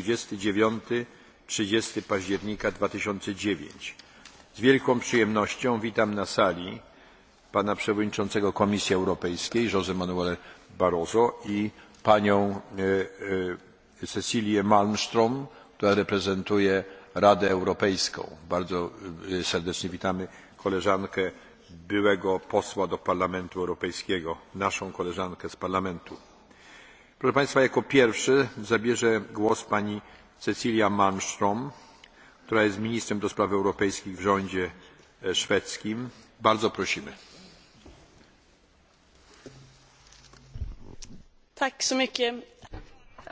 29 30 października 2009. Z wielką przyjemnością witam na sali pana przewodniczącego Komisji Europejskiej José Manuel Barroso i panią e, e, Cecilię Malmström, która reprezentuje Radę Europejską. Bardzo e, serdecznie witamy koleżankę byłego posła do Parlamentu Europejskiego, naszą koleżankę z Parlamentu. Proszę Państwa, jako pierwszy zabierze głos pani Cecilia Malmström, która jest ministrem do spraw europejskich w rządzie e, szwedzkim. Bardzo prosimy.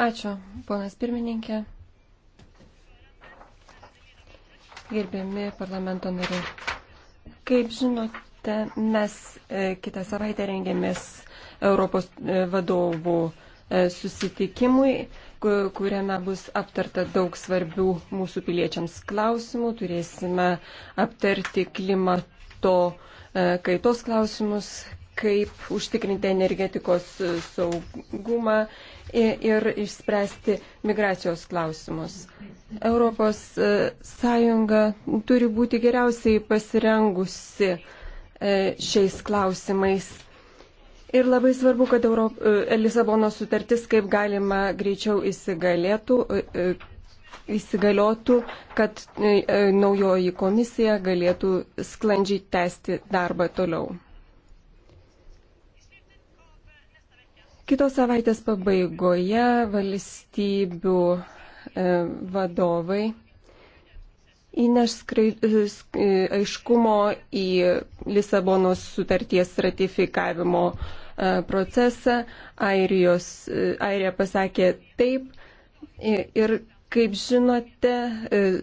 Ačiū, ponas pirmininkė. Gerbiami parlamento nariai. Kaip žinote, mes e, kitą savaitę rengiamės Europos e, vadovų E, susitikimui, kuriame bus aptarta daug svarbių mūsų piliečiams klausimų. Turėsime aptarti klimato e, kaitos klausimus, kaip užtikrinti energetikos saugumą ir išspręsti migracijos klausimus. Europos e, Sąjunga turi būti geriausiai pasirengusi šiais klausimais Ir labai svarbu, kad Europ... E, Lisabono sutartis kaip galima greičiau įsigalėtų, e, e, įsigaliotų, kad naujoji komisija galėtų sklandžiai tęsti darbą toliau. Kitos savaitės pabaigoje valstybių vadovai įneš aiškumo į Lisabonos sutarties ratifikavimo E, procesą. Airijos, e, Airija pasakė taip. Ir kaip žinote, e,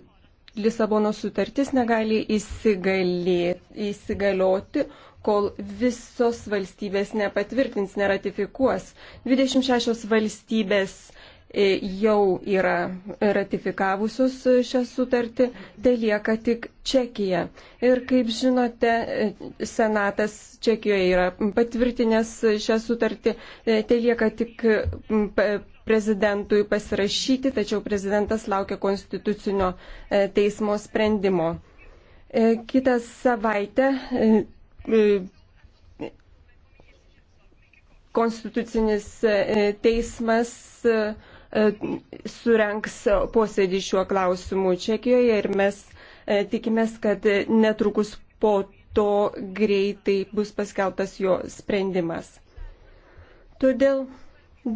Lisabono sutartis negali įsigalioti, kol visos valstybės nepatvirtins, neratifikuos. 26 valstybės E, jau yra ratifikavusios šią sutartį, tai lieka tik Čekija. Ir kaip žinote, e, Senatas Čekijoje yra patvirtinęs šią sutartį, e, tai lieka tik prezidentui pasirašyti, tačiau prezidentas laukia konstitucinio teismo sprendimo. Kitą savaitę konstitucinis teismas E, surenks posėdį šiuo klausimu Čekijoje ir mes e, tikimės, kad netrukus po to greitai bus paskeltas jo sprendimas. Todėl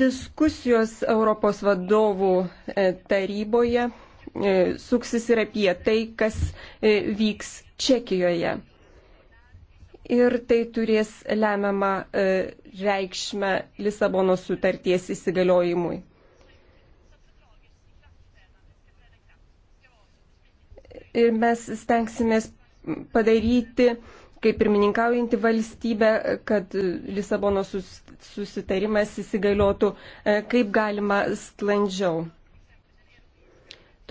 diskusijos Europos vadovų e, taryboje suksis ir apie tai, kas vyks Čekijoje. Ir tai turės lemiamą reikšmę Lisabono sutarties įsigaliojimui. ir mes stengsimės padaryti, kaip pirmininkaujantį valstybę, kad Lisabono susitarimas įsigaliotų e, kaip galima sklandžiau.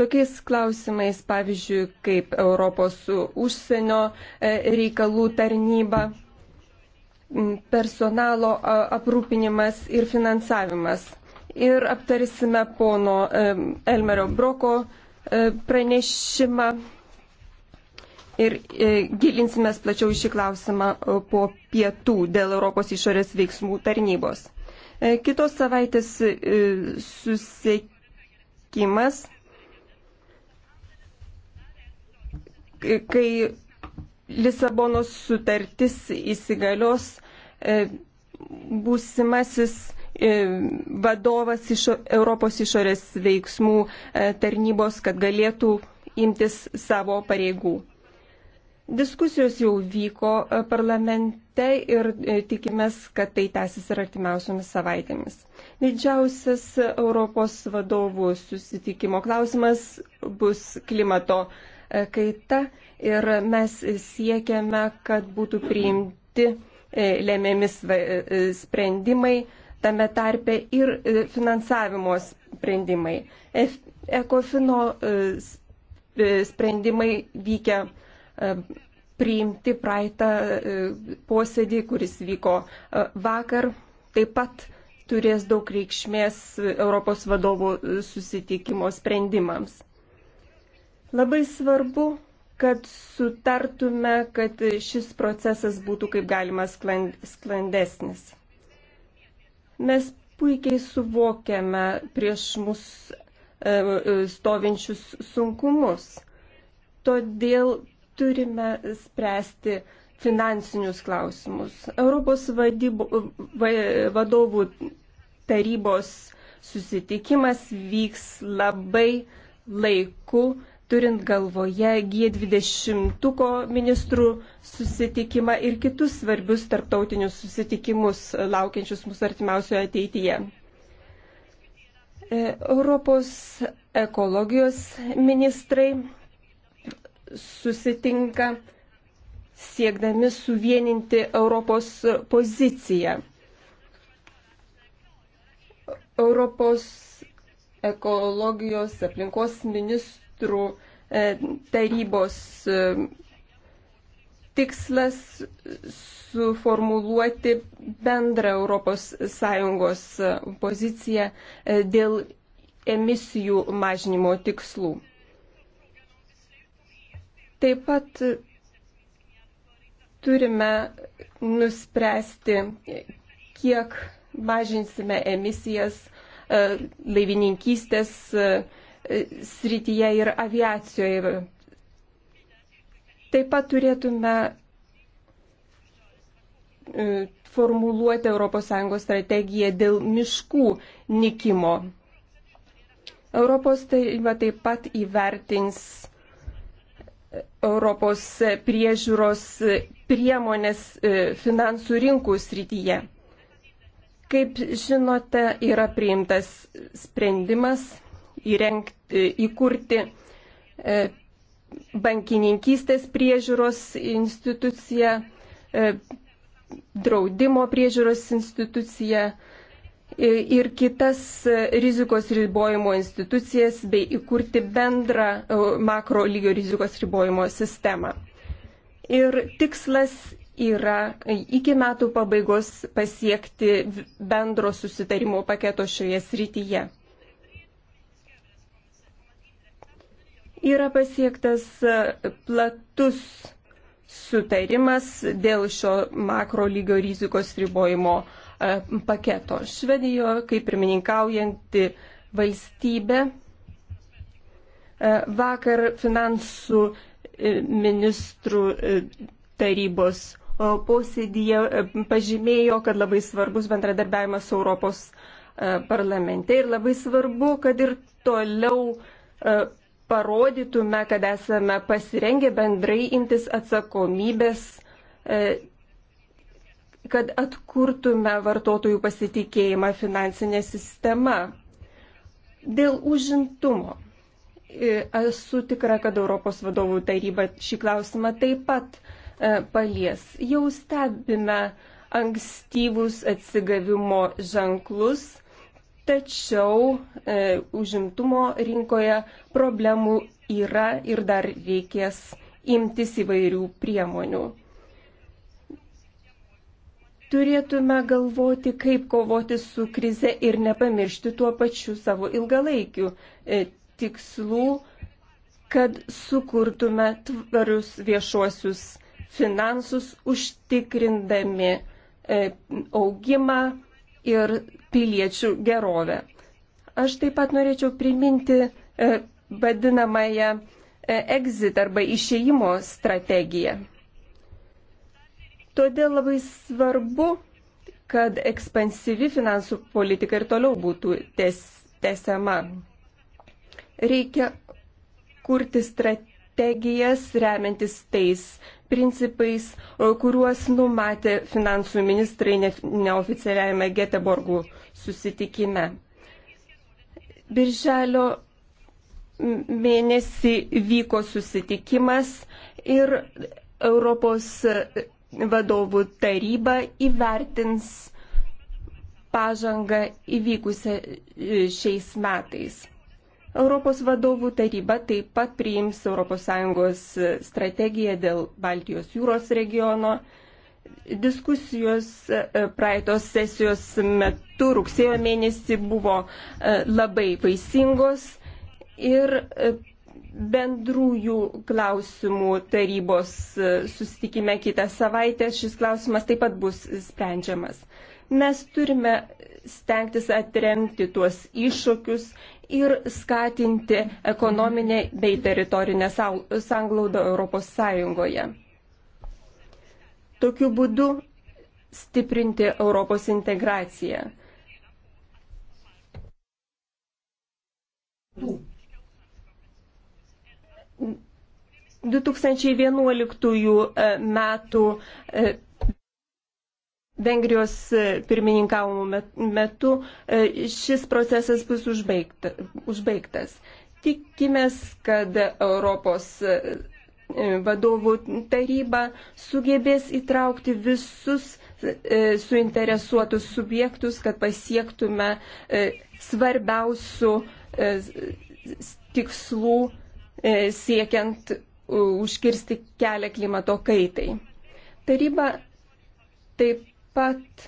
Tokiais klausimais, pavyzdžiui, kaip Europos užsienio e, reikalų tarnyba, personalo aprūpinimas ir finansavimas. Ir aptarsime pono e, Elmerio Broko E, pranešimą ir e, gilinsimės plačiau į šį klausimą e, po pietų dėl Europos išorės veiksmų tarnybos. Kitos savaitės susiekimas, kai Lisabonos sutartis įsigalios būsimasis E, vadovas iš Europos išorės veiksmų e, tarnybos, kad galėtų imtis savo pareigų. Diskusijos jau vyko e, parlamente ir tikimės, kad tai tęsis ir artimiausiomis savaitėmis. Didžiausias Europos vadovų susitikimo klausimas bus klimato kaita ir mes siekiame, kad būtų priimti lemiami sprendimai tame tarpe ir e, finansavimo sprendimai. Ekofino e, e, sprendimai vykę priimti praeitą posėdį, kuris vyko vakar, taip pat turės daug reikšmės Europos vadovų susitikimo sprendimams. Labai svarbu, kad sutartume, kad šis procesas būtų kaip galima sklandesnis. Mes puikiai suvokiame prieš mus e, e, stovinčius sunkumus. Todėl turime spręsti finansinius klausimus. Europos vadybo, va, vadovų tarybos susitikimas vyks labai laiku, turint galvoje G20 ministrų susitikimą ir kitus svarbius tarptautinius susitikimus laukiančius mūsų artimiausioje ateityje. E, Europos ekologijos ministrai susitinka siekdami suvieninti Europos poziciją. Europos ekologijos aplinkos ministrų ministrų e, tarybos e, tikslas suformuluoti bendrą ES poziciją e, dėl emisijų mažinimo tikslų. Taip pat turime nuspręsti, kiek mažinsime emisijas laivininkystės, srityje ir aviacijoje. Taip pat turėtume e, formuluoti ES strategiją dėl miškų nikimo. Europos taryba taip pat įvertins Europos priežiūros priemonės e, finansų rinkų srityje. Kaip žinote, yra priimtas sprendimas įrengti, įkurti e, bankininkystės priežiūros instituciją, e, draudimo priežiūros instituciją e, ir kitas rizikos ribojimo institucijas bei įkurti bendrą makro lygio rizikos ribojimo sistemą. Ir tikslas yra iki metų pabaigos pasiekti bendro susitarimo paketo šioje srityje. Yra pasiektas e, platus sutarimas dėl šio makro lygio rizikos ribojimo e, paketo. Švedijoje, kaip pirmininkaujanti valstybė, e, vakar finansų ministrų tarybos posėdyje pažymėjo, kad labai svarbus bendradarbiavimas Europos parlamente ir labai svarbu, kad ir toliau parodytume, kad esame pasirengę bendrai imtis atsakomybės, e, kad atkurtume vartotojų pasitikėjimą finansinė sistema. Dėl užimtumo. E, esu tikra, kad Europos vadovų taryba šį klausimą taip pat e, palies. Jau stebime ankstyvus atsigavimo ženklus tačiau e, užimtumo rinkoje problemų yra ir dar reikės imtis įvairių priemonių. Turėtume galvoti, kaip kovoti su krize ir nepamiršti tuo pačiu savo ilgalaikių e, tikslų, kad sukurtume tvarius viešuosius finansus, užtikrindami e, augimą ir piliečių gerovę. Aš taip pat norėčiau priminti e, vadinamąją e, exit arba išėjimo strategiją. Todėl labai svarbu, kad ekspansyvi finansų politika ir toliau būtų tes, tesiama. Reikia kurti strategijas remiantis tais principais, kuriuos numatė finansų ministrai neoficialiajame Geteborgų susitikime. Birželio mėnesį vyko susitikimas ir Europos vadovų taryba įvertins pažangą įvykusią e, šiais metais. Europos vadovų taryba taip pat priims ES strategiją dėl Baltijos jūros regiono Diskusijos e, e, praeitos sesijos metu rugsėjo mėnesį buvo e, labai vaisingos ir bendrųjų klausimų tarybos susitikime kitą savaitę šis klausimas taip pat bus sprendžiamas. Mes turime stengtis atremti tuos iššūkius ir skatinti ekonominę bei teritorinę sanglaudą Europos Sąjungoje tokiu būdu stiprinti Europos integraciją. Uh. 2011 e, metų e, Vengrijos e, pirmininkavimo metu šis procesas bus užbaigtas. Tikimės, kad Europos E, vadovų taryba sugebės įtraukti visus e, suinteresuotus subjektus, kad pasiektume e, svarbiausių tikslų siekiant užkirsti kelią klimato kaitai. Taryba taip pat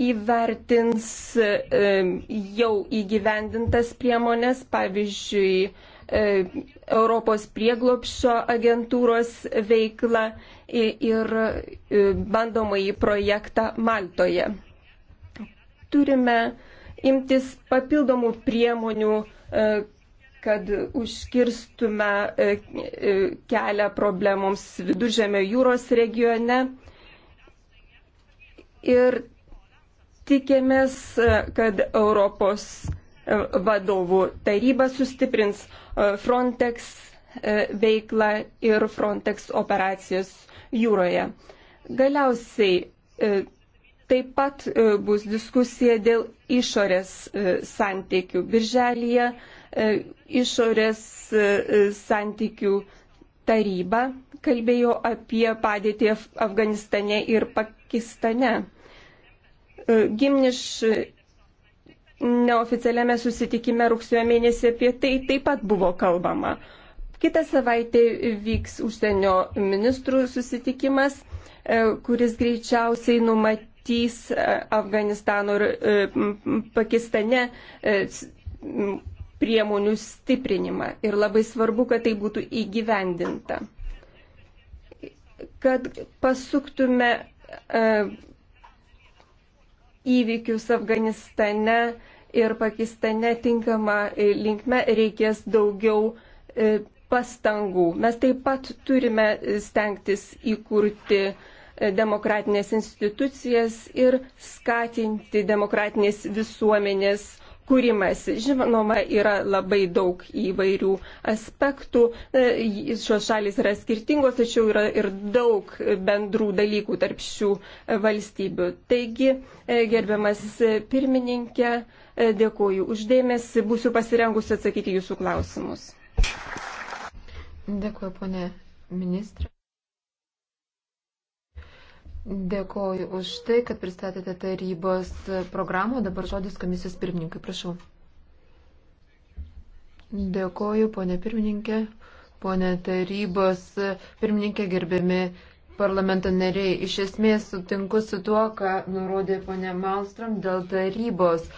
įvertins jau įgyvendintas priemonės, pavyzdžiui, E, Europos prieglopščio agentūros veiklą ir e, bandomąjį projektą Maltoje. Turime imtis papildomų priemonių, e, kad užkirstume kelią problemoms viduržėmio jūros regione. Ir tikėmės, kad Europos vadovų taryba sustiprins e, Frontex e, veiklą ir Frontex operacijas jūroje. Galiausiai e, taip pat bus diskusija dėl išorės santykių. Birželėje išorės santykių taryba kalbėjo apie padėtį Afganistane ir Pakistane. Gimniš neoficialiame susitikime rugsėjo mėnesį apie tai taip pat buvo kalbama. Kita savaitė vyks užsienio ministrų susitikimas, e, kuris greičiausiai numatys e, Afganistano ir e, Pakistane priemonių stiprinimą. Ir labai svarbu, kad tai būtų įgyvendinta. Kad pasuktume įvykius Afganistane ir Pakistane tinkama e, linkme reikės daugiau e, pastangų. Mes taip pat turime e, stengtis įkurti demokratinės institucijas ir skatinti demokratinės visuomenės kūrimas. Žinoma, yra labai daug įvairių aspektų. E, šios šalis yra skirtingos, tačiau yra ir daug bendrų dalykų tarp šių valstybių. Taigi, e, gerbiamas pirmininkė, e, dėkuoju uždėmesi, būsiu pasirengusi atsakyti jūsų klausimus. Dėkuoju, ponė ministrė. Dėkoju už tai, kad pristatėte tarybos programą. Dabar žodis komisijos pirmininkui, prašau. Dėkoju, ponė pirmininkė, ponė tarybos pirmininkė, gerbiami parlamento nariai. Iš esmės sutinku su tuo, ką nurodė ponė Malstrom dėl tarybos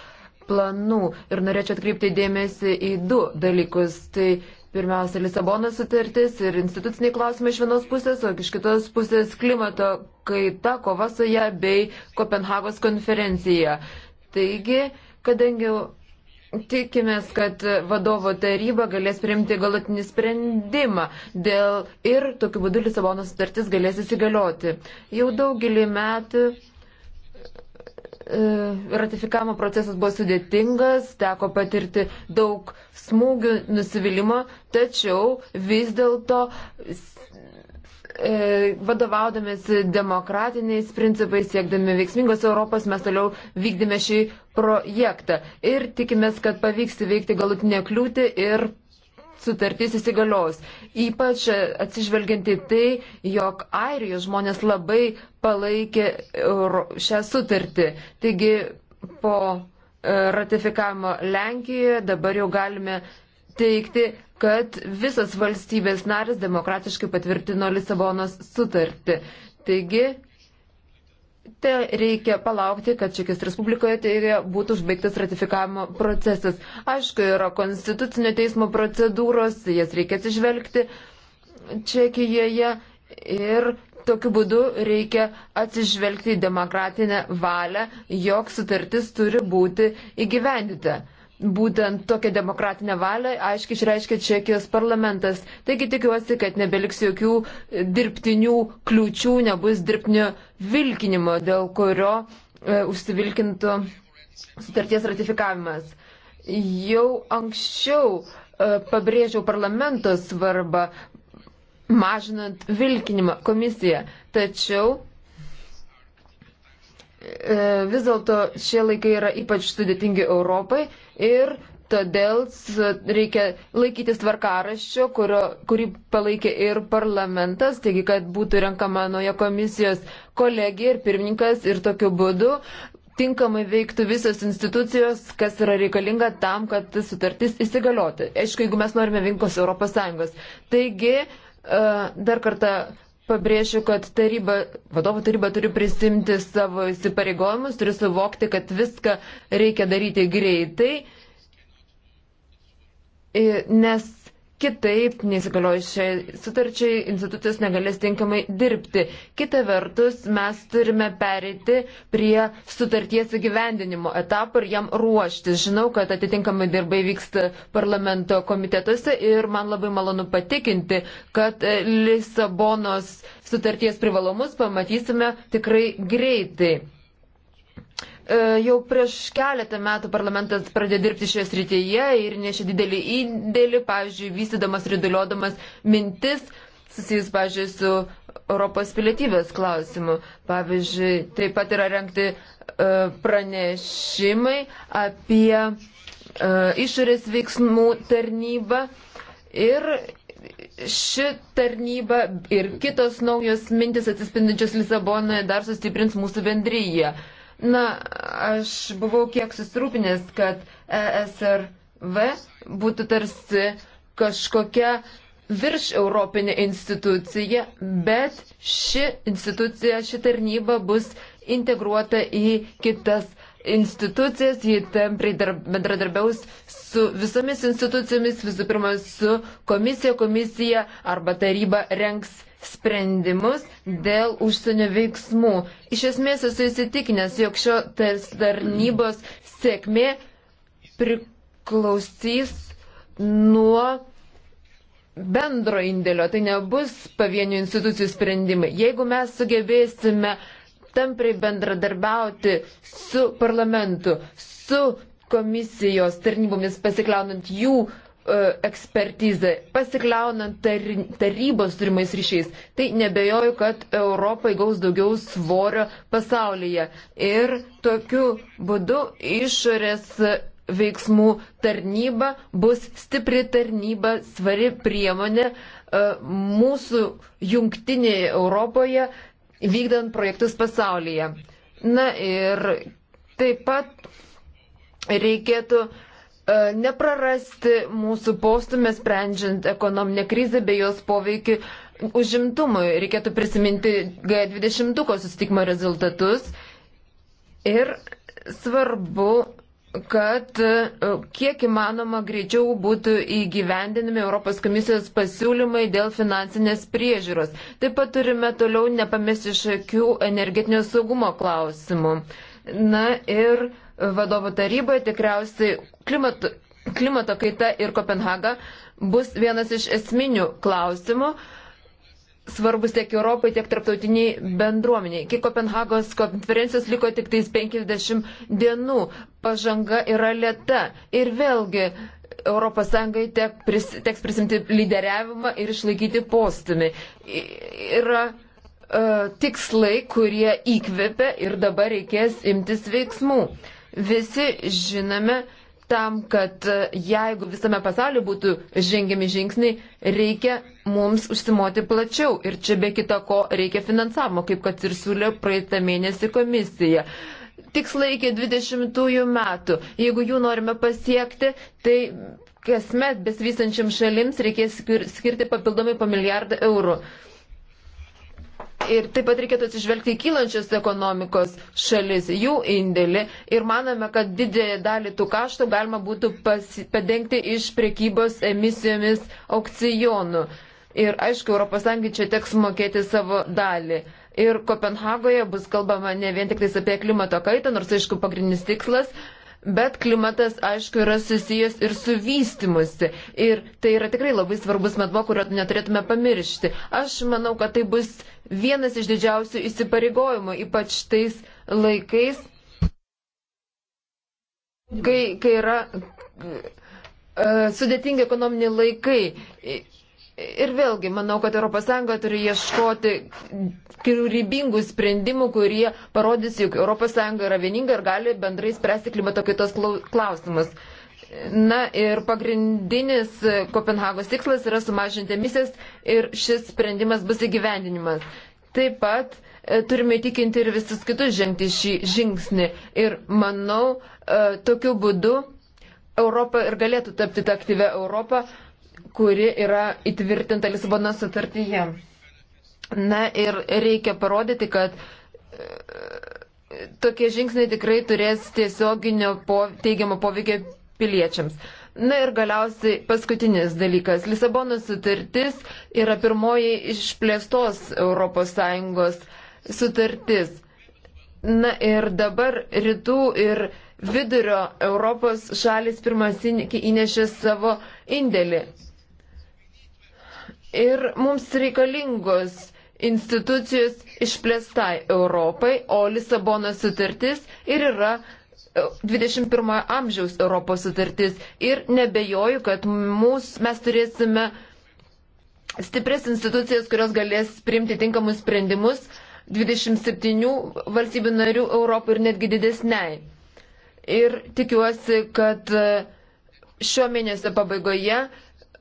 planų ir norėčiau atkreipti dėmesį į du dalykus. Tai Pirmiausia, Lisabonos sutartis ir instituciniai klausimai iš vienos pusės, o iš kitos pusės klimato kaita, kova su ją bei Kopenhagos konferencija. Taigi, kadangi Tikimės, kad vadovo taryba galės priimti galutinį sprendimą dėl ir tokiu būdu Lisabono sutartis galės įsigalioti. Jau daugelį metų E, ratifikavimo procesas buvo sudėtingas, teko patirti daug smūgių, nusivylimą, tačiau vis dėlto e, vadovaudamėsi demokratiniais principais, siekdami veiksmingos Europos, mes toliau vykdėme šį projektą ir tikimės, kad pavyks įveikti galutinę kliūtį ir sutartys įsigalios ypač atsižvelginti tai, jog Airijos žmonės labai palaikė šią sutartį. Taigi po e, ratifikavimo Lenkijoje dabar jau galime teikti, kad visas valstybės narės demokratiškai patvirtino Lisabonos sutartį. Taigi Tai reikia palaukti, kad Čekijos Respublikoje tai būtų užbaigtas ratifikavimo procesas. Aišku, yra konstitucinio teismo procedūros, jas reikia atsižvelgti Čekijoje ir tokiu būdu reikia atsižvelgti į demokratinę valią, jog sutartis turi būti įgyvendita būtent tokią demokratinę valią aiškiai išreiškia Čekijos parlamentas. Taigi tikiuosi, kad nebeliks jokių dirbtinių kliūčių, nebus dirbtinio vilkinimo, dėl kurio e, užsivilkintų sutarties ratifikavimas. Jau anksčiau e, pabrėžiau parlamento svarbą mažinant vilkinimą komisiją, tačiau E, vis dėlto šie laikai yra ypač sudėtingi Europai ir todėl reikia laikytis tvarkaraščio, kurio, kurį palaikė ir parlamentas, taigi kad būtų renkama nauja komisijos kolegija ir pirmininkas ir tokiu būdu tinkamai veiktų visos institucijos, kas yra reikalinga tam, kad sutartis įsigalioti. Aišku, jeigu mes norime vinkos Europos Sąjungos. Taigi, e, dar kartą Pabrėšiu, kad taryba, vadovo taryba turi prisimti savo įsipareigojimus, turi suvokti, kad viską reikia daryti greitai, nes Kitaip, nesigaliojusio sutarčiai institucijos negalės tinkamai dirbti. Kita vertus, mes turime pereiti prie sutarties įgyvendinimo etapą ir jam ruoštis. Žinau, kad atitinkamai dirbai vyksta parlamento komitetuose ir man labai malonu patikinti, kad Lisabonos sutarties privalumus pamatysime tikrai greitai. E, jau prieš keletą metų parlamentas pradėjo dirbti šioje srityje ir nešė didelį indėlį, pavyzdžiui, vystydamas ir dėliodamas mintis susijus, pavyzdžiui, su Europos pilietybės klausimu. Pavyzdžiui, taip pat yra renkti e, pranešimai apie e, išorės veiksmų tarnybą ir ši tarnyba ir kitos naujos mintis atsispindinčios Lisabonoje dar sustiprins mūsų bendryje. Na, aš buvau kiek susirūpinęs, kad ESRV būtų tarsi kažkokia virš Europinė institucija, bet ši institucija, ši tarnyba bus integruota į kitas institucijas, jį tampriai bendradarbiaus su visomis institucijomis, visų pirma su komisija, komisija arba taryba renks sprendimus dėl užsienio veiksmų. Iš esmės esu įsitikinęs, jog šio tarnybos sėkmė priklausys nuo bendro indėlio, tai nebus pavienių institucijų sprendimai. Jeigu mes sugebėsime tampriai bendradarbiauti su parlamentu, su komisijos tarnybomis pasikliaunant jų uh, E, ekspertizę, pasikliaunant tarybos turimais ryšiais, tai nebejoju, kad Europai gaus daugiau svorio pasaulyje. Ir tokiu būdu išorės veiksmų tarnyba bus stipri tarnyba, svari priemonė e, mūsų jungtinėje Europoje vykdant projektus pasaulyje. Na ir taip pat reikėtų uh, E, neprarasti mūsų postumę sprendžiant ekonominę krizę bei jos poveikį užimtumui. Reikėtų prisiminti G20 susitikimo rezultatus ir svarbu kad e, kiek įmanoma greičiau būtų įgyvendinami Europos komisijos pasiūlymai dėl finansinės priežiūros. Taip pat turime toliau nepamesti iš akių energetinio saugumo klausimų. Na ir vadovų taryboje tikriausiai klimato, klimato kaita ir Kopenhaga bus vienas iš esminių klausimų svarbus tiek Europai, tiek tarptautiniai bendruomeniai. Iki Kopenhagos konferencijos liko tik tais 50 dienų. Pažanga yra lėta. Ir vėlgi ES tek pris, teks prisimti lyderiavimą ir išlaikyti postumį. Yra e, tikslai, kurie įkvepia ir dabar reikės imtis veiksmų. E, Visi žinome, tam, kad e, jeigu visame pasaulyje būtų žengiami žingsniai, reikia mums užsimoti plačiau. Ir čia be kita ko reikia finansavimo, kaip kad ir siūlė praeitą mėnesį komisija. Tikslai iki 20 metų. Jeigu jų norime pasiekti, tai kasmet besivystančiam šalims reikės skirti papildomai po milijardą eurų. Ir taip pat reikėtų atsižvelgti į kylančios ekonomikos šalis, jų indėlį. Ir manome, kad didžiąją dalį tų kaštų galima būtų padengti iš prekybos emisijomis aukcijonų. Ir aišku, ES čia teks mokėti savo dalį. Ir Kopenhagoje bus kalbama ne vien tik apie klimato kaitą, nors aišku pagrindinis tikslas Bet klimatas, aišku, yra susijęs ir su vystimusi. Ir tai yra tikrai labai svarbus medvo, kurio neturėtume pamiršti. Aš manau, kad tai bus vienas iš didžiausių įsipareigojimų, ypač tais laikais, kai, kai yra e, sudėtingi ekonominiai laikai. Ir vėlgi, manau, kad ES turi ieškoti kūrybingų sprendimų, kurie parodys, jog ES yra vieninga ir gali bendrai spręsti klimato kaitos klausimus. Na ir pagrindinis Kopenhagos tikslas yra sumažinti emisijas ir šis sprendimas bus įgyvendinimas. Taip pat e, turime įtikinti ir visus kitus žengti šį žingsnį. Ir manau, e, tokiu būdu Europa ir galėtų tapti tą aktyvę Europą, kuri yra įtvirtinta Lisabono sutartyje. Na ir reikia parodyti, kad e, tokie žingsniai tikrai turės tiesioginio po, teigiamo poveikio piliečiams. Na ir galiausiai paskutinis dalykas. Lisabono sutartis yra pirmoji išplėstos ES sutartis. Na ir dabar rytų ir vidurio Europos šalis pirmas įnešė savo indėlį ir mums reikalingos institucijos išplėstai Europai, o Lisabono sutartis ir yra 21 e, amžiaus Europos sutartis. Ir nebejoju, kad mūs, mes turėsime stiprias institucijas, kurios galės priimti tinkamus sprendimus 27 valstybių narių Europai ir netgi didesniai. Ir tikiuosi, kad e, šio mėnesio pabaigoje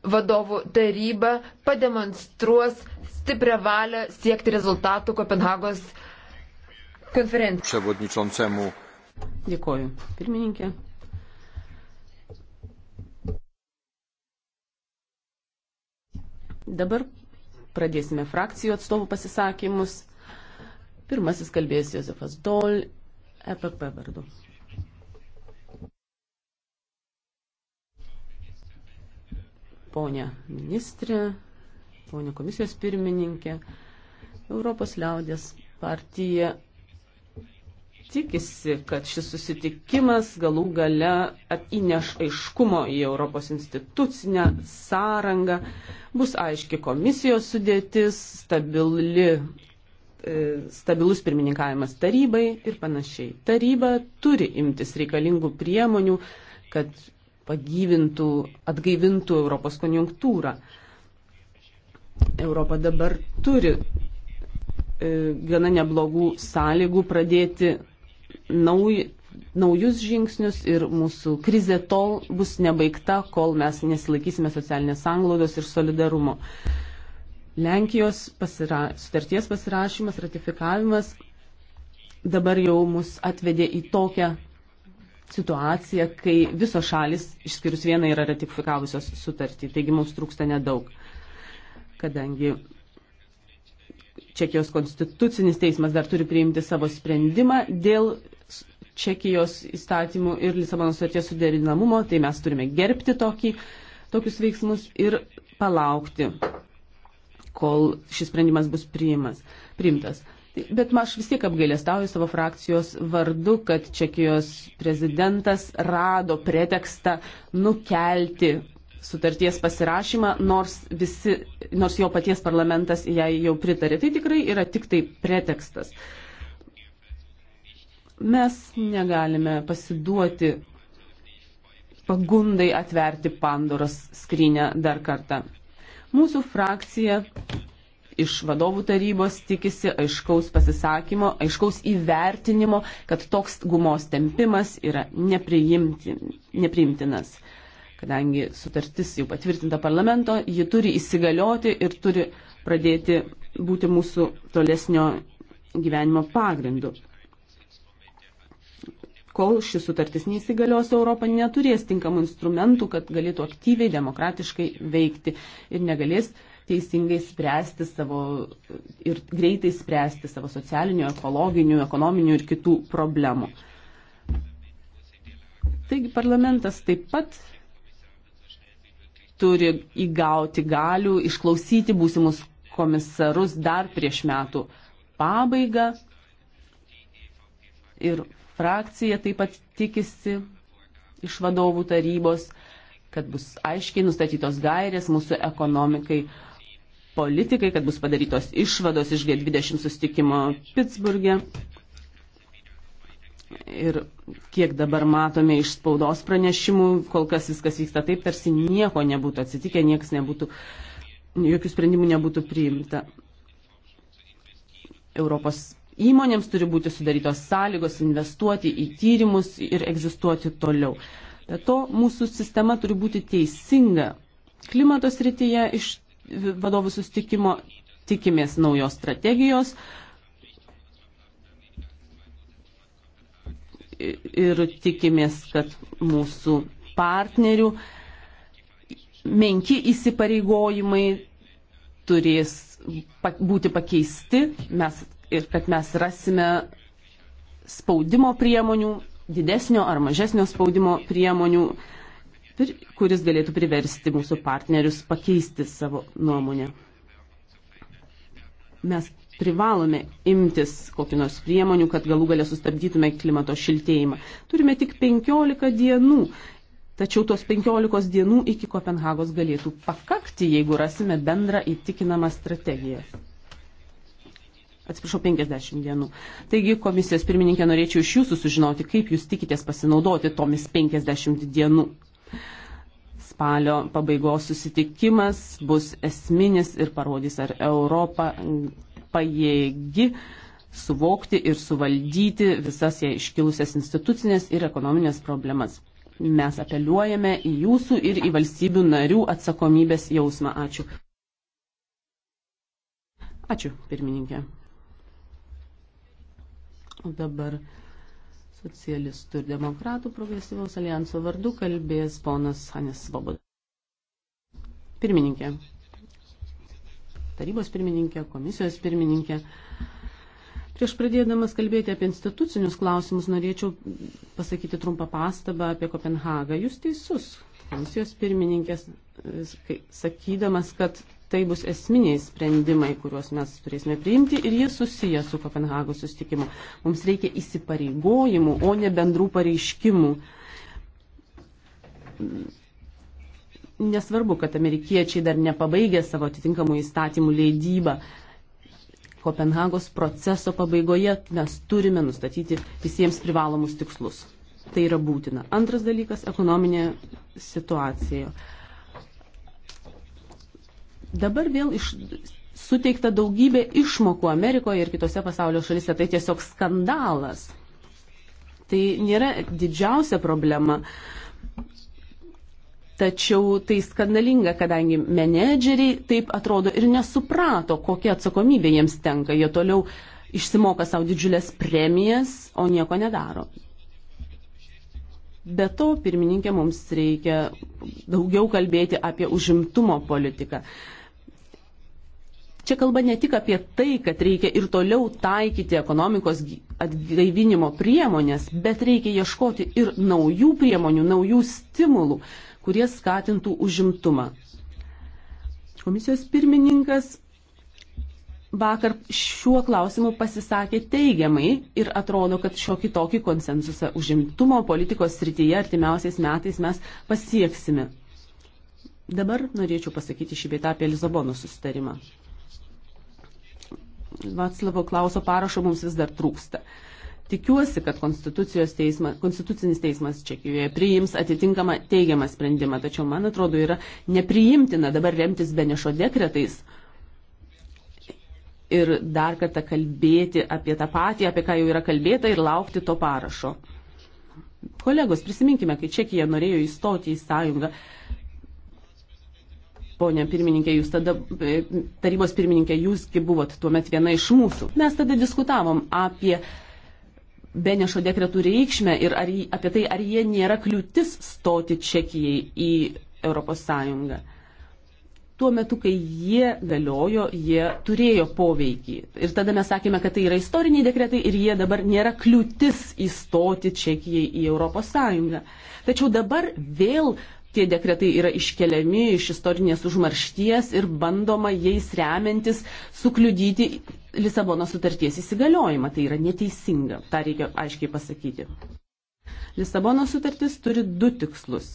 vadovų taryba pademonstruos stiprią valią siekti rezultatų Kopenhagos konferencijoje. Dėkoju, pirmininkė. Dabar pradėsime frakcijų atstovų pasisakymus. Pirmasis kalbės Josefas Dol, EPP vardu. ponė ministrė, ponė komisijos pirmininkė. Europos liaudės partija tikisi, kad šis susitikimas galų gale įneš aiškumo į Europos institucinę sąrangą, bus aiški komisijos sudėtis, stabili, e, stabilus pirmininkavimas tarybai ir panašiai. Taryba turi imtis reikalingų priemonių, kad pagyvintų, atgaivintų Europos konjunktūrą. Europa dabar turi e, gana neblogų sąlygų pradėti nauj, naujus žingsnius ir mūsų krizė tol bus nebaigta, kol mes nesilaikysime socialinės sanglaudos ir solidarumo. Lenkijos pasira, sutarties pasirašymas, ratifikavimas dabar jau mus atvedė į tokią situacija, kai visos šalis, išskyrus vieną, yra ratifikavusios sutartį, taigi mums trūksta nedaug, kadangi Čekijos konstitucinis teismas dar turi priimti savo sprendimą dėl Čekijos įstatymų ir Lisabono sutarties suderinamumo, tai mes turime gerbti tokį, tokius veiksmus ir palaukti, kol šis sprendimas bus priimas, priimtas. Bet aš vis tiek apgailėstauju savo frakcijos vardu, kad Čekijos prezidentas rado pretekstą nukelti sutarties pasirašymą, nors, visi, nors jo paties parlamentas jai jau pritarė. Tai tikrai yra tik tai pretekstas. Mes negalime pasiduoti pagundai atverti Pandoros skrinę dar kartą. Mūsų frakcija iš vadovų tarybos tikisi aiškaus pasisakymo, aiškaus įvertinimo, kad toks gumos tempimas yra nepriimti, nepriimtinas. Kadangi sutartis jau patvirtinta parlamento, ji turi įsigalioti ir turi pradėti būti mūsų tolesnio gyvenimo pagrindu. Kol šis sutartis neįsigalios, Europa neturės tinkamų instrumentų, kad galėtų aktyviai, demokratiškai veikti ir negalės uh, teisingai spręsti savo ir greitai spręsti savo socialinių, ekologinių, ekonominių ir kitų problemų. Taigi parlamentas taip pat turi įgauti galių išklausyti būsimus komisarus dar prieš metų pabaigą. Ir frakcija taip pat tikisi iš vadovų tarybos, kad bus aiškiai nustatytos gairės mūsų ekonomikai politikai, kad bus padarytos išvados iš G20 sustikimo Pittsburgė. Ir kiek dabar matome iš spaudos pranešimų, kol kas viskas vyksta taip, tarsi nieko nebūtų atsitikę, niekas nebūtų, jokių sprendimų nebūtų priimta. Europos įmonėms turi būti sudarytos sąlygos investuoti į tyrimus ir egzistuoti toliau. Be to, mūsų sistema turi būti teisinga. Klimatos rytyje iš vadovų sustikimo tikimės naujos strategijos. Ir tikimės, kad mūsų partnerių menki įsipareigojimai turės būti pakeisti mes, ir kad mes rasime spaudimo priemonių, didesnio ar mažesnio spaudimo priemonių, uh, kuris galėtų priversti mūsų partnerius pakeisti savo nuomonę. Mes privalome imtis kokiu nors priemonių, kad galų galę sustabdytume klimato šiltėjimą. Turime tik 15 dienų, tačiau tos 15 dienų iki Kopenhagos galėtų pakakti, jeigu rasime bendrą įtikinamą strategiją. Atsiprašau, 50 dienų. Taigi, komisijos pirmininkė, norėčiau iš jūsų sužinoti, kaip jūs tikitės pasinaudoti tomis 50 dienų Spalio pabaigos susitikimas bus esminis ir parodys, ar Europa pajėgi suvokti ir suvaldyti visas jai iškilusias institucinės ir ekonominės problemas. Mes apeliuojame į jūsų ir į valstybių narių atsakomybės jausmą. Ačiū. Ačiū, pirmininkė. O dabar Socialistų ir demokratų progresyvaus alijanso vardu kalbės ponas Hanis Svoboda. Pirmininkė, tarybos pirmininkė, komisijos pirmininkė. Prieš pradėdamas kalbėti apie institucinius klausimus, norėčiau pasakyti trumpą pastabą apie Kopenhagą. Jūs teisus, komisijos pirmininkės, sakydamas, kad tai bus esminiai sprendimai, kuriuos mes turėsime priimti ir jie susiję su Kopenhagos sustikimu. Mums reikia įsipareigojimų, o ne bendrų pareiškimų. Nesvarbu, kad amerikiečiai dar nepabaigė savo atitinkamų įstatymų leidybą. Kopenhagos proceso pabaigoje mes turime nustatyti visiems privalomus tikslus. Tai yra būtina. Antras dalykas - ekonominė situacija. Uh, dabar vėl iš, suteikta daugybė išmokų Amerikoje ir kitose pasaulio šalise. Tai tiesiog skandalas. Tai nėra didžiausia problema. Tačiau tai skandalinga, kadangi menedžeriai taip atrodo ir nesuprato, kokia atsakomybė jiems tenka. Jie toliau išsimoka savo didžiulės premijas, o nieko nedaro. Be to, pirmininkė, mums reikia daugiau kalbėti apie užimtumo politiką. Uh, Čia kalba ne tik apie tai, kad reikia ir toliau taikyti ekonomikos atgaivinimo priemonės, bet reikia ieškoti ir naujų priemonių, naujų stimulų, kurie skatintų užimtumą. Komisijos pirmininkas vakar šiuo klausimu pasisakė teigiamai ir atrodo, kad šiokį tokį konsensusą užimtumo politikos srityje artimiausiais metais mes pasieksime. Dabar norėčiau pasakyti šį beitą apie Lisabono susitarimą. Vaclavo Klauso parašo mums vis dar trūksta. Tikiuosi, kad teisma, Konstitucinis teismas Čekijoje priims atitinkamą teigiamą sprendimą, tačiau man atrodo yra nepriimtina dabar remtis Benešo dekretais ir dar kartą kalbėti apie tą patį, apie ką jau yra kalbėta ir laukti to parašo. Kolegos, prisiminkime, kai Čekija norėjo įstoti į sąjungą, Pone pirmininkė, jūs tada, e, tarybos pirmininkė, jūsgi buvot tuomet viena iš mūsų. Mes tada diskutavom apie Benešo dekretų reikšmę ir ar, apie tai, ar jie nėra kliūtis stoti Čekijai į ES. Tuo metu, kai jie galiojo, jie turėjo poveikį. Ir tada mes sakėme, kad tai yra istoriniai dekretai ir jie dabar nėra kliūtis įstoti Čekijai į ES. Tačiau dabar vėl tie dekretai yra iškeliami iš istorinės užmaršties ir bandoma jais remiantis sukliudyti Lisabono sutarties įsigaliojimą. Tai yra neteisinga, tą reikia aiškiai pasakyti. Lisabono sutartis turi du tikslus.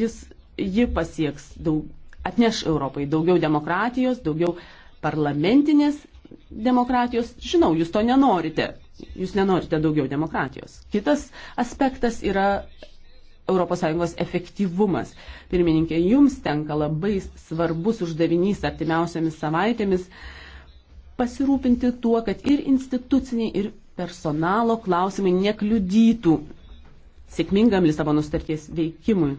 Jis, ji pasieks daug, atneš Europai daugiau demokratijos, daugiau parlamentinės demokratijos. Žinau, jūs to nenorite. Jūs nenorite daugiau demokratijos. Kitas aspektas yra ES efektyvumas. Pirmininkė, jums tenka labai svarbus uždavinys artimiausiamis savaitėmis pasirūpinti tuo, kad ir instituciniai, ir personalo klausimai nekliudytų sėkmingam Lisabono starties veikimui.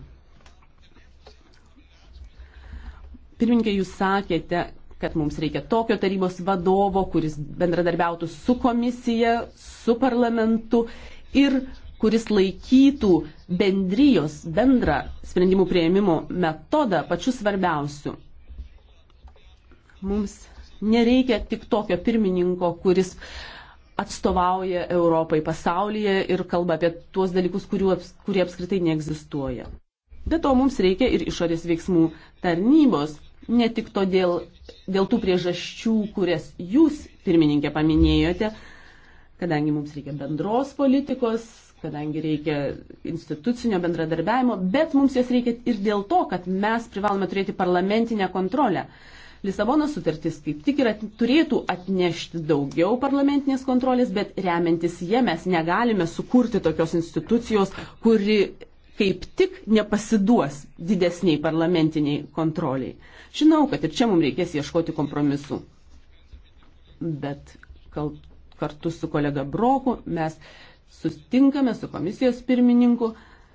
Pirmininkė, jūs sakėte, kad mums reikia tokio tarybos vadovo, kuris bendradarbiautų su komisija, su parlamentu ir kuris laikytų bendrijos bendrą sprendimų prieimimo metodą pačiu svarbiausiu. Mums nereikia tik tokio pirmininko, kuris atstovauja Europai pasaulyje ir kalba apie tuos dalykus, kurių, kurie apskritai neegzistuoja. Be to mums reikia ir išorės veiksmų tarnybos, ne tik todėl, dėl tų priežasčių, kurias jūs, pirmininkė, paminėjote, kadangi mums reikia bendros politikos, kadangi reikia institucinio bendradarbiavimo, bet mums jas reikia ir dėl to, kad mes privalome turėti parlamentinę kontrolę. Lisabonos sutartis kaip tik ir at, turėtų atnešti daugiau parlamentinės kontrolės, bet remiantis jie mes negalime sukurti tokios institucijos, kuri kaip tik nepasiduos didesniai parlamentiniai kontroliai. Žinau, kad ir čia mums reikės ieškoti kompromisų. Bet kal, kartu su kolega Broku mes sustinkame su komisijos pirmininku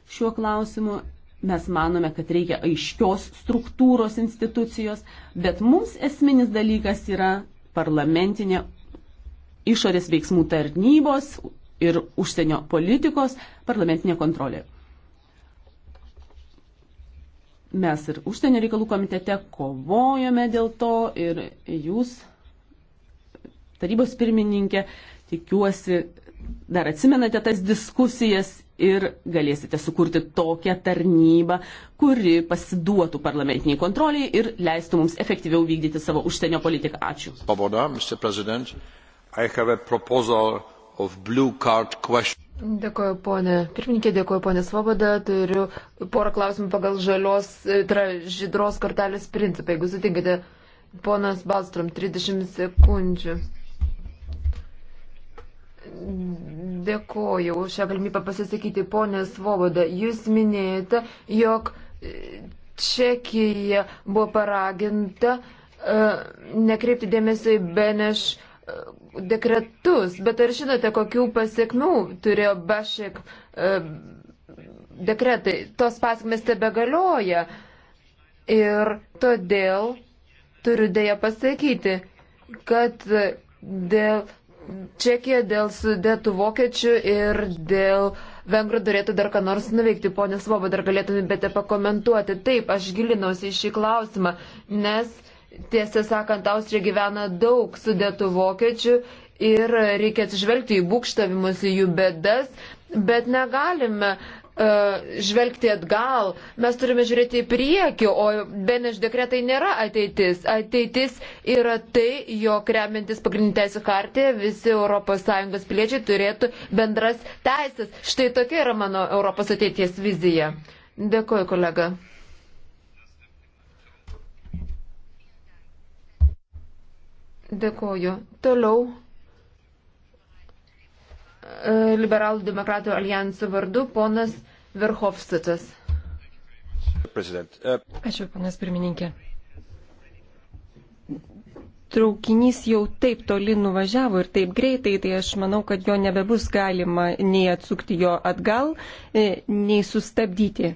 šiuo klausimu. Mes manome, kad reikia aiškios struktūros institucijos, bet mums esminis dalykas yra parlamentinė išorės veiksmų tarnybos ir užsienio politikos parlamentinė kontrolė. Mes ir užsienio reikalų komitete kovojome dėl to ir jūs, tarybos pirmininkė, tikiuosi, dar atsimenate tas diskusijas ir galėsite sukurti tokią tarnybą, kuri pasiduotų parlamentiniai kontroliai ir leistų mums efektyviau vykdyti savo užsienio politiką. Ačiū. Pavoda, Dėkuoju, ponė. Pirmininkė, dėkuoju, ponė Svoboda. Turiu porą klausimų pagal žalios, e, tra, žydros kortelės principą. Jeigu sutinkate, ponas Balstrom, 30 sekundžių dėkoju už šią galimybę pasisakyti, ponė Svoboda. Jūs minėjote, jog e, Čekija buvo paraginta uh, nekreipti dėmesį į Beneš uh, dekretus, bet ar žinote, kokių pasiekmių turėjo Bešik uh, dekretai? Tos pasiekmes tebegalioja ir todėl turiu dėja pasakyti, kad dėl Čekija dėl sudėtų vokiečių ir dėl vengrų turėtų dar ką nors nuveikti. Pone Svobo, dar galėtumėte pakomentuoti. Taip, aš gilinausi į šį klausimą, nes tiesą sakant, Austrija gyvena daug sudėtų vokiečių ir reikia atsižvelgti į būkštavimus, į jų bėdas, bet negalime uh, E, žvelgti atgal, mes turime žiūrėti į priekį, o Beneš dekretai nėra ateitis. Ateitis yra tai, jog remiantis pagrindinė teisų kartė visi ES piliečiai turėtų bendras teisės. Štai tokia yra mano Europos ateities vizija. Dėkuoju, kolega. Dėkuoju. Toliau e, liberalų demokratų alijansų vardu ponas Verhofstadtas. E- Ačiū, panas pirmininkė. Traukinys jau taip toli nuvažiavo ir taip greitai, tai aš manau, kad jo nebebus galima nei atsukti jo atgal, e, nei sustabdyti.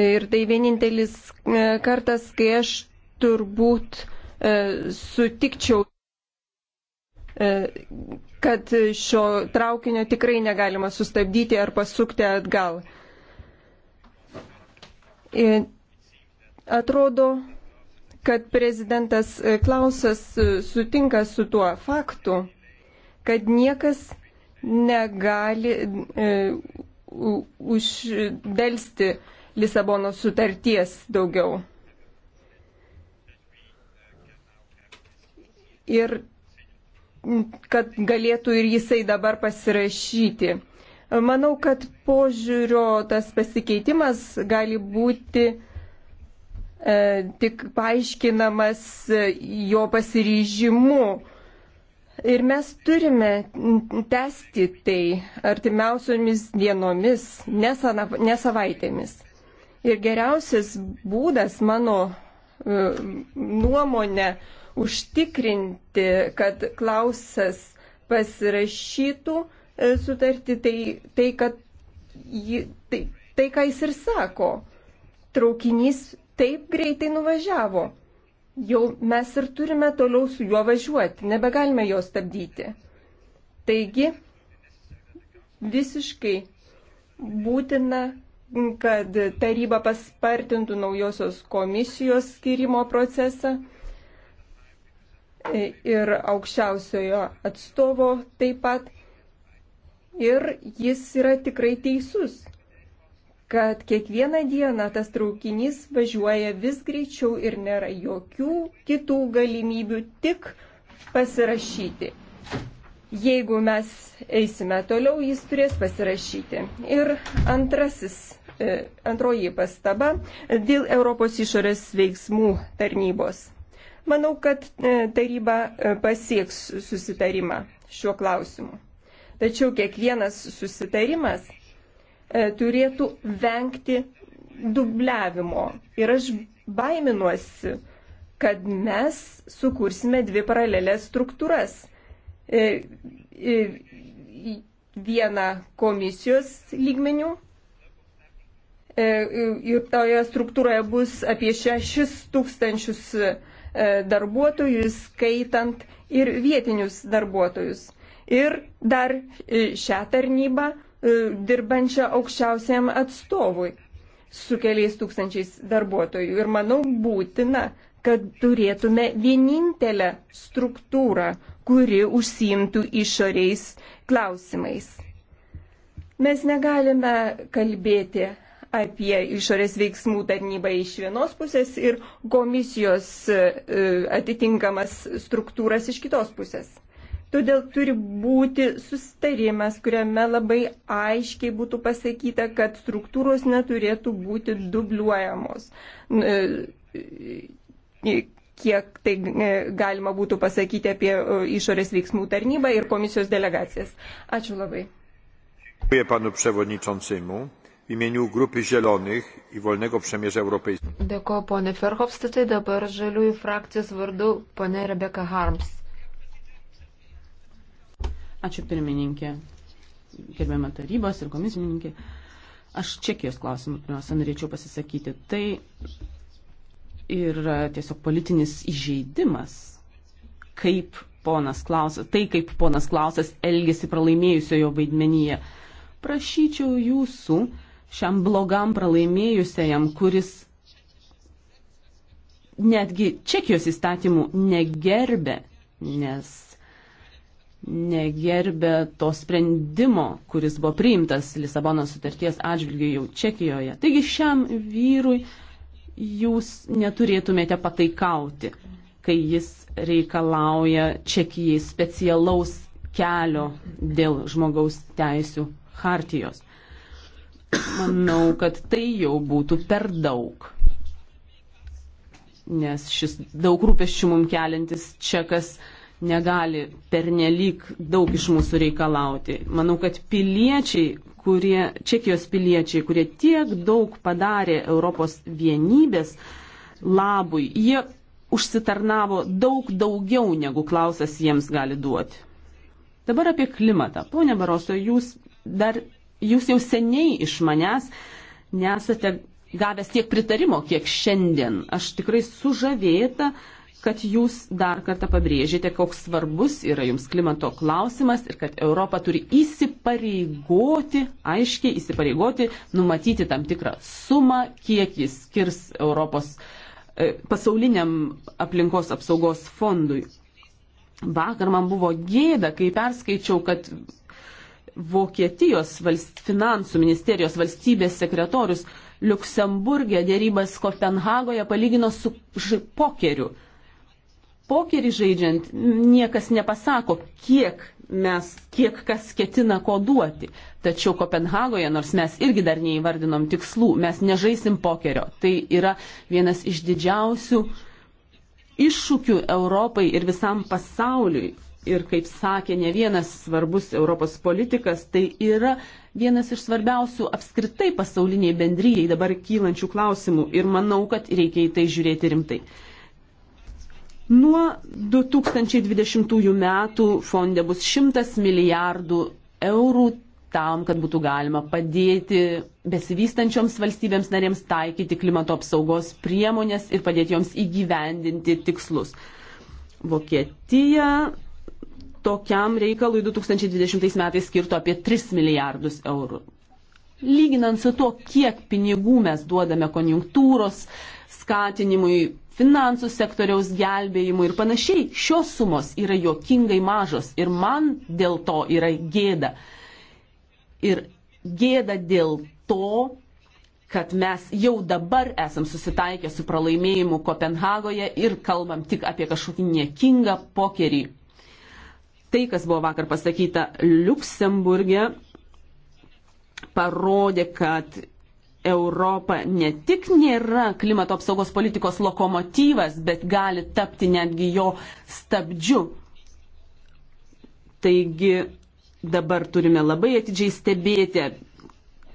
Ir tai vienintelis e, kartas, kai aš turbūt sutikčiau kad šio traukinio tikrai negalima sustabdyti ar pasukti atgal. Ir e, atrodo, kad prezidentas e, Klausas e, sutinka su tuo faktu, kad niekas negali e, uždelsti Lisabono sutarties daugiau. Ir kad galėtų ir jisai dabar pasirašyti. Manau, kad požiūrio tas pasikeitimas gali būti e, tik paaiškinamas e, jo pasiryžimu. Ir mes turime tęsti tai artimiausiomis dienomis, ne, sana, ne savaitėmis. Ir geriausias būdas mano e, nuomonė, e, užtikrinti, kad klausas pasirašytų e, sutartį, tai, tai, kad, jį, tai, tai ką jis ir sako, traukinys taip greitai nuvažiavo. Jau mes ir turime toliau su juo važiuoti, nebegalime jo stabdyti. Taigi, visiškai būtina, kad taryba paspartintų naujosios komisijos skirimo procesą ir aukščiausiojo atstovo taip pat. Ir jis yra tikrai teisus, kad kiekvieną dieną tas traukinys važiuoja vis greičiau ir nėra jokių kitų galimybių tik pasirašyti. Jeigu mes eisime toliau, jis turės pasirašyti. Ir antrasis e, antroji pastaba dėl Europos išorės veiksmų tarnybos. Manau, kad e, taryba e, pasieks susitarimą šiuo klausimu. Tačiau kiekvienas susitarimas e, turėtų vengti dubliavimo. Ir aš baiminuosi, kad mes sukursime dvi paralelės struktūras. Vieną komisijos lygmenių ir toje struktūroje bus apie 6 tūkstančius 000 E, darbuotojų, skaitant ir vietinius darbuotojus. Ir dar e, šią tarnybą e, dirbančią aukščiausiam atstovui su keliais tūkstančiais darbuotojų. Ir manau būtina, kad turėtume vienintelę struktūrą, kuri užsiimtų išoriais klausimais. Mes negalime kalbėti apie išorės veiksmų tarnybą iš vienos pusės ir komisijos e, atitinkamas struktūras iš kitos pusės. Todėl turi būti sustarimas, kuriame labai aiškiai būtų pasakyta, kad struktūros neturėtų būti dubliuojamos. E, kiek tai e, galima būtų pasakyti apie išorės veiksmų tarnybą ir komisijos delegacijas. Ačiū labai. Dziękuję panu przewodniczącemu w imieniu Grupy Zielonych i Wolnego Przemierza Europejskiego. Dėkuoju, ponė Ferhofstatai, dabar žaliųjų frakcijos vardu, ponė Rebeka Harms. Ačiū pirmininkė, gerbiama tarybos ir komisininkė. Aš Čekijos klausimą pirmiausia norėčiau pasisakyti. Tai yra tiesiog politinis įžeidimas, kaip ponas Klausas, tai kaip ponas Klausas elgesi pralaimėjusiojo vaidmenyje. Prašyčiau jūsų šiam blogam pralaimėjusiajam, kuris netgi Čekijos įstatymų negerbė, nes negerbė to sprendimo, kuris buvo priimtas Lisabono sutarties atžvilgiu jau Čekijoje. Taigi šiam vyrui jūs neturėtumėte pataikauti, kai jis reikalauja Čekijai specialaus kelio dėl žmogaus teisų hartijos. Manau, kad tai jau būtų per daug. Nes šis daug rūpeščių mums keliantis čekas negali pernelyg daug iš mūsų reikalauti. Manau, kad piliečiai, kurie, čekijos piliečiai, kurie tiek daug padarė Europos vienybės labui, jie užsitarnavo daug daugiau, negu klausas jiems gali duoti. Dabar apie klimatą. Pone Baroso, jūs dar jūs jau seniai iš manęs nesate gavęs tiek pritarimo, kiek šiandien. Aš tikrai sužavėta, kad jūs dar kartą pabrėžėte, koks svarbus yra jums klimato klausimas ir kad Europa turi įsipareigoti, aiškiai įsipareigoti, numatyti tam tikrą sumą, kiek jis skirs Europos e, pasauliniam aplinkos apsaugos fondui. Vakar man buvo gėda, kai perskaičiau, kad Vokietijos valst, finansų ministerijos valstybės sekretorius Luksemburgė dėrybas Kopenhagoje palygino su pokeriu. Pokerį žaidžiant niekas nepasako, kiek mes, kiek kas ketina ko duoti. Tačiau Kopenhagoje, nors mes irgi dar neįvardinom tikslų, mes nežaisim pokerio. Tai yra vienas iš didžiausių iššūkių Europai ir visam pasauliui ir kaip sakė ne vienas svarbus Europos politikas, tai yra vienas iš svarbiausių apskritai pasauliniai bendryjai dabar kylančių klausimų ir manau, kad reikia į tai žiūrėti rimtai. Nuo 2020 metų fonde bus 100 milijardų eurų tam, kad būtų galima padėti besivystančioms valstybėms narėms taikyti klimato apsaugos priemonės ir padėti joms įgyvendinti tikslus. Vokietija tokiam reikalui 2020 metais skirto apie 3 milijardus eurų. Lyginant su to, kiek pinigų mes duodame konjunktūros skatinimui, finansų sektoriaus gelbėjimui ir panašiai, šios sumos yra jokingai mažos ir man dėl to yra gėda. Ir gėda dėl to, kad mes jau dabar esam susitaikę su pralaimėjimu Kopenhagoje ir kalbam tik apie kažkokį niekingą pokerį Tai, kas buvo vakar pasakyta Luksemburgė, parodė, kad Europa ne tik nėra klimato apsaugos politikos lokomotyvas, bet gali tapti netgi jo stabdžiu. Taigi dabar turime labai atidžiai stebėti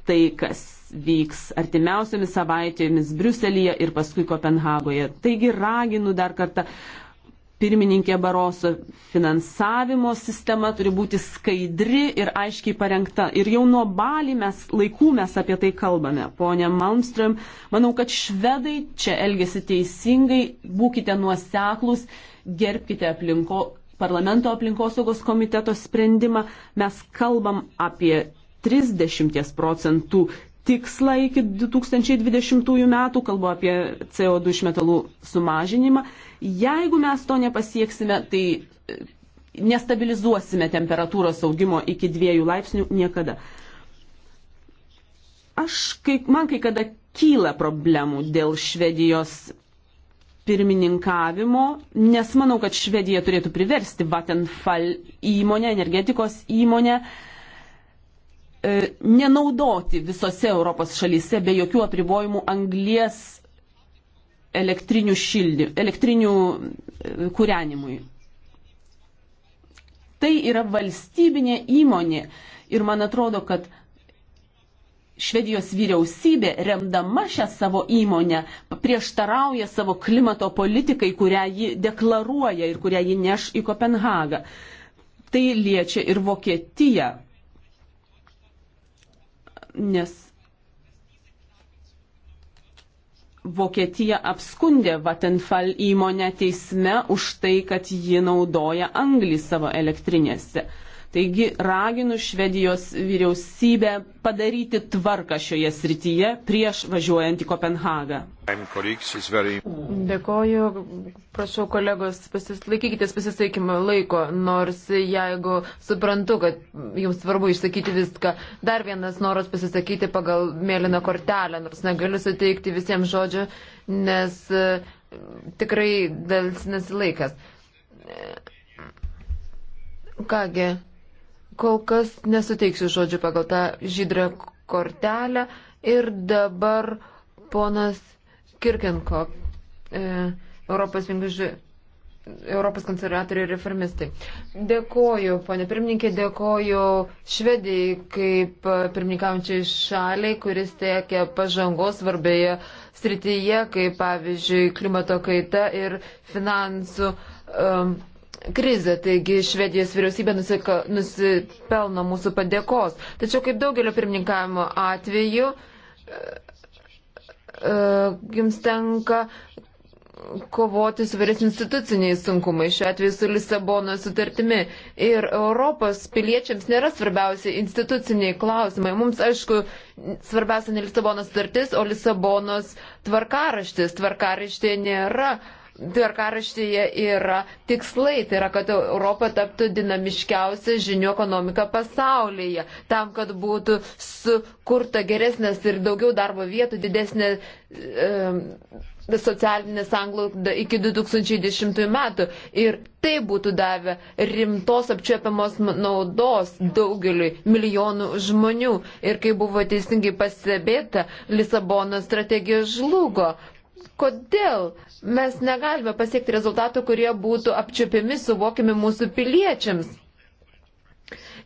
tai, kas vyks artimiausiamis savaitėmis Briuselėje ir paskui Kopenhagoje. Taigi raginu dar kartą pirmininkė Baroso finansavimo sistema turi būti skaidri ir aiškiai parengta. Ir jau nuo balį mes laikų mes apie tai kalbame. Pone Malmström, manau, kad švedai čia elgesi teisingai, būkite nuoseklus, gerbkite aplinko, parlamento aplinkosaugos komiteto sprendimą. Mes kalbam apie 30 procentų tikslą iki 2020 metų, kalbu apie CO2 išmetalų sumažinimą Jeigu mes to nepasieksime, tai e, nestabilizuosime temperatūros augimo iki dviejų laipsnių niekada. Aš, kai, man kai kada kyla problemų dėl Švedijos pirmininkavimo, nes manau, kad Švedija turėtų priversti Vattenfall įmonę, energetikos įmonę, e, nenaudoti visose Europos šalyse be jokių apribojimų anglies elektrinių, šildy, elektrinių e, kūrenimui. Tai yra valstybinė įmonė ir man atrodo, kad Švedijos vyriausybė, remdama šią savo įmonę, prieštarauja savo klimato politikai, kurią ji deklaruoja ir kurią ji neš į Kopenhagą. Tai liečia ir Vokietiją. Nes Vokietija apskundė Vattenfall įmonę teisme už tai, kad ji naudoja anglį savo elektrinėse. Taigi raginu Švedijos vyriausybę padaryti tvarką šioje srityje prieš važiuojant į Kopenhagą. Dėkoju, prašau kolegos, laikykitės pasisaikymą laiko, nors jeigu suprantu, kad jums svarbu išsakyti viską, dar vienas noras pasisakyti pagal mėlyną kortelę, nors negaliu suteikti visiems žodžių, nes e, tikrai dėlsinasi laikas. Kągi. Kol kas nesuteiksiu žodžių pagal tą žydrę kortelę ir dabar ponas Kirkenkop, e, Europos vingižių Europos konservatoriai ir reformistai. Dėkoju, ponė pirmininkė, dėkoju Švedijai kaip pirmininkaujančiai šaliai, kuris tiekia pažangos svarbėje srityje, kaip pavyzdžiui klimato kaita ir finansų um, krizę, taigi Švedijos vyriausybė nusika, nusipelno mūsų padėkos. Tačiau kaip daugelio pirmininkavimo atveju, e, e, jums tenka kovoti su vėres instituciniais sunkumais, šiuo atveju su Lisabono sutartimi. Ir Europos piliečiams nėra svarbiausia instituciniai klausimai. Mums, aišku, svarbiausia ne Lisabono sutartis, o Lisabonos tvarkaraštis. Tvarkaraštė nėra uh, tvarkaraštyje yra tikslai, tai yra, kad Europa taptų dinamiškiausia žinių ekonomika pasaulyje, tam, kad būtų sukurta geresnės ir daugiau darbo vietų, didesnė e, socialinė sanglauda iki 2010 metų. Ir tai būtų davę rimtos apčiopiamos naudos daugeliui milijonų žmonių. Ir kai buvo teisingai pastebėta, Lisabono strategija žlugo. Kodėl mes negalime pasiekti rezultatų, kurie būtų apčiupimi, suvokiami mūsų piliečiams?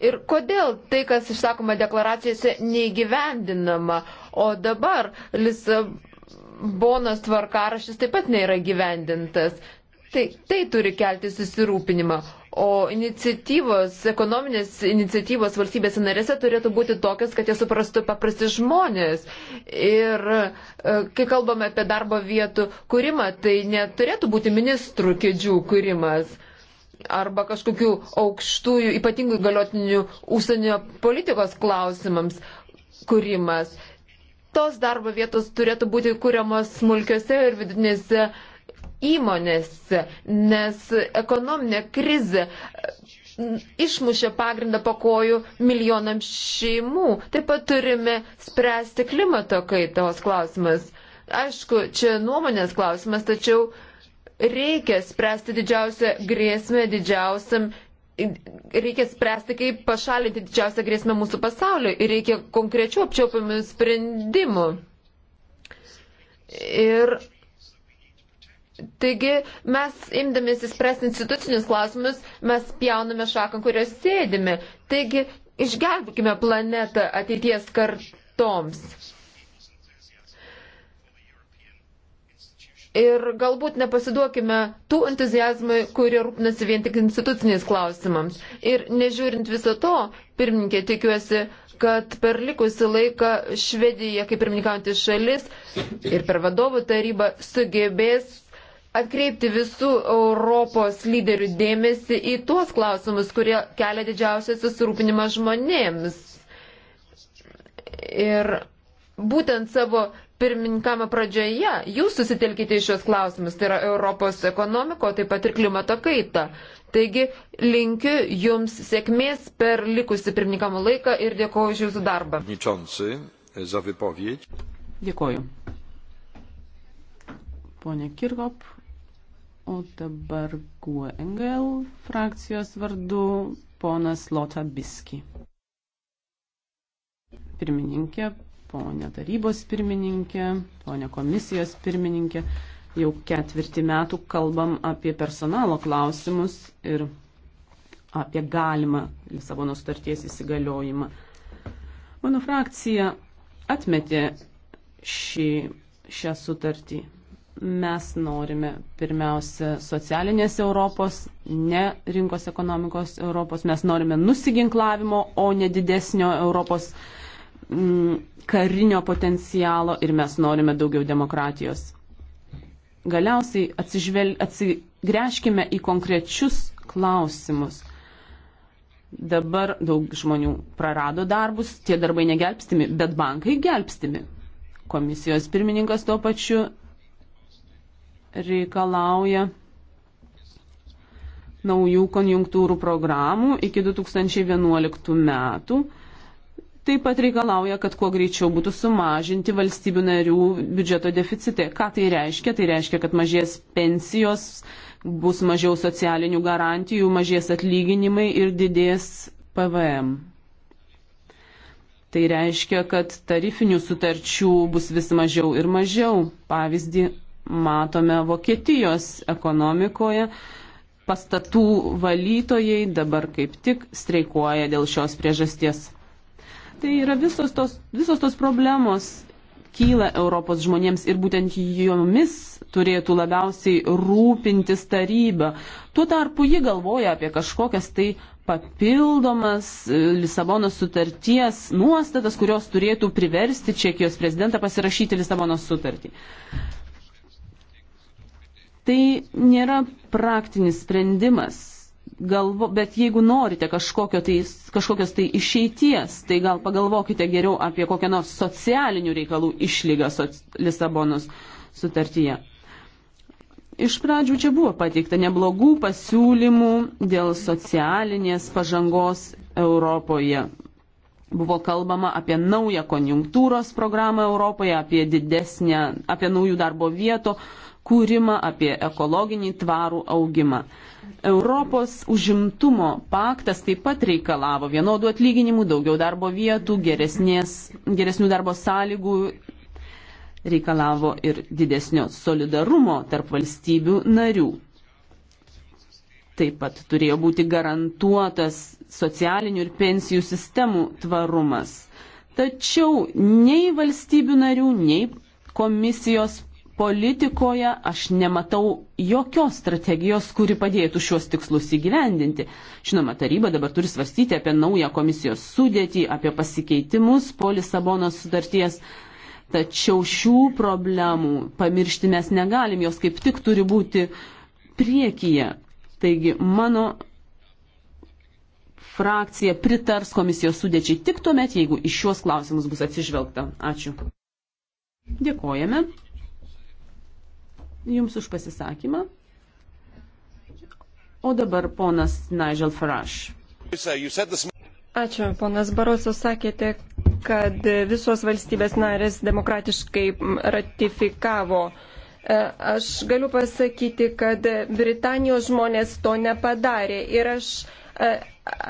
Ir kodėl tai, kas išsakoma deklaracijose, neįgyvendinama, o dabar Lisabonos tvarkaraštis taip pat nėra gyvendintas. Tai, tai turi kelti susirūpinimą. O iniciatyvos, ekonominės iniciatyvos valstybėse narėse turėtų būti tokios, kad jie suprastų paprasti žmonės. Ir e, kai kalbame apie darbo vietų kūrimą, tai neturėtų būti ministrų kėdžių kūrimas arba kažkokių aukštųjų, ypatingų galiotinių užsienio politikos klausimams kūrimas. Tos darbo vietos turėtų būti kūriamos smulkiose ir vidinėse įmonės, nes ekonominė krizė e, išmušė pagrindą pakojų milijonams šeimų. Taip pat turime spręsti klimato kaitos klausimas. Aišku, čia nuomonės klausimas, tačiau reikia spręsti didžiausią grėsmę didžiausiam. Reikia spręsti, kaip pašalinti didžiausią grėsmę mūsų pasauliu ir reikia konkrečių apčiopiamų sprendimų. Ir Taigi mes imdamėsi spręsti institucinius klausimus, mes pjauname šaką, kurios sėdime. Taigi išgelbėkime planetą ateities kartoms. Ir galbūt nepasiduokime tų entuzijazmui, kurie rūpinasi vien tik instituciniais klausimams. Ir nežiūrint viso to, pirmininkė, tikiuosi, kad per likusį laiką Švedija, kaip pirmininkaujantis šalis ir per vadovų tarybą, sugebės atkreipti visų Europos lyderių dėmesį į tuos klausimus, kurie kelia didžiausią susirūpinimą žmonėms. Ir būtent savo pirmininkamo pradžioje jūs susitelkite į šios klausimus, tai yra Europos ekonomiko, taip pat ir klimato kaita. Taigi linkiu jums sėkmės per likusi pirmininkamo laiką ir dėkoju už jūsų darbą. E, dėkoju. Pone Kirgop, O dabar GUNGL frakcijos vardu ponas Lota Biski. Pirmininkė, ponė tarybos pirmininkė, ponė komisijos pirmininkė, jau ketvirtį metų kalbam apie personalo klausimus ir apie galimą Lisabono sutarties įsigaliojimą. Mano frakcija atmetė šį, šią sutartį Mes norime pirmiausia socialinės Europos, ne rinkos ekonomikos Europos. Mes norime nusiginklavimo, o ne didesnio Europos mm, karinio potencialo ir mes norime daugiau demokratijos. Galiausiai atsižvel, atsigręžkime į konkrečius klausimus. Dabar daug žmonių prarado darbus, tie darbai negelbstimi, bet bankai gelbstimi. Komisijos pirmininkas tuo pačiu reikalauja naujų konjunktūrų programų iki 2011 metų. Taip pat reikalauja, kad kuo greičiau būtų sumažinti valstybių narių biudžeto deficitė. Ką tai reiškia? Tai reiškia, kad mažės pensijos, bus mažiau socialinių garantijų, mažės atlyginimai ir didės PVM. Tai reiškia, kad tarifinių sutarčių bus vis mažiau ir mažiau. Pavyzdį matome Vokietijos ekonomikoje. Pastatų valytojai dabar kaip tik streikuoja dėl šios priežasties. Tai yra visos tos, visos tos problemos kyla Europos žmonėms ir būtent jomis turėtų labiausiai rūpintis taryba. Tuo tarpu ji galvoja apie kažkokias tai papildomas e, Lisabonos sutarties nuostatas, kurios turėtų priversti Čekijos prezidentą pasirašyti Lisabonos sutartį. Tai nėra praktinis sprendimas. Galvo, bet jeigu norite tai, kažkokios tai išeities, tai gal pagalvokite geriau apie kokią nors socialinių reikalų išlygą soc, Lisabonos sutartyje iš pradžių čia buvo pateikta neblogų pasiūlymų dėl socialinės pažangos Europoje. Buvo kalbama apie naują konjunktūros programą Europoje, apie didesnę, apie naujų darbo vietų kūrimą, apie ekologinį tvarų augimą. Europos užimtumo paktas taip pat reikalavo vienodų atlyginimų, daugiau darbo vietų, geresnės, geresnių darbo sąlygų, reikalavo ir didesnio solidarumo tarp valstybių narių. Taip pat turėjo būti garantuotas socialinių ir pensijų sistemų tvarumas. Tačiau nei valstybių narių, nei komisijos politikoje aš nematau jokios strategijos, kuri padėtų šios tikslus įgyvendinti. Žinoma, taryba dabar turi svarstyti apie naują komisijos sudėtį, apie pasikeitimus po Lisabonos sutarties. Tačiau šių problemų pamiršti mes negalim, jos kaip tik turi būti priekyje. Taigi mano frakcija pritars komisijos sudėčiai tik tuomet, jeigu iš šios klausimus bus atsižvelgta. Ačiū. Dėkojame. Jums už pasisakymą. O dabar ponas Nigel Farage. Ačiū, ponas Baroso, sakėte, kad visos valstybės narės demokratiškai ratifikavo. E, aš galiu pasakyti, kad Britanijos žmonės to nepadarė ir aš e,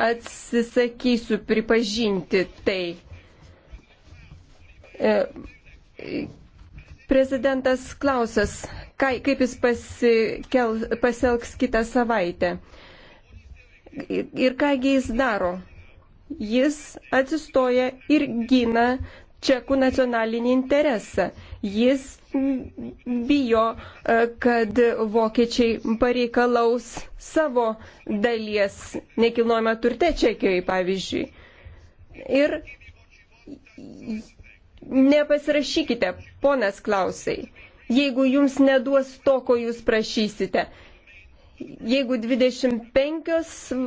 atsisakysiu pripažinti tai e, Prezidentas klausas, kaip jis pasikel, pasielgs kitą savaitę. Ir kągi jis daro? Jis atsistoja ir gina čekų nacionalinį interesą. Jis bijo, e, kad vokiečiai pareikalaus savo dalies nekilnojame turte Čekijoje, pavyzdžiui. Ir nepasirašykite, ponas Klausai, jeigu jums neduos to, ko jūs prašysite. Jeigu 25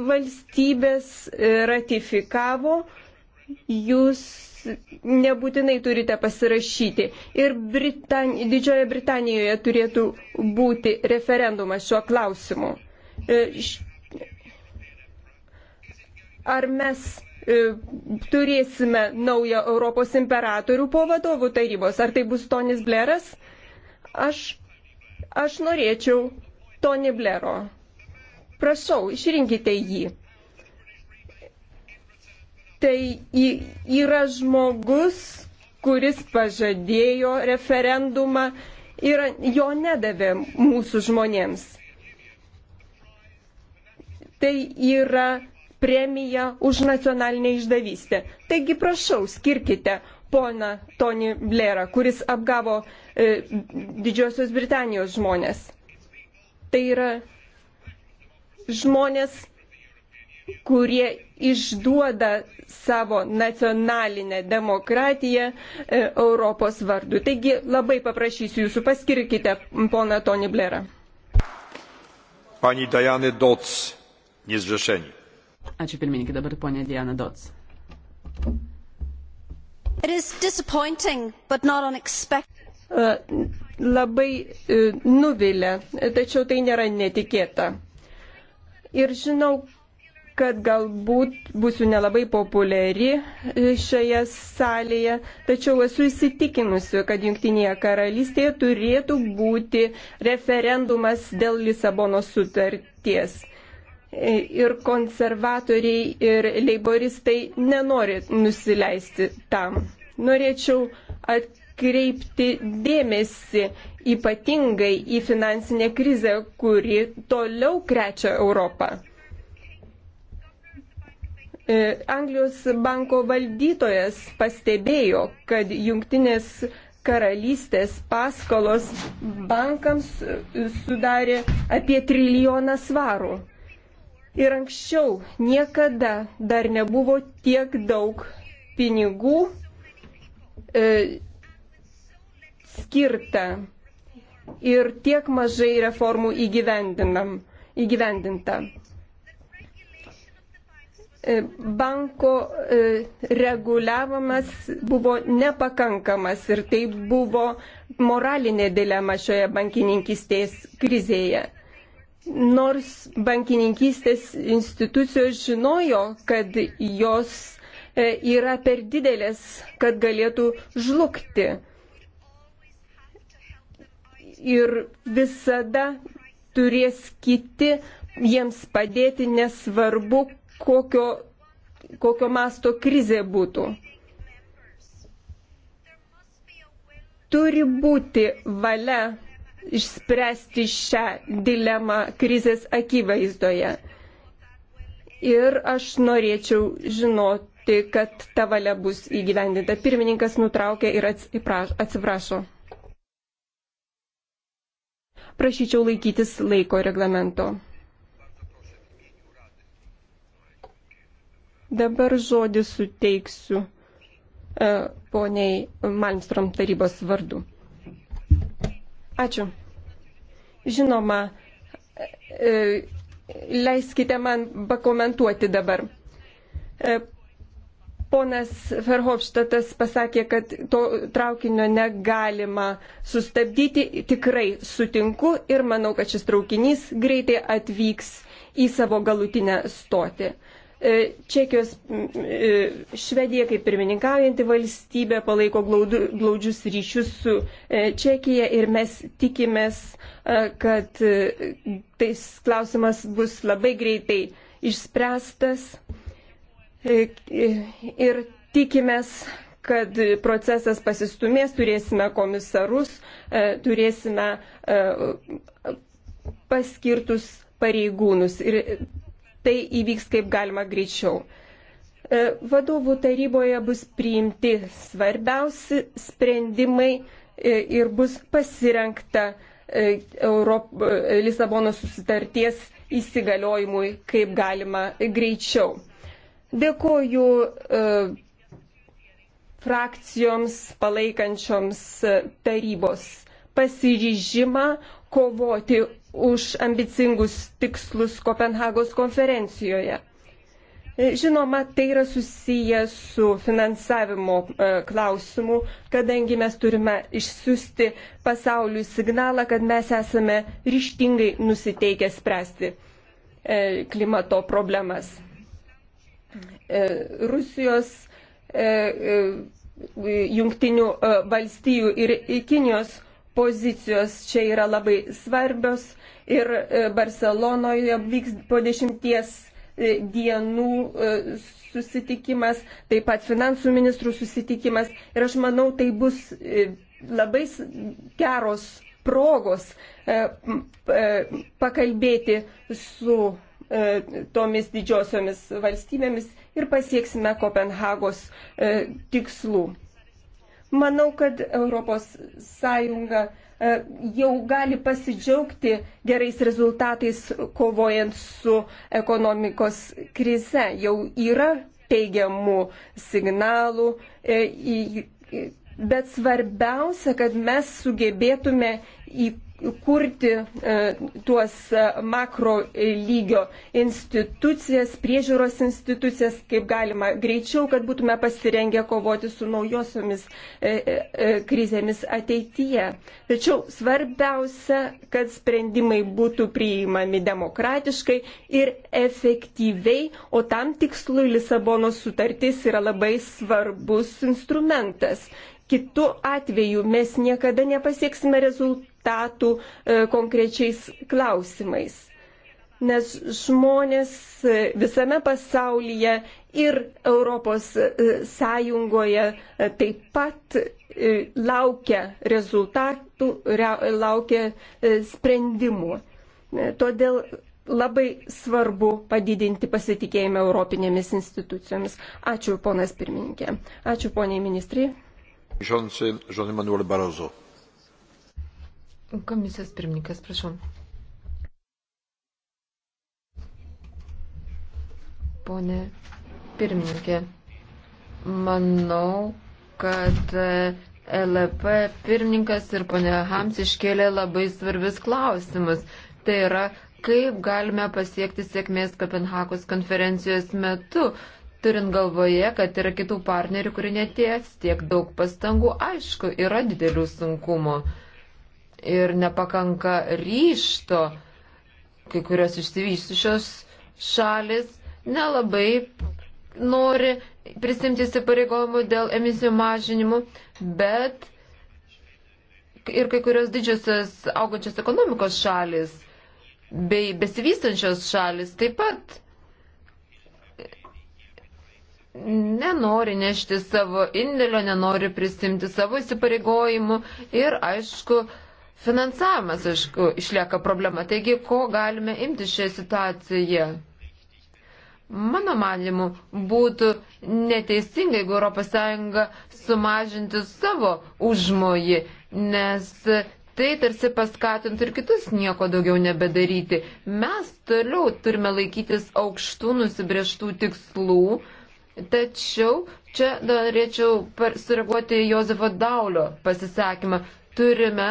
valstybės ratifikavo, jūs nebūtinai turite pasirašyti. Ir Britan... Didžioje Britanijoje turėtų būti referendumas šiuo klausimu. E, ar mes E, turėsime naują Europos imperatorių po vadovų tarybos. Ar tai bus Tonis Bleras? Aš, aš norėčiau Tony Blero. Prašau, išrinkite jį. Tai yra žmogus, kuris pažadėjo referendumą ir jo nedavė mūsų žmonėms. Tai yra premiją už nacionalinę išdavystę. Taigi prašau, skirkite poną Tony Blairą, kuris apgavo e, Didžiosios Britanijos žmonės. Tai yra žmonės, kurie išduoda savo nacionalinę demokratiją e, Europos vardu. Taigi labai paprašysiu jūsų, paskirkite poną Tony Blairą. Pani Dajany Dots, nezrzeszeni. Ačiū pirmininkai, dabar ponė Diana Dots. E, labai e, nuvilia, tačiau tai nėra netikėta. Ir žinau, kad galbūt būsiu nelabai populiari e, šioje salėje, tačiau esu įsitikinusi, kad Junktinėje karalystėje turėtų būti referendumas dėl Lisabono sutarties ir konservatoriai ir leiboristai nenori nusileisti tam. Norėčiau atkreipti dėmesį ypatingai į finansinę krizę, kuri toliau krečia Europą. E, Anglijos banko valdytojas pastebėjo, kad jungtinės karalystės paskolos bankams sudarė apie trilijoną svarų. Ir anksčiau niekada dar nebuvo tiek daug pinigų e, skirta ir tiek mažai reformų įgyvendinta. E, banko e, reguliavimas buvo nepakankamas ir tai buvo moralinė dilema šioje bankininkistės krizėje nors bankininkystės institucijos žinojo, kad jos e, yra per didelės, kad galėtų žlugti. Ir visada turės kiti jiems padėti, nesvarbu, kokio, kokio masto krizė būtų. Turi būti valia išspręsti šią dilemą krizės akivaizdoje. Ir aš norėčiau žinoti, kad ta valia bus įgyvendinta. Pirmininkas nutraukė ir atsiprašo. Prašyčiau laikytis laiko reglamento. Dabar žodį suteiksiu e, poniai Malmstrom tarybos vardu. Ačiū. Žinoma, e, leiskite man pakomentuoti dabar. E, ponas Verhofštatas pasakė, kad to traukinio negalima sustabdyti. Tikrai sutinku ir manau, kad šis traukinys greitai atvyks į savo galutinę stotį. E, Čekijos, e, Švedija kaip pirmininkaujanti valstybė palaiko glaudžius ryšius su e, Čekija ir mes tikimės, kad tais klausimas bus labai greitai išspręstas ir tikimės, kad procesas pasistumės, turėsime komisarus, turėsime paskirtus pareigūnus. Ir tai įvyks kaip galima greičiau. E, vadovų taryboje bus priimti svarbiausi sprendimai e, ir bus pasirenkta e, Europ... Lisabono susitarties įsigaliojimui kaip galima greičiau. Dėkoju frakcijoms palaikančioms tarybos pasiryžimą kovoti už ambicingus tikslus Kopenhagos konferencijoje. E, žinoma, tai yra susiję su finansavimo e, klausimu, kadangi mes turime išsiųsti pasauliui signalą, kad mes esame ryštingai nusiteikę spręsti e, klimato problemas. Rusijos, jungtinių valstijų ir Kinijos pozicijos čia yra labai svarbios ir e, Barcelonoje vyks po dešimties e, dienų e, susitikimas, taip pat finansų ministrų susitikimas ir aš manau, tai bus labai geros progos pakalbėti su tomis didžiosiomis valstybėmis ir pasieksime Kopenhagos tikslų. Manau, kad ES e, jau gali pasidžiaugti gerais rezultatais kovojant su ekonomikos krize. Jau yra teigiamų signalų, e, bet svarbiausia, kad mes sugebėtume įkūrti kurti e, tuos e, makro e, lygio institucijas, priežiūros institucijas, kaip galima greičiau, kad būtume pasirengę kovoti su naujosiomis krizėmis ateityje. Tačiau svarbiausia, kad sprendimai būtų priimami demokratiškai ir efektyviai, o tam tikslui Lisabono sutartis yra labai svarbus instrumentas. Kitu atveju mes niekada nepasieksime rezultatų rezultatų e, konkrečiais klausimais. Nes žmonės e, visame pasaulyje ir Europos e, Sąjungoje taip pat laukia rezultatų, laukia sprendimų. Todėl labai svarbu padidinti pasitikėjimą Europinėmis institucijomis. Ačiū, ponas pirmininkė. Ačiū, poniai ministrai. Žonsi, Žon Manuel Barozo. Komisijos pirmininkas, prašau. Pone pirmininkė, manau, kad e, LP pirmininkas ir ponė Hams iškėlė labai svarbius klausimus. Tai yra, kaip galime pasiekti sėkmės Kopenhagos konferencijos metu, turint galvoje, kad yra kitų partnerių, kurie neties tiek daug pastangų, aišku, yra didelių sunkumų ir nepakanka ryšto. Kai kurios išsivystusios šalis nelabai nori prisimti įsipareigojimų dėl emisijų mažinimų, bet ir kai kurios didžiosios augančios ekonomikos šalis bei besivystančios šalis taip pat nenori nešti savo indėlio, nenori prisimti savo įsipareigojimų ir, aišku, Finansavimas, aišku, išlieka problema. Taigi, ko galime imti šią situaciją? Mano manimu, būtų neteisinga, jeigu ES sumažintų savo užmojį, nes tai tarsi paskatintų ir kitus nieko daugiau nebedaryti. Mes toliau turime laikytis aukštų nusibrieštų tikslų, tačiau čia norėčiau sureaguoti Jozefo Daulio pasisakymą. Turime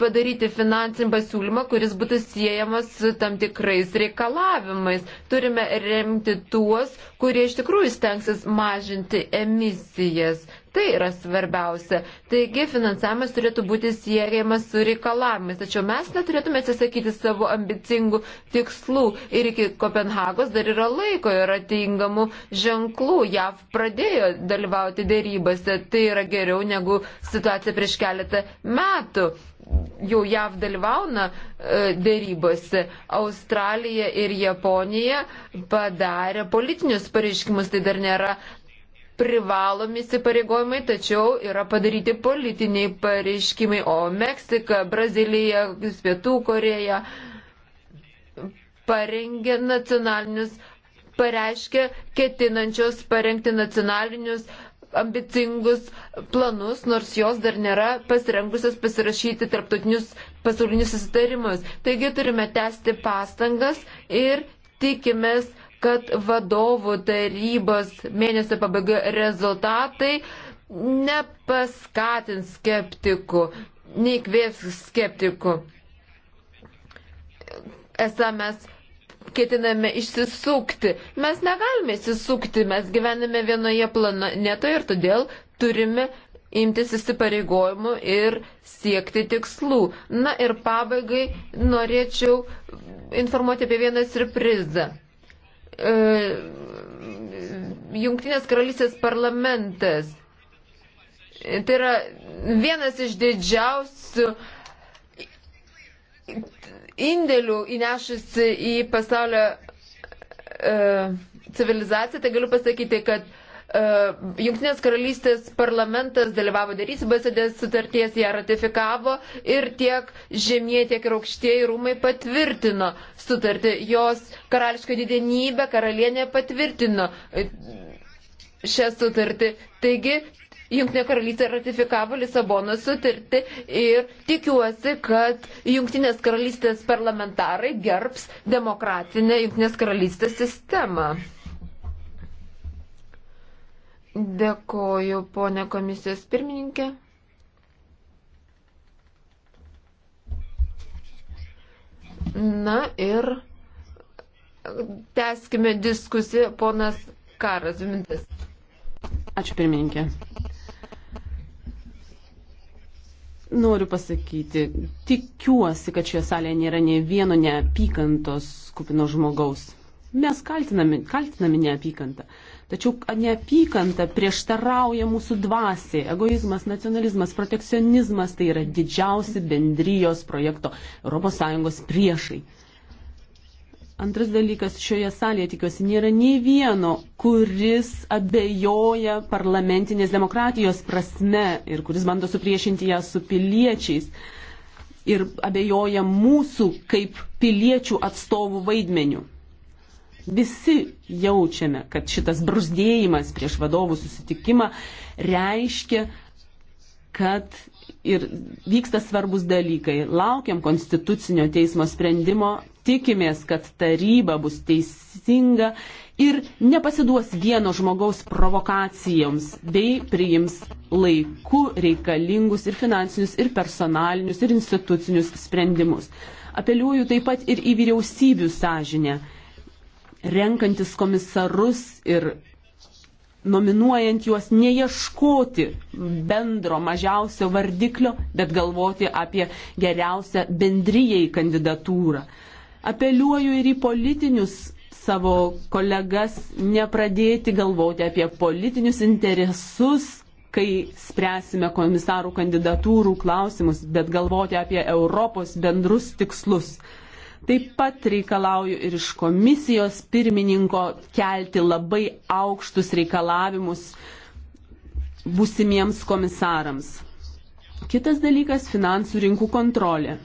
padaryti finansinį pasiūlymą, kuris būtų siejamas su tam tikrais reikalavimais. Turime remti tuos, kurie iš tikrųjų stengsis mažinti emisijas. Tai yra svarbiausia. Taigi finansavimas turėtų būti siejamas su reikalavimais. Tačiau mes neturėtume atsisakyti savo ambicingų tikslų. Ir iki Kopenhagos dar yra laiko, yra teigiamų ženklų. JAV pradėjo dalyvauti dėrybose. Tai yra geriau negu situacija prieš keletą metų jau JAV dalyvauna e, dėrybose. Australija ir Japonija padarė politinius pareiškimus, tai dar nėra privalomi įsipareigojimai, tačiau yra padaryti politiniai pareiškimai, o Meksika, Brazilija, Pietų Koreja parengė nacionalinius, pareiškė ketinančios parengti nacionalinius uh, ambicingus planus, nors jos dar nėra pasirengusios pasirašyti tarptautinius pasaulinius susitarimus. Taigi turime tęsti pastangas ir tikimės, kad vadovų tarybos mėnesio pabaiga rezultatai nepaskatins skeptikų, neįkvėps skeptikų. Esame mes ketiname išsisukti. Mes negalime išsisukti, mes gyvename vienoje planetoje ir todėl turime imtis įsipareigojimų ir siekti tikslų. Na ir pabaigai norėčiau informuoti apie vieną surprizą. E, Junktinės karalystės parlamentas. Tai yra vienas iš didžiausių indėlių įnešus į pasaulio e, civilizaciją, tai galiu pasakyti, kad e, Junktinės karalystės parlamentas dalyvavo darysybose dėl sutarties, ją ratifikavo ir tiek žemie, tiek ir aukštieji rūmai patvirtino sutartį. Jos karališka didenybė karalienė patvirtino e, šią sutartį. Taigi Junktinė karalystė ratifikavo Lisabonos sutartį ir tikiuosi, kad Junktinės karalystės parlamentarai gerbs demokratinę Junktinės karalystės sistemą. Dėkoju, ponė komisijos pirmininkė. Na ir teskime diskusiją, ponas Karas Mintis. Ačiū pirmininkė. Noriu pasakyti, tikiuosi, kad šioje salėje nėra ne vieno neapykantos kupino žmogaus. Mes kaltinami, kaltinami neapykantą. Tačiau neapykanta prieštarauja mūsų dvasiai. Egoizmas, nacionalizmas, protekcionizmas tai yra didžiausi bendrijos projekto ES priešai. Antras dalykas, šioje salėje tikiuosi nėra nei vieno, kuris abejoja parlamentinės demokratijos prasme ir kuris bando supriešinti ją su piliečiais ir abejoja mūsų kaip piliečių atstovų vaidmeniu. Visi jaučiame, kad šitas brusdėjimas prieš vadovų susitikimą reiškia, kad ir vyksta svarbus dalykai. Laukiam konstitucinio teismo sprendimo, tikimės, kad taryba bus teisinga ir nepasiduos vieno žmogaus provokacijoms bei priims laiku reikalingus ir finansinius, ir personalinius, ir institucinius sprendimus. Apeliuoju taip pat ir į vyriausybių sąžinę, renkantis komisarus ir nominuojant juos neieškoti bendro mažiausio vardiklio, bet galvoti apie geriausią bendryjei kandidatūrą. Apeliuoju ir į politinius savo kolegas nepradėti galvoti apie politinius interesus, kai spręsime komisarų kandidatūrų klausimus, bet galvoti apie Europos bendrus tikslus. Taip pat reikalauju ir iš komisijos pirmininko kelti labai aukštus reikalavimus būsimiems komisarams. Kitas dalykas - finansų rinkų kontrolė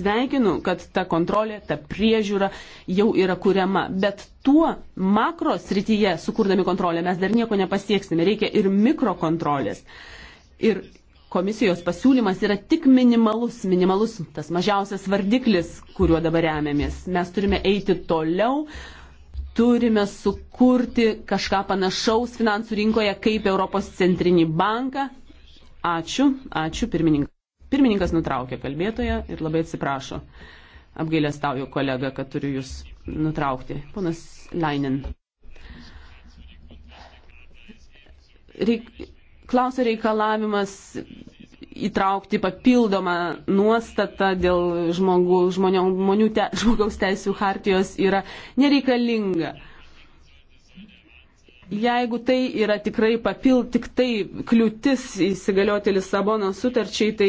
sveikinu, kad ta kontrolė, ta priežiūra jau yra kuriama, bet tuo makro srityje, sukurdami kontrolę, mes dar nieko nepasieksime, reikia ir mikrokontrolės. Ir komisijos pasiūlymas yra tik minimalus, minimalus tas mažiausias vardiklis, kuriuo dabar remiamės. Mes turime eiti toliau, turime sukurti kažką panašaus finansų rinkoje kaip Europos centrinį banką. Ačiū, ačiū pirmininkai. Pirmininkas nutraukė kalbėtoją ir labai atsiprašo. Apgailestauju kolega, kad turiu jūs nutraukti. Ponas Lainin. Reik... Klausia reikalavimas įtraukti papildomą nuostatą dėl žmogų, žmonių, žmonių te, žmogaus teisų hartijos yra nereikalinga. Jeigu tai yra tikrai papil, tik tai kliūtis įsigalioti Lisabono sutarčiai, tai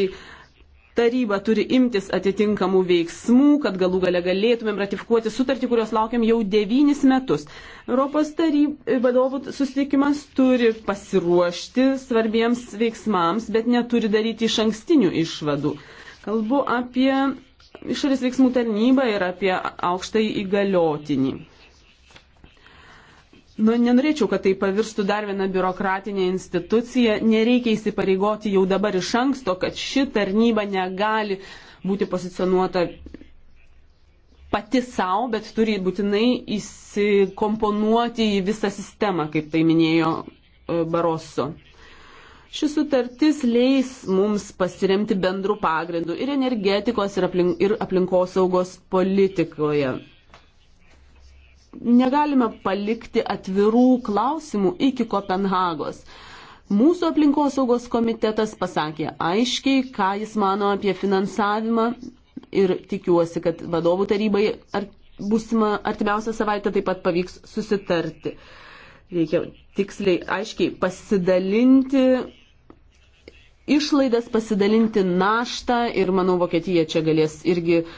taryba turi imtis atitinkamų veiksmų, kad galų gale galėtumėm ratifikuoti sutartį, kurios laukiam jau devynis metus. Europos taryb, vadovų susitikimas turi pasiruošti svarbiems veiksmams, bet neturi daryti iš ankstinių išvadų. Kalbu apie išorės veiksmų tarnybą ir apie aukštąjį įgaliotinį nu, nenorėčiau, kad tai pavirstų dar vieną biurokratinę instituciją. Nereikia įsipareigoti jau dabar iš anksto, kad ši tarnyba negali būti pozicionuota pati savo, bet turi būtinai įsikomponuoti į visą sistemą, kaip tai minėjo e, Baroso. Ši sutartis leis mums pasiremti bendrų pagrindų ir energetikos, ir, aplink, ir aplinkosaugos politikoje negalime palikti atvirų klausimų iki Kopenhagos. Mūsų aplinkosaugos komitetas pasakė aiškiai, ką jis mano apie finansavimą ir tikiuosi, kad vadovų tarybai ar būsima artimiausią savaitę taip pat pavyks susitarti. Reikia tiksliai, aiškiai pasidalinti išlaidas, pasidalinti naštą ir manau, Vokietija čia galės irgi uh,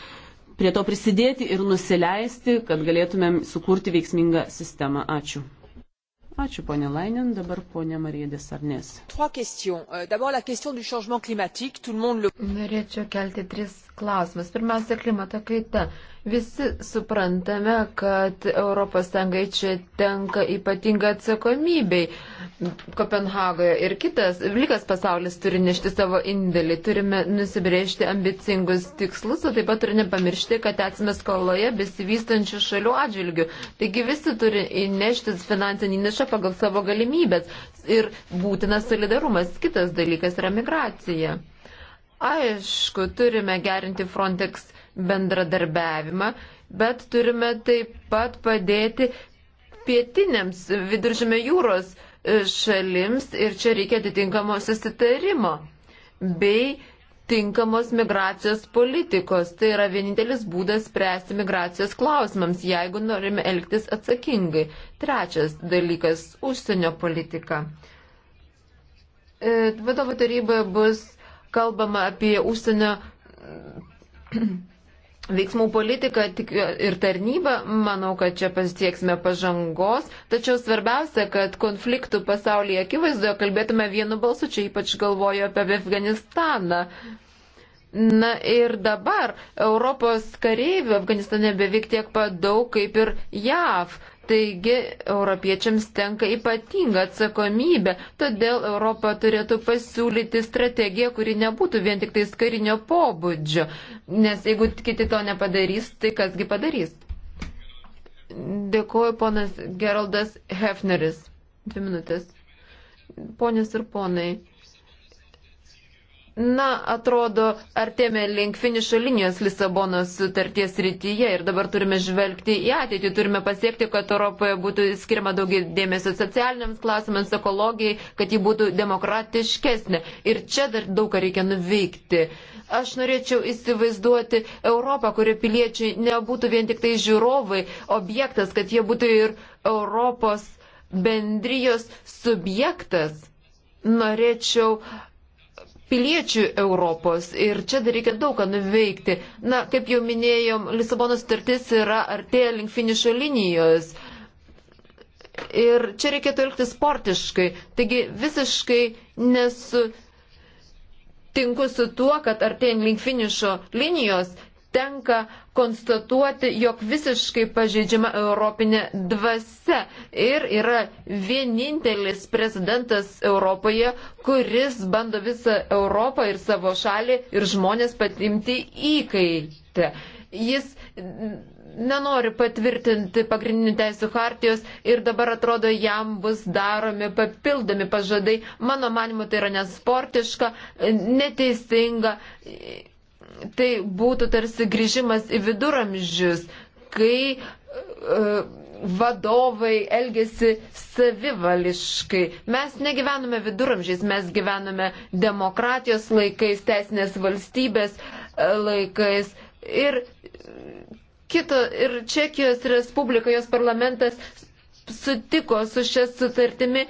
prie to prisidėti ir nusileisti, kad galėtumėm sukurti veiksmingą sistemą. Ačiū. Ačiū ponė Lainin, dabar ponė Marija Desarnės. Euh, Norėčiau kelti tris klausimas. Pirmiausia, klimato kaita. Visi suprantame, kad ES čia tenka ypatinga atsakomybei. Kopenhagoje ir kitas, likas pasaulis turi nešti savo indėlį. Turime nusibriežti ambicingus tikslus, o taip pat turime pamiršti, kad esame skoloje besivystančių šalių atžvilgių. Taigi visi turi įnešti finansinį nišą pagal savo galimybės. Ir būtinas solidarumas. Kitas dalykas yra migracija. Aišku, turime gerinti Frontex bendradarbiavimą, bet turime taip pat padėti pietinėms viduržėme jūros e, šalims ir čia reikia atitinkamo susitarimo bei tinkamos migracijos politikos. Tai yra vienintelis būdas spręsti migracijos klausimams, jeigu norime elgtis atsakingai. Trečias dalykas - užsienio politika. E, vadovo taryboje bus kalbama apie užsienio veiksmų politiką ir tarnybą, manau, kad čia pasieksime pažangos, tačiau svarbiausia, kad konfliktų pasaulyje akivaizdoje kalbėtume vienu balsu, čia ypač galvoju apie Afganistaną. Na ir dabar Europos kareivių Afganistane beveik tiek pat daug kaip ir JAV. Taigi europiečiams tenka ypatinga atsakomybė, todėl Europa turėtų pasiūlyti strategiją, kuri nebūtų vien tik tais karinio pobūdžio, nes jeigu kiti to nepadarys, tai kasgi padarys. Dėkuoju ponas Geraldas Hefneris. Dvi minutės. Ponės ir ponai. Na, atrodo, artėme link finišo linijos Lisabonos sutarties rytyje ir dabar turime žvelgti į ateitį, turime pasiekti, kad Europoje būtų skiriama daugiau dėmesio socialiniams klausimams, ekologijai, kad ji būtų demokratiškesnė. Ir čia dar daug ką reikia nuveikti. Aš norėčiau įsivaizduoti Europą, kurie piliečiai nebūtų vien tik tai žiūrovai, objektas, kad jie būtų ir Europos bendrijos subjektas. Norėčiau piliečių Europos ir čia dar reikia daug ką nuveikti. Na, kaip jau minėjom, Lisabono sutartis yra artėja link finišo linijos. Ir čia reikėtų elgti sportiškai. Taigi visiškai nesu tinku su tuo, kad artėjant link finišo linijos tenka konstatuoti, jog visiškai pažeidžiama europinė dvasia ir yra vienintelis prezidentas Europoje, kuris bando visą Europą ir savo šalį ir žmonės patimti įkaitę. Jis nenori patvirtinti pagrindinių teisų hartijos ir dabar atrodo jam bus daromi papildomi pažadai. Mano manimo tai yra nesportiška, neteisinga tai būtų tarsi grįžimas į viduramžius, kai e, vadovai elgesi savivališkai. Mes negyvename viduramžiais, mes gyvename demokratijos laikais, teisinės valstybės e, laikais. Ir, kito, ir Čekijos Respublika, jos parlamentas sutiko su šia sutartimi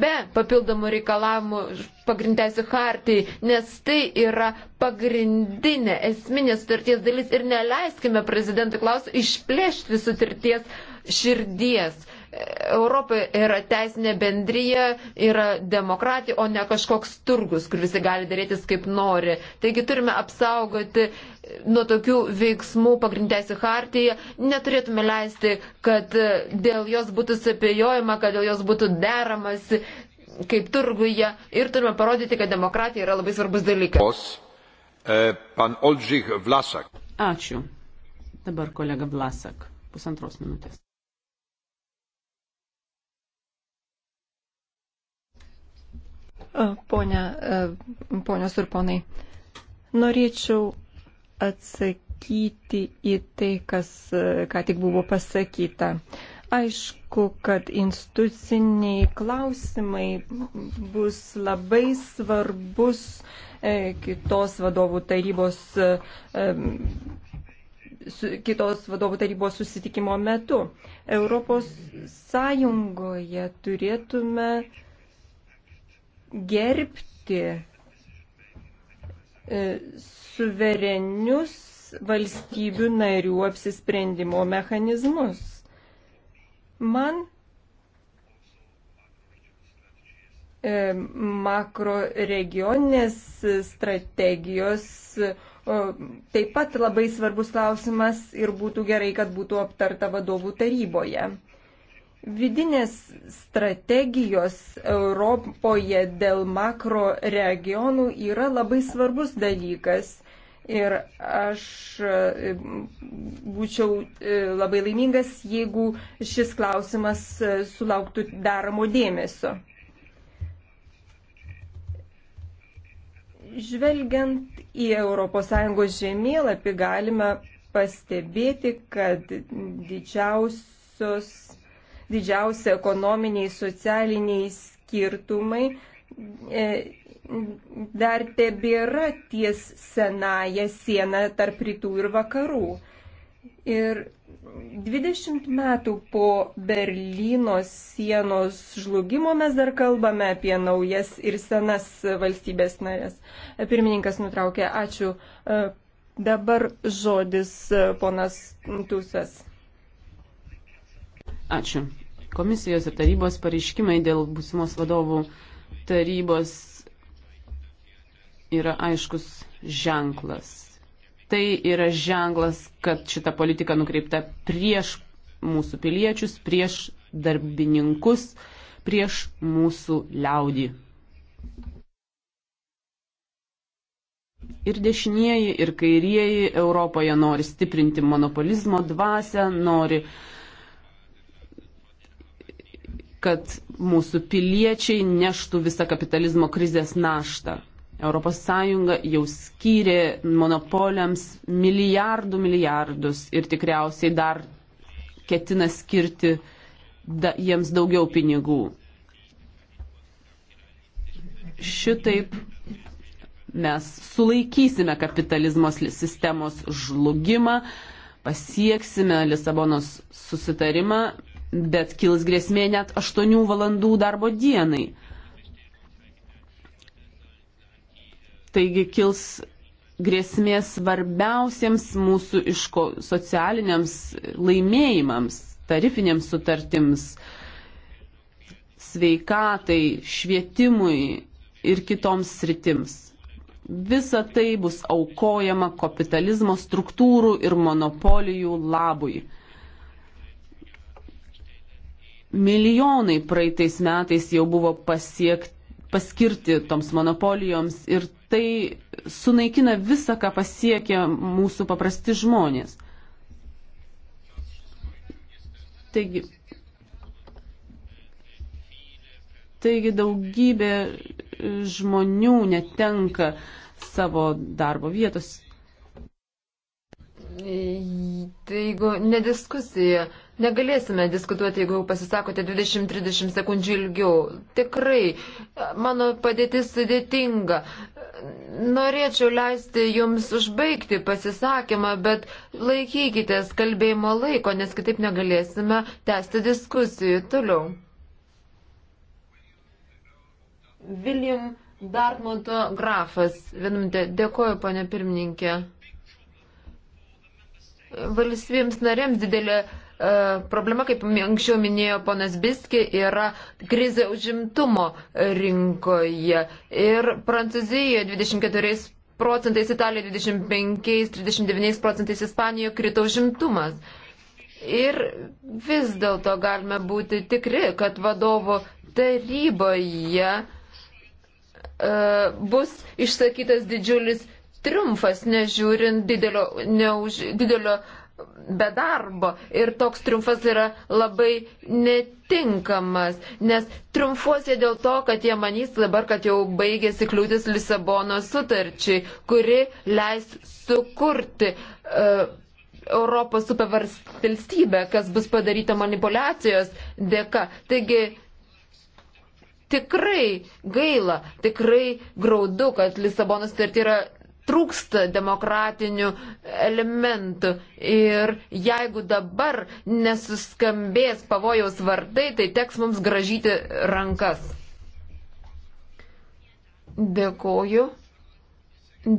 be papildomų reikalavimų pagrindėsių hartijai, nes tai yra pagrindinė esminė sutarties dalis ir neleiskime prezidentui Klausui išplėšti sutarties širdies. Europoje yra teisinė bendryje, yra demokratija, o ne kažkoks turgus, kur visi gali darytis kaip nori. Taigi turime apsaugoti nuo tokių veiksmų pagrindėsi hartiją, neturėtume leisti, kad dėl jos būtų sapėjojama, kad dėl jos būtų deramasi kaip turguje ir turime parodyti, kad demokratija yra labai svarbus dalykas. E, pan Olžych Vlasak. Ačiū. Dabar kolega Vlasak. Pusantros minutės. Pone, ponios ir ponai, norėčiau atsakyti į tai, kas e, ką tik buvo pasakyta. Aišku, kad instituciniai klausimai bus labai svarbus e, kitos vadovų tarybos e, kitos vadovų tarybos susitikimo metu. Europos Sąjungoje turėtume uh, gerbti e, suverenius valstybių narių apsisprendimo mechanizmus. Man e, makro regioninės strategijos taip pat labai svarbus klausimas ir būtų gerai, kad būtų aptarta vadovų taryboje vidinės strategijos Europoje dėl makro regionų yra labai svarbus dalykas. Ir aš e, būčiau e, labai laimingas, jeigu šis klausimas e, sulauktų daramo dėmesio. Žvelgiant į ES žemėlapį galime pastebėti, kad didžiausios didžiausi ekonominiai, socialiniai skirtumai e, dar tebėra ties senąją sieną tarp rytų ir vakarų. Ir 20 metų po Berlyno sienos žlugimo mes dar kalbame apie naujas ir senas valstybės narės. Pirmininkas nutraukė, ačiū. E, dabar žodis e, ponas Tusas. Ačiū. Komisijos ir tarybos pareiškimai dėl būsimos vadovų tarybos yra aiškus ženklas. Tai yra ženklas, kad šita politika nukreipta prieš mūsų piliečius, prieš darbininkus, prieš mūsų liaudį. Ir dešinieji, ir kairieji Europoje nori stiprinti monopolizmo dvasę, nori uh, kad mūsų piliečiai neštų visą kapitalizmo krizės naštą. ES jau skyrė monopoliams milijardų milijardus ir tikriausiai dar ketina skirti da, jiems daugiau pinigų. Šitaip mes sulaikysime kapitalizmo sistemos žlugimą, pasieksime Lisabonos susitarimą bet kils grėsmė net 8 valandų darbo dienai. Taigi kils grėsmė svarbiausiems mūsų iško socialiniams laimėjimams, tarifinėms sutartims, sveikatai, švietimui ir kitoms sritims. Visa tai bus aukojama kapitalizmo struktūrų ir monopolijų labui. Milijonai praeitais metais jau buvo pasiekti paskirti toms monopolijoms ir tai sunaikina visą, ką pasiekia mūsų paprasti žmonės. Taigi, taigi daugybė žmonių netenka savo darbo vietos. Tai jeigu ne diskusija, Negalėsime diskutuoti, jeigu pasisakote 20-30 sekundžių ilgiau. Tikrai, mano padėtis sudėtinga. Norėčiau leisti jums užbaigti pasisakymą, bet laikykite kalbėjimo laiko, nes kitaip negalėsime tęsti diskusijų toliau. William Dartmonto grafas. Vienu minutę. Dėkoju, ponė pirmininkė. Valstybėms narėms didelė E, problema, kaip anksčiau minėjo ponas Biski, yra krizė užimtumo rinkoje. Ir Prancūzijoje 24 procentais, Italijoje 25, 39 procentais, Ispanijoje krito užimtumas. Ir vis dėlto galime būti tikri, kad vadovo taryboje e, bus išsakytas didžiulis triumfas, nežiūrint didelio, neuž, didelio be darbo ir toks triumfas yra labai netinkamas, nes triumfuos jie dėl to, kad jie manys dabar, kad jau baigėsi kliūtis Lisabono sutarčiai, kuri leis sukurti uh, Europos supervalstybę, kas bus padaryta manipulacijos dėka. Taigi, tikrai gaila, tikrai graudu, kad Lisabonos sutartį yra trūksta demokratinių elementų. Ir jeigu dabar nesuskambės pavojaus vardai, tai teks mums gražyti rankas. Dėkoju.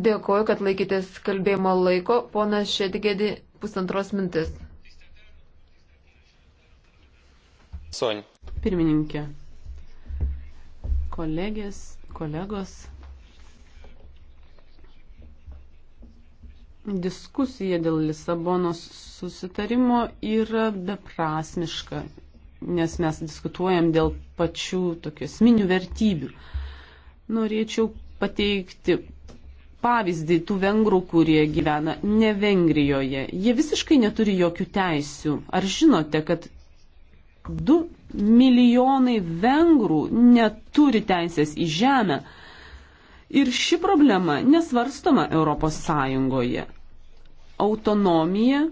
Dėkoju, kad laikytės kalbėjimo laiko. Ponas Šedigėdi, pusantros mintis. Sonia. Pirmininkė. Kolegės, kolegos. diskusija dėl Lisabonos susitarimo yra beprasmiška, nes mes diskutuojam dėl pačių tokių esminių vertybių. Norėčiau pateikti pavyzdį tų vengrų, kurie gyvena ne Vengrijoje. Jie visiškai neturi jokių teisių. Ar žinote, kad 2 milijonai vengrų neturi teisės į žemę? Ir ši problema nesvarstoma Europos Sąjungoje autonomija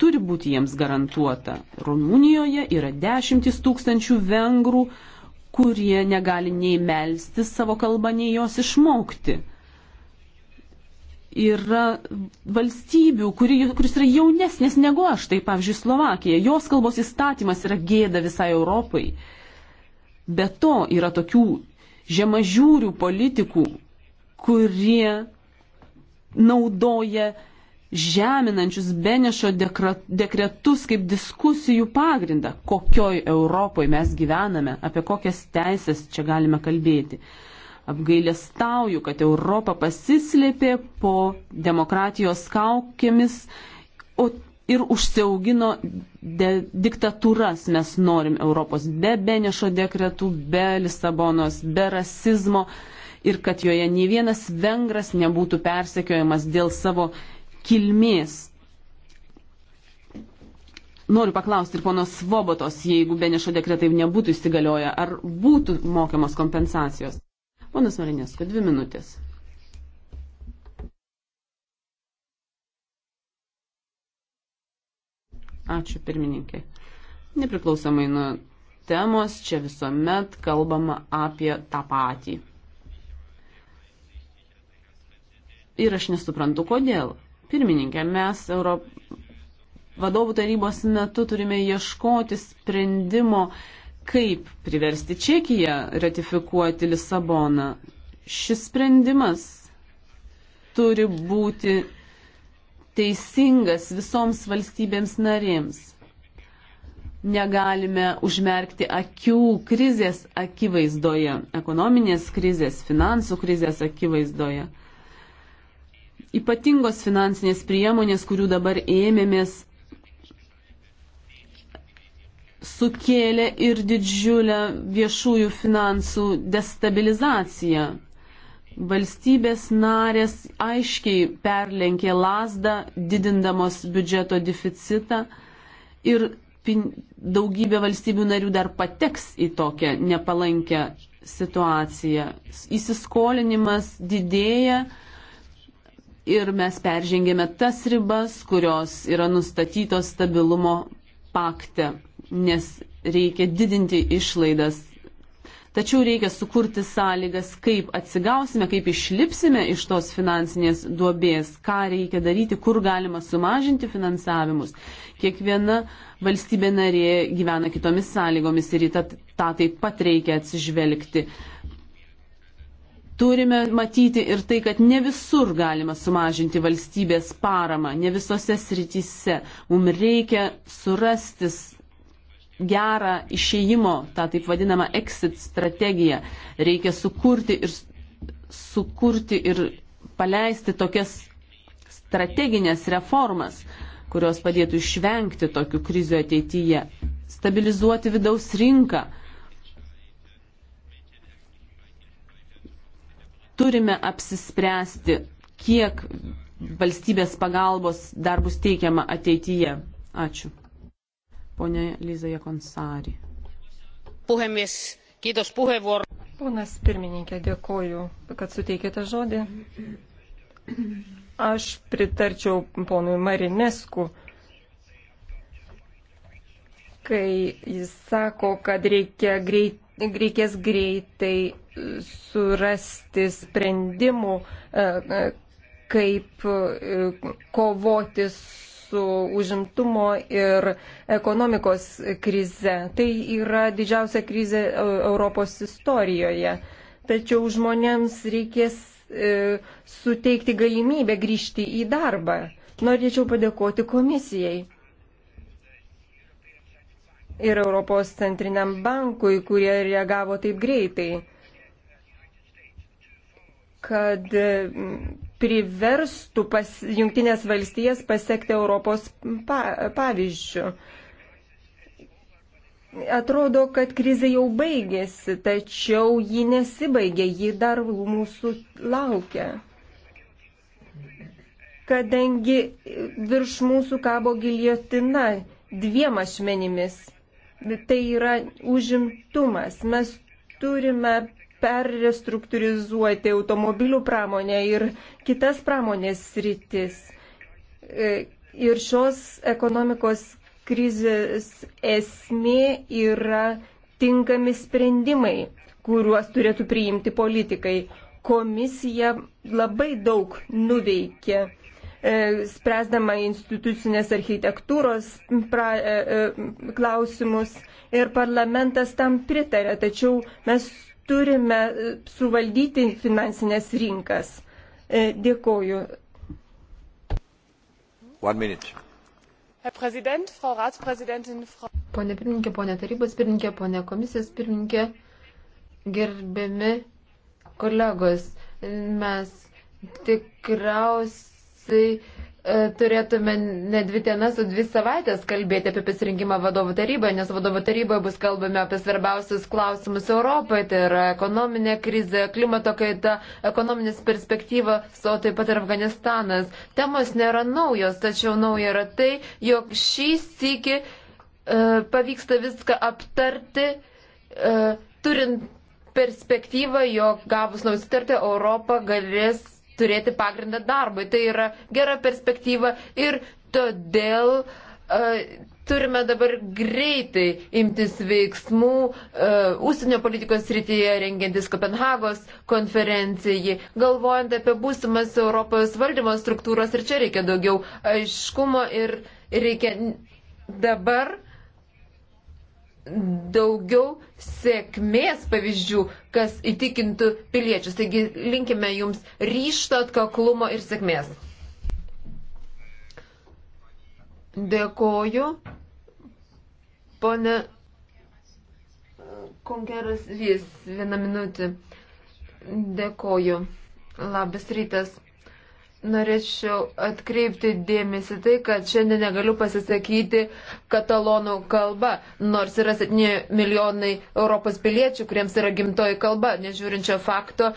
turi būti jiems garantuota. Rumunijoje yra dešimtis tūkstančių vengrų, kurie negali nei melsti savo kalbą, nei jos išmokti. Yra valstybių, kuri, kuris yra jaunesnės negu aš, tai pavyzdžiui Slovakija. Jos kalbos įstatymas yra gėda visai Europai. Be to yra tokių žemažiūrių politikų, kurie naudoja žeminančius Benešo dekretus kaip diskusijų pagrindą, kokioj Europoje mes gyvename, apie kokias teisės čia galime kalbėti. Apgailestauju, kad Europa pasislėpė po demokratijos kaukėmis ir užsiaugino diktatūras. Mes norim Europos be Benešo dekretų, be Lisabonos, be rasizmo ir kad joje nei vienas vengras nebūtų persekiojamas dėl savo kilmės. Noriu paklausti ir ponos Svobotos, jeigu Benešo dekretai nebūtų įsigalioję, ar būtų mokamos kompensacijos. Ponas Marinėsko, dvi minutės. Ačiū pirmininkai. Nepriklausomai nuo temos, čia visuomet kalbama apie tą patį. Ir aš nesuprantu, kodėl. Pirmininkė, mes Euro... vadovų tarybos metu turime ieškoti sprendimo, kaip priversti Čekiją ratifikuoti Lisaboną. Šis sprendimas turi būti teisingas visoms valstybėms narėms. Negalime užmerkti akių krizės akivaizdoje, ekonominės krizės, finansų krizės akivaizdoje ypatingos finansinės priemonės, kurių dabar ėmėmės, sukėlė ir didžiulę viešųjų finansų destabilizaciją. Valstybės narės aiškiai perlenkė lasdą, didindamos biudžeto deficitą ir daugybė valstybių narių dar pateks į tokią nepalankę situaciją. Įsiskolinimas didėja, ir mes peržengėme tas ribas, kurios yra nustatytos stabilumo pakte, nes reikia didinti išlaidas. Tačiau reikia sukurti sąlygas, kaip atsigausime, kaip išlipsime iš tos finansinės duobės, ką reikia daryti, kur galima sumažinti finansavimus. Kiekviena valstybė narė gyvena kitomis sąlygomis ir į tą, tą taip pat reikia atsižvelgti. Turime matyti ir tai, kad ne visur galima sumažinti valstybės paramą, ne visose srityse. Mums reikia surastis gerą išėjimo, tą taip vadinamą exit strategiją. Reikia sukurti ir, sukurti ir paleisti tokias strateginės reformas, kurios padėtų išvengti tokių krizių ateityje. Stabilizuoti vidaus rinką turime apsispręsti, kiek valstybės pagalbos dar bus teikiama ateityje. Ačiū. Pone Liza Jekonsari. Puhemies, kiitos puheenvuoro. Ponas pirmininkė, dėkoju, kad suteikėte žodį. Aš pritarčiau ponui Marinesku, kai jis sako, kad reikia greit, reikės greitai surasti sprendimų, e, e, kaip e, kovoti su užimtumo ir ekonomikos krize. Tai yra didžiausia krize Europos istorijoje. Tačiau žmonėms reikės suteikti galimybę grįžti į darbą. Norėčiau padėkoti komisijai ir Europos centriniam bankui, kurie reagavo taip greitai kad e, priverstų pas, jungtinės valstijas pasiekti Europos pa, pavyzdžių. Atrodo, kad krizė jau baigėsi, tačiau ji nesibaigė, ji dar mūsų laukia. Kadangi virš mūsų kabo giliotina dviem ašmenimis, tai yra užimtumas. Mes turime perrestruktūrizuoti automobilių pramonę ir kitas pramonės rytis. E, ir šios ekonomikos krizės esmė yra tinkami sprendimai, kuriuos turėtų priimti politikai. Komisija labai daug nuveikė e, spręsdama institucinės architektūros pra, e, e, klausimus ir parlamentas tam pritarė, tačiau mes turime e, suvaldyti finansinės rinkas. E, dėkoju. Herr Präsident, Frau Ratspräsidentin, Frau. Pone pirmininkė, pone tarybos pirmininkė, pone komisijos pirmininkė, gerbiami kolegos, mes tikriausiai E, turėtume ne dvi dienas, o dvi savaitės kalbėti apie pasirinkimą vadovų taryboje, nes vadovų taryboje bus kalbame apie svarbiausius klausimus Europoje, tai yra ekonominė krizė, klimato kaita, ekonominis perspektyvas, o taip pat ir Afganistanas. Temos nėra naujos, tačiau nauja yra tai, jog šį sįki e, pavyksta viską aptarti, e, turint perspektyvą, jog gavus naują sutartį Europą galės turėti pagrindą darbui. Tai yra gera perspektyva ir todėl uh, turime dabar greitai imtis veiksmų uh, e, užsienio politikos srityje, rengiantis Kopenhagos konferencijai, galvojant apie būsimas Europos valdymo struktūros ir čia reikia daugiau aiškumo ir reikia dabar daugiau sėkmės pavyzdžių, kas įtikintų piliečius. Taigi linkime jums ryšto, atkaklumo ir sėkmės. Dėkoju. Pone Konkeras Vys, vieną minutį. Dėkoju. Labas rytas. Norėčiau atkreipti dėmesį tai, kad šiandien negaliu pasisakyti katalonų kalba, nors yra 7 milijonai Europos piliečių, kuriems yra gimtoji kalba, nežiūrinčio fakto,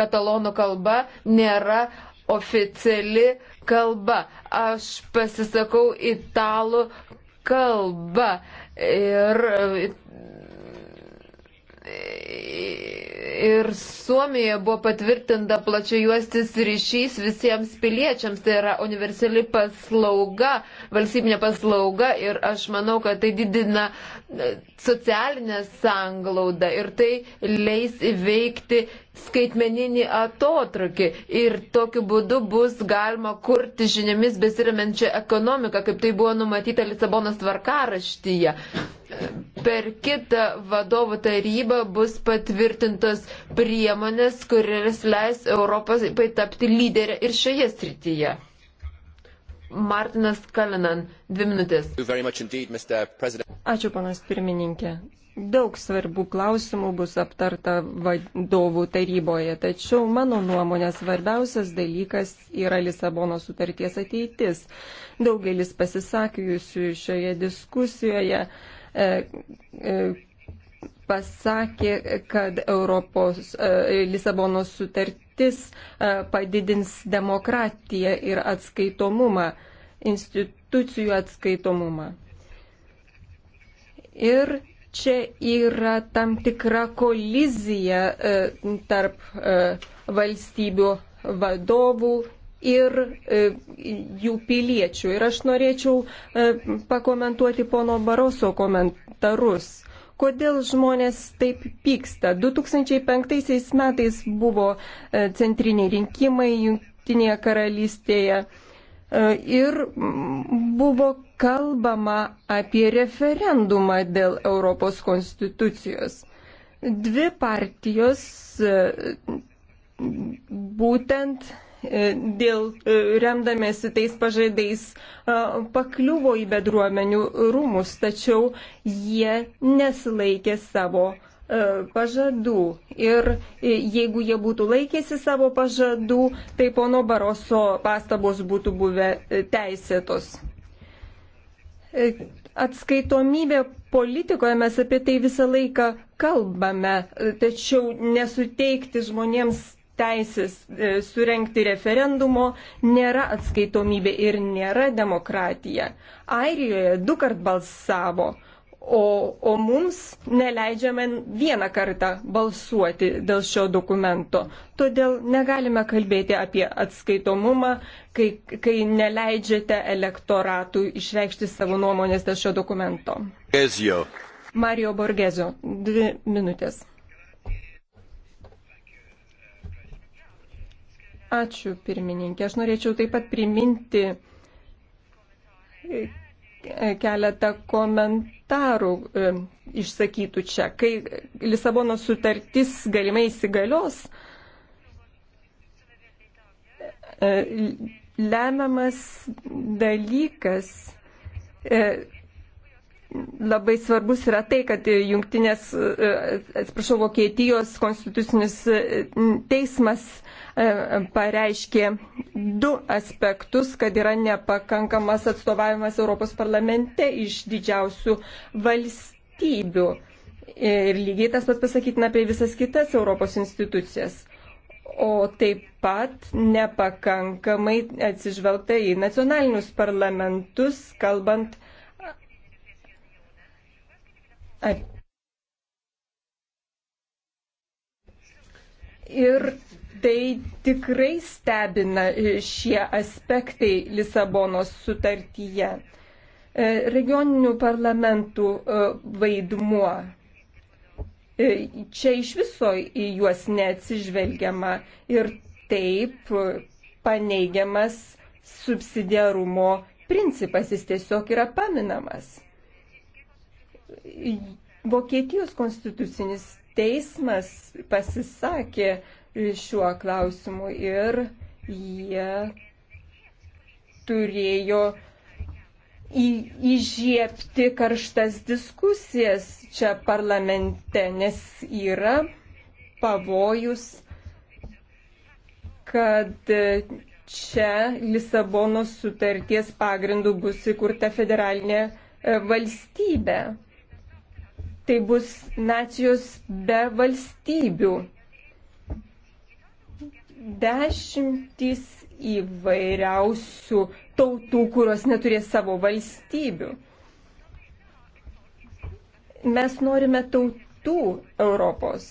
katalonų kalba nėra oficiali kalba. Aš pasisakau italų kalbą ir ir Suomijoje buvo patvirtinta plačio juostis ryšys visiems piliečiams, tai yra universali paslauga, valstybinė paslauga ir aš manau, kad tai didina uh, socialinę sanglaudą ir tai leis įveikti skaitmeninį atotrukį ir tokiu būdu bus galima kurti žiniomis besirimenčią ekonomiką, kaip tai buvo numatyta Lisabonos tvarkaraštyje. Per kitą vadovų tarybą bus patvirtintos priemonės, kurias leis Europai tapti lyderę ir šioje srityje. Martinas Kalinan, dvi minutės. Indeed, Ačiū, panas pirmininkė. Daug svarbių klausimų bus aptarta vadovų taryboje, tačiau mano nuomonė svarbiausias dalykas yra Lisabono sutarties ateitis. Daugelis pasisakiusių šioje diskusijoje e, e, pasakė, kad Europos e, Lisabonos sutartis e, padidins demokratiją ir atskaitomumą, institucijų atskaitomumą. Ir čia yra tam tikra kolizija e, tarp valstybių vadovų ir jų piliečių. Ir aš norėčiau pakomentuoti pono Baroso komentarus. Kodėl žmonės taip pyksta? 2005 metais buvo e, centriniai rinkimai Junktinėje karalystėje e, ir buvo kalbama apie referendumą dėl Europos konstitucijos. Dvi partijos e, būtent E, dėl e, remdamėsi tais pažaidais e, pakliuvo į bedruomenių rūmus, tačiau jie nesilaikė savo pažadų. Ir jeigu jie būtų laikėsi savo pažadų, tai pono Baroso pastabos būtų buvę teisėtos. Atskaitomybė politikoje mes apie tai visą laiką kalbame, tačiau nesuteikti žmonėms teisės e, surenkti referendumo, nėra atskaitomybė ir nėra demokratija. Airijoje du kart balsavo, o, o mums neleidžiame vieną kartą balsuoti dėl šio dokumento. Todėl negalime kalbėti apie atskaitomumą, kai, kai neleidžiate elektoratui išreikšti savo nuomonės dėl šio dokumento. Ezio. Mario Borgezio, dvi minutės. Ačiū, pirmininkė. Aš norėčiau taip pat priminti e, keletą komentarų e, išsakytų čia. Kai Lisabono sutartis galimai įsigalios, e, lemiamas dalykas labai svarbus yra tai, kad jungtinės, e, atsiprašau, Vokietijos konstitucinis e, teismas e, pareiškė du aspektus, kad yra nepakankamas atstovavimas Europos parlamente iš didžiausių valstybių. Ir lygiai tas pats pasakytina apie visas kitas Europos institucijas. O taip pat nepakankamai atsižvelgta į nacionalinius parlamentus, kalbant Ir tai tikrai stebina šie aspektai Lisabonos sutartyje. E, regioninių parlamentų e, vaidmuo. E, čia iš viso į juos neatsižvelgiama ir taip paneigiamas subsidiarumo principas, jis tiesiog yra paminamas. Vokietijos konstitucinis teismas pasisakė šiuo klausimu ir jie turėjo į, įžiepti karštas diskusijas čia parlamente, nes yra pavojus, kad čia Lisabonos sutarties pagrindų bus įkurta federalinė e, valstybė tai bus nacijos be valstybių. Dešimtys įvairiausių tautų, kurios neturės savo valstybių. Mes norime tautų Europos.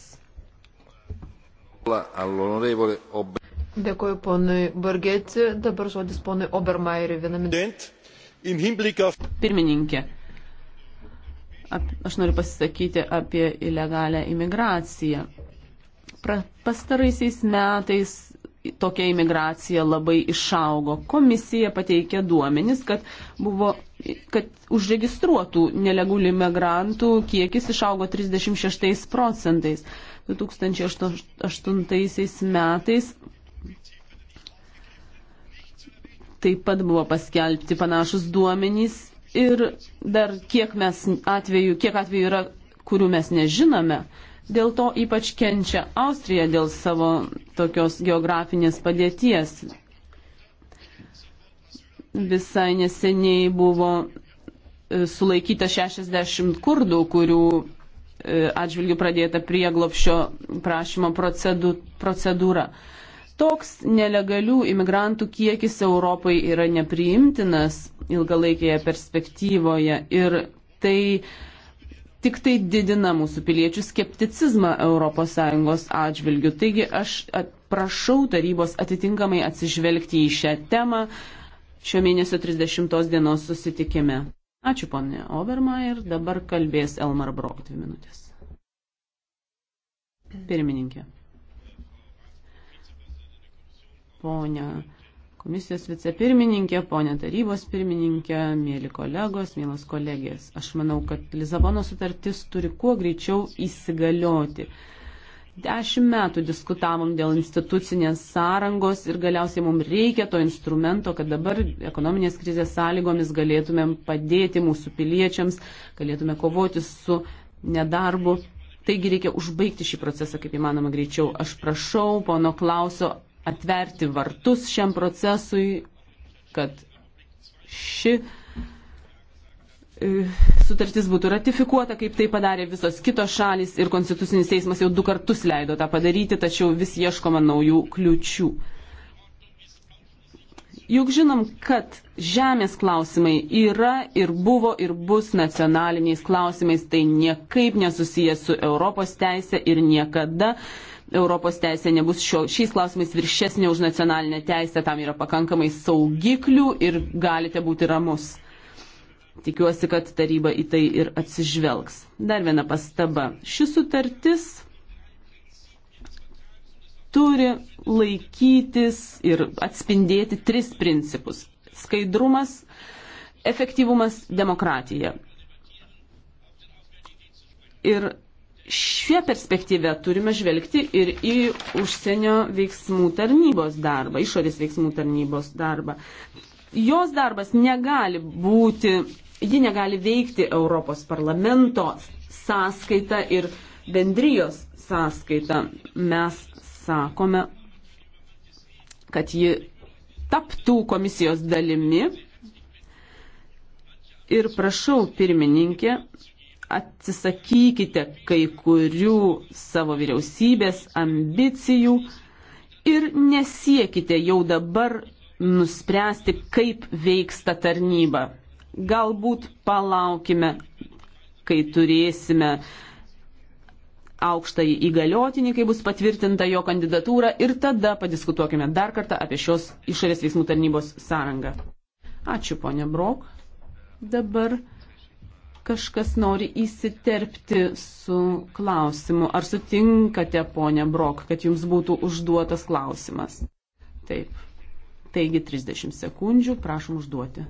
Dėkuoju ponui Bargetį, dabar žodis ponui Obermairiui vieną minutę. Pirmininkė, ap, aš noriu pasisakyti apie ilegalią imigraciją. Pra, pastaraisiais metais tokia imigracija labai išaugo. Komisija pateikė duomenis, kad, buvo, kad užregistruotų nelegalių imigrantų kiekis išaugo 36 procentais. 2008 metais taip pat buvo paskelbti panašus duomenys ir dar kiek mes atveju, kiek atveju yra, kurių mes nežinome. Dėl to ypač kenčia Austrija dėl savo tokios geografinės padėties. Visai neseniai buvo e, sulaikyta 60 kurdų, kurių e, atžvilgių pradėta prieglopšio prašymo procedūra. Toks nelegalių imigrantų kiekis Europai yra nepriimtinas ilgalaikėje perspektyvoje ir tai tik tai didina mūsų piliečių skepticizmą ES atžvilgių. Taigi aš prašau tarybos atitinkamai atsižvelgti į šią temą šio mėnesio 30 dienos susitikime. Ačiū ponė Overma ir dabar kalbės Elmar Brok dvi minutės. Pirmininkė ponia komisijos vicepirmininkė, ponė tarybos pirmininkė, mėly kolegos, mėlos kolegės. Aš manau, kad Lizabono sutartis turi kuo greičiau įsigalioti. Dešimt metų diskutavom dėl institucinės sąrangos ir galiausiai mums reikia to instrumento, kad dabar ekonominės krizės sąlygomis galėtumėm padėti mūsų piliečiams, galėtume kovoti su nedarbu. Taigi reikia užbaigti šį procesą kaip įmanoma greičiau. Aš prašau pono Klauso atverti vartus šiam procesui, kad ši e, sutartis būtų ratifikuota, kaip tai padarė visos kitos šalis ir Konstitucinis teismas jau du kartus leido tą padaryti, tačiau vis ieškoma naujų kliučių. Juk žinom, kad žemės klausimai yra ir buvo ir bus nacionaliniais klausimais, tai niekaip nesusijęs su Europos teise ir niekada uh, Europos teisė nebus šio, šiais klausimais viršesnė už nacionalinę teisę, tam yra pakankamai saugiklių ir galite būti ramus. Tikiuosi, kad taryba į tai ir atsižvelgs. Dar viena pastaba. Ši sutartis turi laikytis ir atspindėti tris principus - skaidrumas, efektyvumas, demokratija. Ir šią perspektyvę turime žvelgti ir į užsienio veiksmų tarnybos darbą, išorės veiksmų tarnybos darbą. Jos darbas negali būti, ji negali veikti Europos parlamento sąskaita ir bendrijos sąskaita. Mes sakome, kad ji taptų komisijos dalimi. Ir prašau, pirmininkė, atsisakykite kai kurių savo vyriausybės ambicijų ir nesiekite jau dabar nuspręsti, kaip veiks ta tarnyba. Galbūt palaukime, kai turėsime aukštąjį įgaliotinį, kai bus patvirtinta jo kandidatūra ir tada padiskutuokime dar kartą apie šios išorės veiksmų tarnybos sąrangą. Ačiū, ponė Brok. Dabar kažkas nori įsiterpti su klausimu. Ar sutinkate, ponė Brok, kad jums būtų užduotas klausimas? Taip. Taigi 30 sekundžių, prašom užduoti.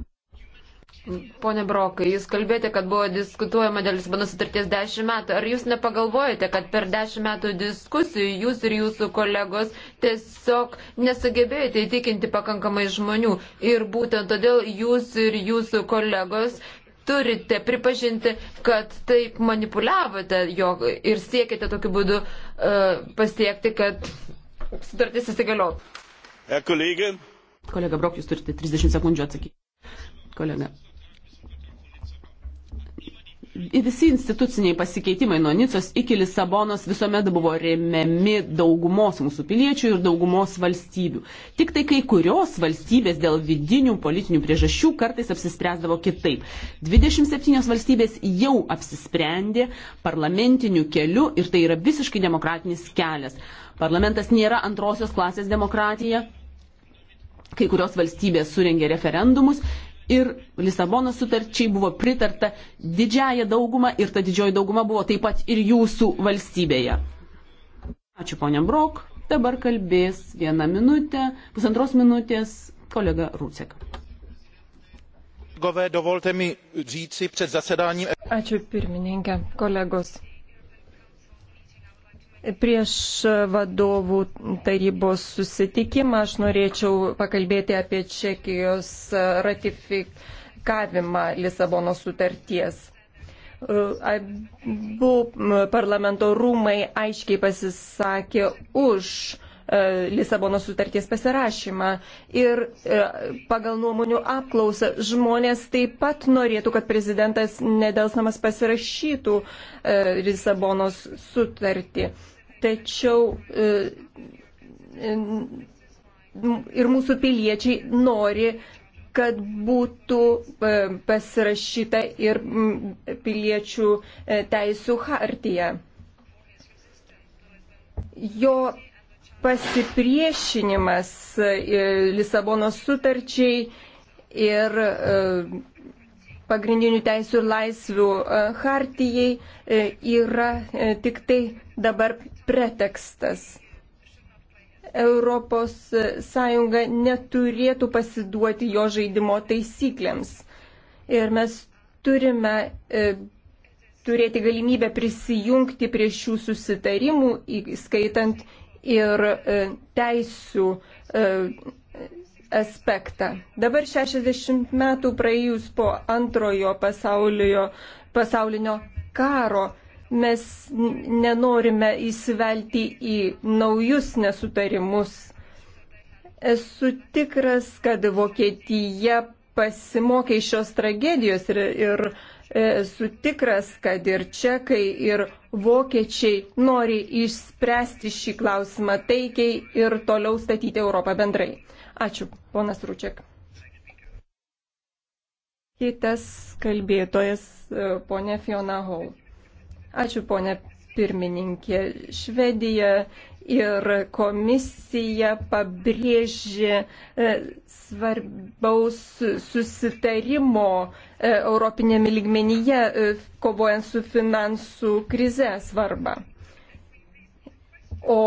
Pone Brokai, jūs kalbėjote, kad buvo diskutuojama dėl Lisbonos sutarties 10 metų. Ar jūs nepagalvojate, kad per 10 metų diskusijų jūs ir jūsų kolegos tiesiog nesugebėjote įtikinti pakankamai žmonių? Ir būtent todėl jūs ir jūsų kolegos turite pripažinti, kad taip manipuliavote jo ir siekite tokiu būdu uh, pasiekti, kad sutartis įsigaliotų. Kolega Brok, jūs turite 30 sekundžių atsakyti. Kolega visi instituciniai pasikeitimai nuo Nicos iki Lisabonos visuomet buvo remiami daugumos mūsų piliečių ir daugumos valstybių. Tik tai kai kurios valstybės dėl vidinių politinių priežasčių kartais apsispręsdavo kitaip. 27 valstybės jau apsisprendė parlamentiniu keliu ir tai yra visiškai demokratinis kelias. Parlamentas nėra antrosios klasės demokratija. Kai kurios valstybės surengė referendumus ir Lisabono sutarčiai buvo pritarta didžiaja dauguma ir ta didžioji dauguma buvo taip pat ir jūsų valstybėje. Ačiū poniam Brok. Dabar kalbės vieną minutę, pusantros minutės kolega Rūcek. Ačiū pirmininkė, kolegos. Prieš vadovų tarybos susitikimą aš norėčiau pakalbėti apie Čekijos ratifikavimą Lisabono sutarties. Abu parlamento rūmai aiškiai pasisakė už e, Lisabono sutarties pasirašymą. Ir e, pagal nuomonių apklausą žmonės taip pat norėtų, kad prezidentas nedelsnamas pasirašytų e, Lisabonos sutartį tačiau e, e, ir mūsų piliečiai nori kad būtų e, pasirašyta ir piliečių teisų hartija. Jo pasipriešinimas Lisabono sutarčiai ir pagrindinių teisų ir laisvių e, hartijai e, yra e, tik tai dabar pretekstas. Europos Sąjunga neturėtų pasiduoti jo žaidimo taisyklėms. Ir mes turime e, turėti galimybę prisijungti prie šių susitarimų, įskaitant ir e, teisų e, aspektą. Dabar 60 metų praėjus po antrojo pasaulinio karo mes nenorime įsivelti į naujus nesutarimus. Esu tikras, kad Vokietija pasimokė iš šios tragedijos ir, ir esu tikras, kad ir čekai, ir vokiečiai nori išspręsti šį klausimą taikiai ir toliau statyti Europą bendrai. Ačiū, ponas Rūčiak. Kitas kalbėtojas, e, ponė Fiona Hall. Ačiū, ponė pirmininkė. Švedija ir komisija pabrėžė e, svarbaus susitarimo e, Europinėme lygmenyje, kovojant su finansų krize svarbą. O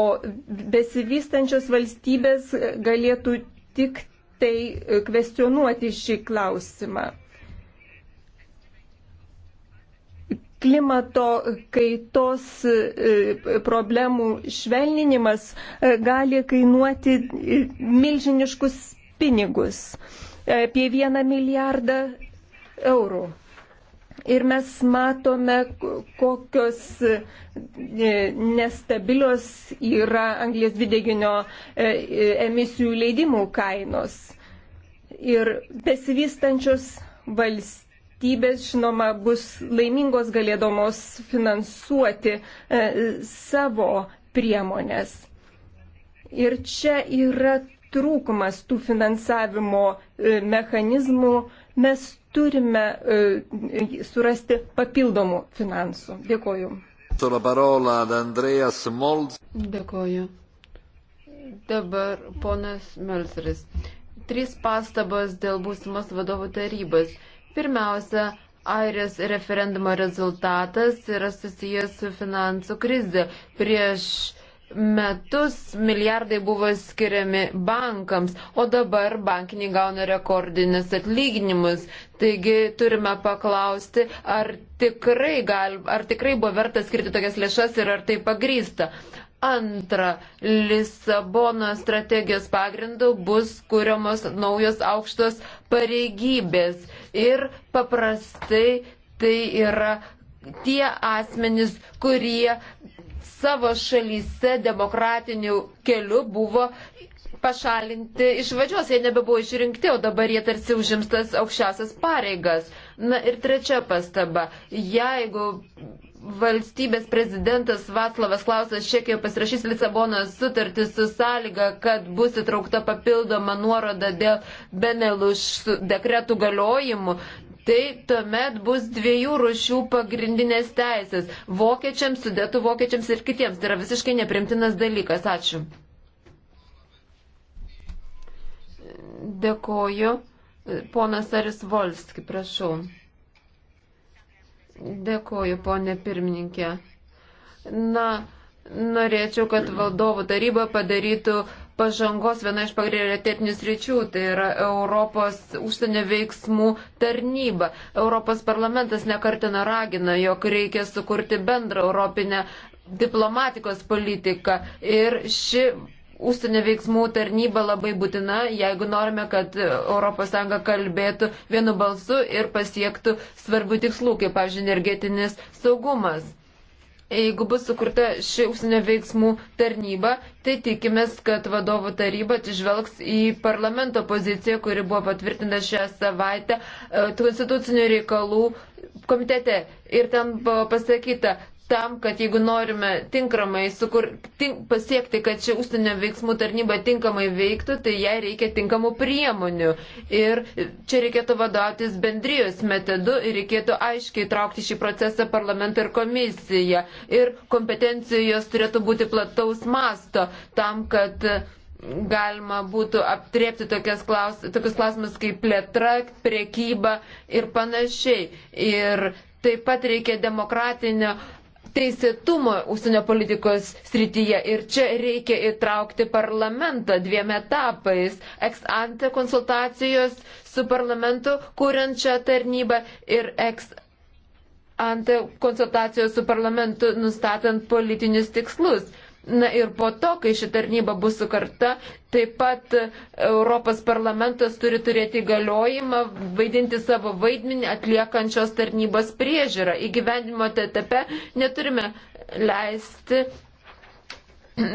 besivystančios valstybės galėtų tik tai e, kvestionuoti šį klausimą. Klimato kaitos e, problemų švelninimas e, gali kainuoti milžiniškus pinigus - apie vieną milijardą eurų. Ir mes matome, kokios e, nestabilios yra anglės dvideginio e, e, emisijų leidimų kainos. Ir besivystančios valstybės, žinoma, bus laimingos galėdamos finansuoti savo priemonės. Ir čia yra trūkumas tų finansavimo mechanizmų. Mes turime e, surasti papildomų finansų. Dėkoju. Dėkoju. Dabar ponas Melseris. Trys pastabas dėl būsimos vadovų tarybos. Pirmiausia, Airijos referendumo rezultatas yra susijęs su finansų krize. Prieš metus milijardai buvo skiriami bankams, o dabar bankiniai gauna rekordinis atlyginimus. Taigi turime paklausti, ar tikrai, gal, ar tikrai buvo verta skirti tokias lėšas ir ar tai pagrysta. Antra, Lisabono strategijos pagrindu bus kuriamos naujos aukštos pareigybės ir paprastai tai yra tie asmenys, kurie savo šalyse demokratiniu keliu buvo pašalinti iš valdžios, jie nebebuvo išrinkti, o dabar jie tarsi užims tas aukščiausias pareigas. Na ir trečia pastaba. Jeigu valstybės prezidentas Vaclavas Klausas Čekija pasirašys Lisabonos sutartį su sąlyga, kad bus įtraukta papildoma nuoroda dėl Benelus dekretų galiojimų, tai tuomet bus dviejų rušių pagrindinės teisės - vokiečiams, sudetų vokiečiams ir kitiems. Tai yra visiškai neprimtinas dalykas. Ačiū. Dėkoju. Ponas Aris Volski, prašau. Dėkoju, ponė pirmininkė. Na, norėčiau, kad valdovų taryba padarytų pažangos viena iš prioritetinių sričių, tai yra Europos užsienio veiksmų tarnyba. Europos parlamentas nekartina ragina, jog reikia sukurti bendrą europinę diplomatikos politiką ir ši užsienio veiksmų tarnyba labai būtina, jeigu norime, kad ES kalbėtų vienu balsu ir pasiektų svarbių tikslų, kaip, pavyzdžiui, energetinis saugumas. Jeigu bus sukurta ši užsienio veiksmų tarnyba, tai tikimės, kad vadovų taryba atsižvelgs į parlamento poziciją, kuri buvo patvirtinta šią savaitę konstitucinių e, reikalų komitete. Ir ten buvo pasakyta, tam, kad jeigu norime tinkamai sukur, tink, pasiekti, kad ši užsienio veiksmų tarnyba tinkamai veiktų, tai jai reikia tinkamų priemonių. Ir čia reikėtų vadovautis bendrijos metodu ir reikėtų aiškiai traukti šį procesą parlamentą ir komisiją. Ir kompetencijos turėtų būti plataus masto tam, kad galima būtų aptriepti klaus, tokius klausimus kaip plėtra, priekyba ir panašiai. Ir taip pat reikia demokratinio uh, teisėtumo užsienio politikos srityje ir čia reikia įtraukti parlamentą dviem etapais - ex ante konsultacijos su parlamentu kūrenčią tarnybą ir ex ante konsultacijos su parlamentu nustatant politinius tikslus. Na ir po to, kai ši tarnyba bus sukarta, taip pat Europos parlamentas turi turėti įgaliojimą vaidinti savo vaidmenį atliekančios tarnybos priežiūrą. Įgyvendimo etape neturime leisti,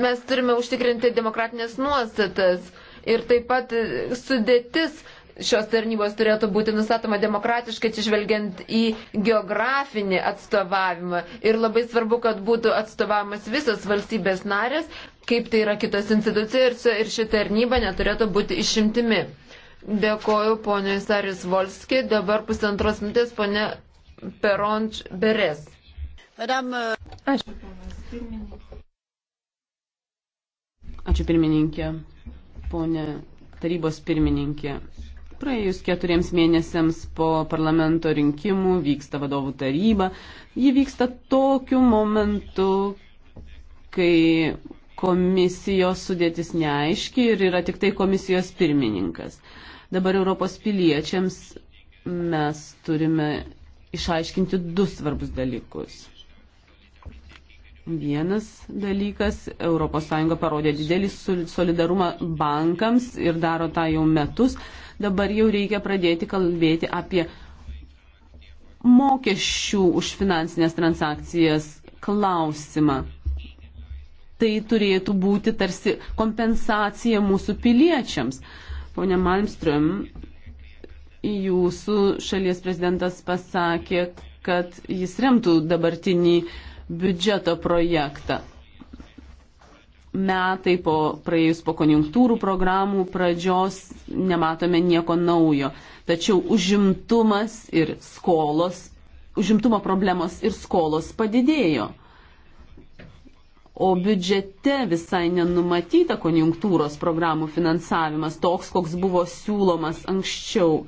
mes turime užtikrinti demokratinės nuostatas ir taip pat sudėtis šios tarnybos turėtų būti nustatoma demokratiškai atsižvelgiant į geografinį atstovavimą. Ir labai svarbu, kad būtų atstovavimas visas valstybės narės, kaip tai yra kitos institucijos ir ši tarnyba neturėtų būti išimtimi. Dėkoju poniai Saris Volski. Dabar pusantros mintis ponė Peronč Beres. Madame... Ačiū, pirmininkė. Ačiū pirmininkė, ponė tarybos pirmininkė. Praėjus keturiems mėnesiams po parlamento rinkimų vyksta vadovų taryba. Ji vyksta tokiu momentu, kai komisijos sudėtis neaiški ir yra tik tai komisijos pirmininkas. Dabar Europos piliečiams mes turime išaiškinti du svarbus dalykus. Vienas dalykas, ES parodė didelį solidarumą bankams ir daro tą jau metus dabar jau reikia pradėti kalbėti apie mokesčių už finansinės transakcijas klausimą. Tai turėtų būti tarsi kompensacija mūsų piliečiams. Pone Malmström, jūsų šalies prezidentas pasakė, kad jis remtų dabartinį biudžeto projektą metai po praėjus po konjunktūrų programų pradžios nematome nieko naujo. Tačiau užimtumas ir skolos, užimtumo problemos ir skolos padidėjo. O biudžete visai nenumatyta konjunktūros programų finansavimas toks, koks buvo siūlomas anksčiau.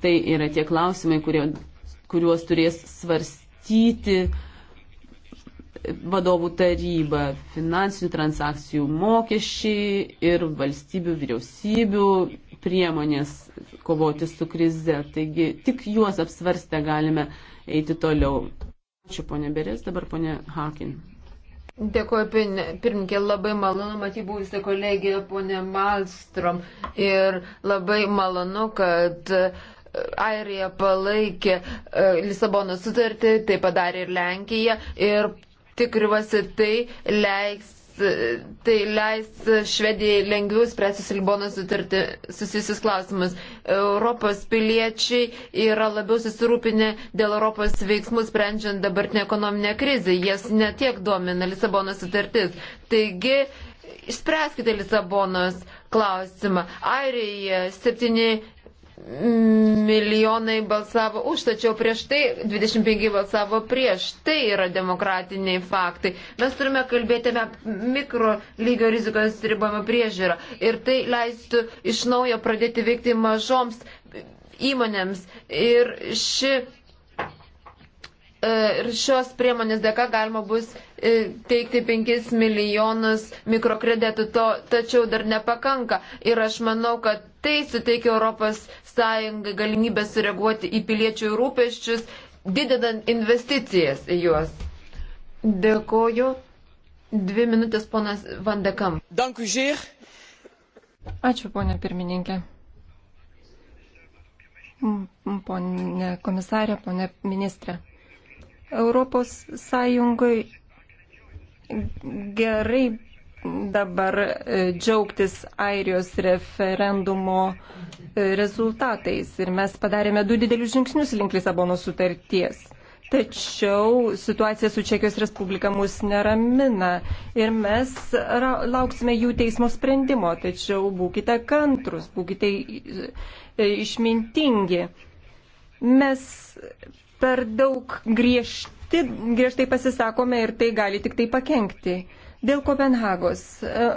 Tai yra tie klausimai, kurie, kuriuos turės svarstyti vadovų taryba, finansinių transakcijų mokesčiai ir valstybių vyriausybių priemonės kovoti su krize. Taigi tik juos apsvarstę galime eiti toliau. Ačiū ponė Berės, dabar ponė Hakin. Dėkuoju, pirmininkė, labai malonu matyti buvusią kolegiją ponę Malstrom ir labai malonu, kad e, Airija palaikė e, Lisabono sutartį, tai padarė ir Lenkija ir tikiuosi tai leis tai leis Švedijai lengviau spręsti su Libono sutartį susijusius klausimus. Europos piliečiai yra labiau susirūpinę dėl Europos veiksmų sprendžiant dabartinę ekonominę krizę. Jas netiek domina Lisabono sutartis. Taigi, Išspręskite Lisabonos klausimą. Airija 7 milijonai balsavo už, tačiau prieš tai 25 balsavo prieš. Tai yra demokratiniai faktai. Mes turime kalbėti apie mikro lygio rizikos ribojimo priežiūrą ir tai leistų iš naujo pradėti veikti mažoms įmonėms. Ir ši E, ir šios priemonės dėka galima bus e, teikti 5 milijonus mikrokreditų, to tačiau dar nepakanka. Ir aš manau, kad tai suteikia ES galimybę sureaguoti į piliečių rūpeščius, didinant investicijas į juos. Dėkoju. Dvi minutės ponas Vandekam. Ačiū, ponė pirmininkė. Pone komisarė, ponė ministrė. Europos Sąjungai gerai dabar e, džiaugtis Airijos referendumo e, rezultatais. Ir mes padarėme du didelius žingsnius link Lisabono sutarties. Tačiau situacija su Čekijos Respublika mus neramina ir mes lauksime jų teismo sprendimo. Tačiau būkite kantrus, būkite e, išmintingi. Mes per daug griežti, griežtai pasisakome ir tai gali tik tai pakenkti. Dėl Kopenhagos. E,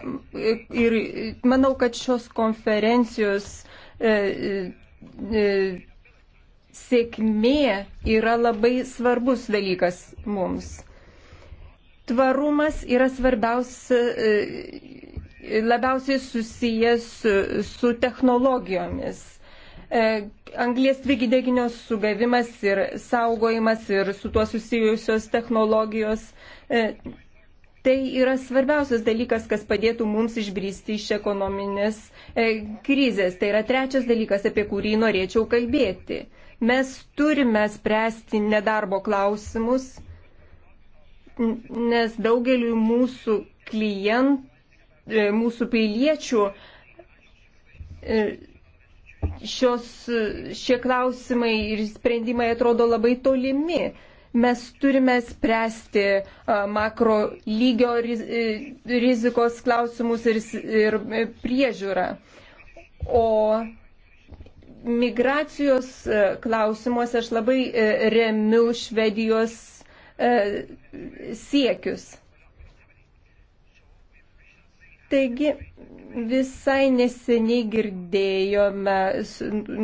ir manau, kad šios konferencijos e, e, sėkmė yra labai svarbus dalykas mums. Tvarumas yra svarbiausia, labiausiai susijęs su, su technologijomis. E, anglies dvigideginio sugavimas ir saugojimas ir su tuo susijusios technologijos. E, tai yra svarbiausias dalykas, kas padėtų mums išbristi iš ekonominės e, krizės. Tai yra trečias dalykas, apie kurį norėčiau kalbėti. Mes turime spręsti nedarbo klausimus, nes daugeliu mūsų klientų, mūsų piliečių šios, šie klausimai ir sprendimai atrodo labai tolimi. Mes turime spręsti makro lygio e, rizikos klausimus ir, ir e, priežiūrą. O migracijos e, klausimuose aš labai remiu Švedijos siekius. Taigi visai neseniai girdėjome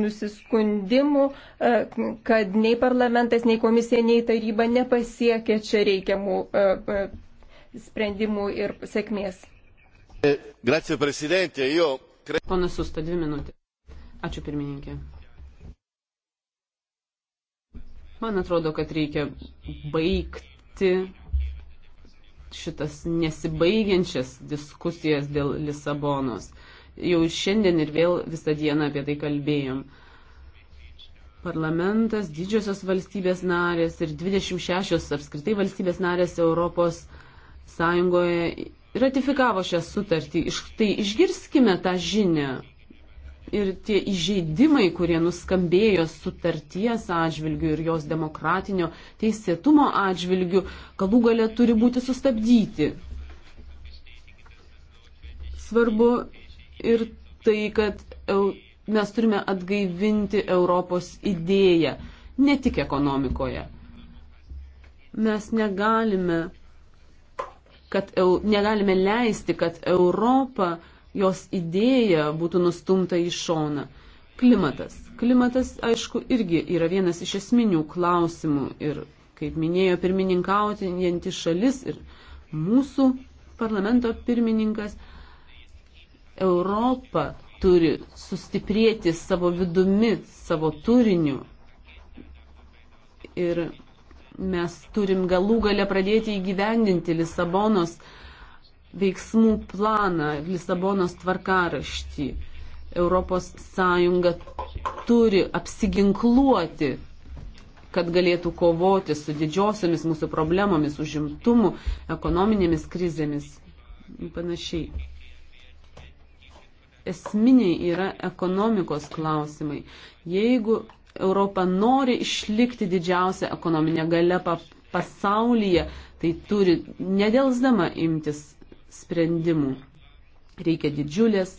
nusiskundimų, e, kad nei parlamentas, nei komisija, nei taryba nepasiekė čia reikiamų e, e, sprendimų ir sėkmės. Grazie, prezidentė. Jo. Ponas Susta, dvi minutės. Ačiū, pirmininkė. Man atrodo, kad reikia baigti šitas nesibaigiančias diskusijas dėl Lisabonos. Jau šiandien ir vėl visą dieną apie tai kalbėjom. Parlamentas, didžiosios valstybės narės ir 26 apskritai valstybės narės Europos Sąjungoje ratifikavo šią sutartį. Iš, tai išgirskime tą žinią, ir tie įžeidimai, kurie nuskambėjo sutarties atžvilgių ir jos demokratinio teisėtumo atžvilgių, galų gale turi būti sustabdyti. Svarbu ir tai, kad mes turime atgaivinti Europos idėją, ne tik ekonomikoje. Mes negalime, kad, negalime leisti, kad Europa jos idėja būtų nustumta į šoną. Klimatas. Klimatas, aišku, irgi yra vienas iš esminių klausimų ir, kaip minėjo pirmininkautinti šalis ir mūsų parlamento pirmininkas, Europa turi sustiprėti savo vidumi, savo turiniu. Ir mes turim galų galę pradėti įgyvendinti Lisabonos uh, veiksmų planą, Lisabonos tvarkaraštį. Europos Sąjunga turi apsiginkluoti, kad galėtų kovoti su didžiosiomis mūsų problemomis, užimtumu, ekonominėmis krizėmis ir panašiai. Esminiai yra ekonomikos klausimai. Jeigu Europa nori išlikti didžiausią ekonominę galę pasaulyje, tai turi nedelsdama imtis sprendimų. Reikia didžiulės,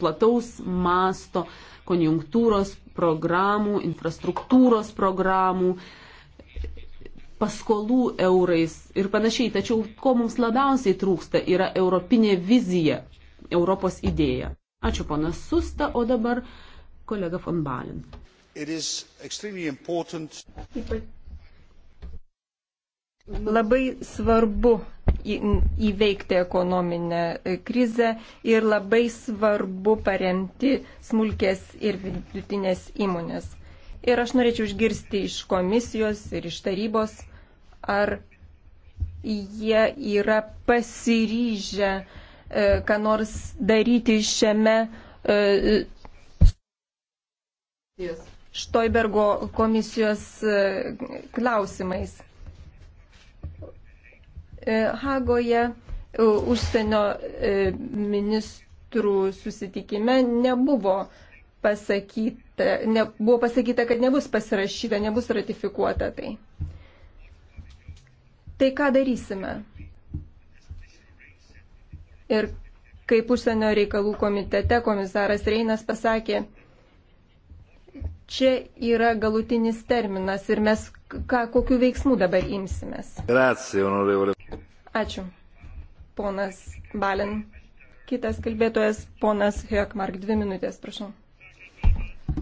plataus masto, konjunktūros programų, infrastruktūros programų, paskolų eurais ir panašiai. Tačiau ko mums labiausiai trūksta yra europinė vizija, Europos idėja. Ačiū ponas Susta, o dabar kolega von Balin. Ypač Nu. Labai svarbu įveikti ekonominę e, krizę ir labai svarbu paremti smulkės ir vidutinės įmonės. Ir aš norėčiau išgirsti iš komisijos ir iš tarybos, ar jie yra pasiryžę e, ką nors daryti šiame e, Štoibergo komisijos klausimais. E, Hagoje e, užsienio e, ministrų susitikime nebuvo pasakyta, ne, buvo pasakyta, kad nebus pasirašyta, nebus ratifikuota tai. Tai ką darysime? Ir kaip užsienio reikalų komitete komisaras Reinas pasakė, čia yra galutinis terminas ir mes ką, kokiu veiksmu dabar imsimės. Grazie, onorevole. Ačiū. Ponas Balin. Kitas kalbėtojas, ponas Hekmark, dvi minutės, prašau.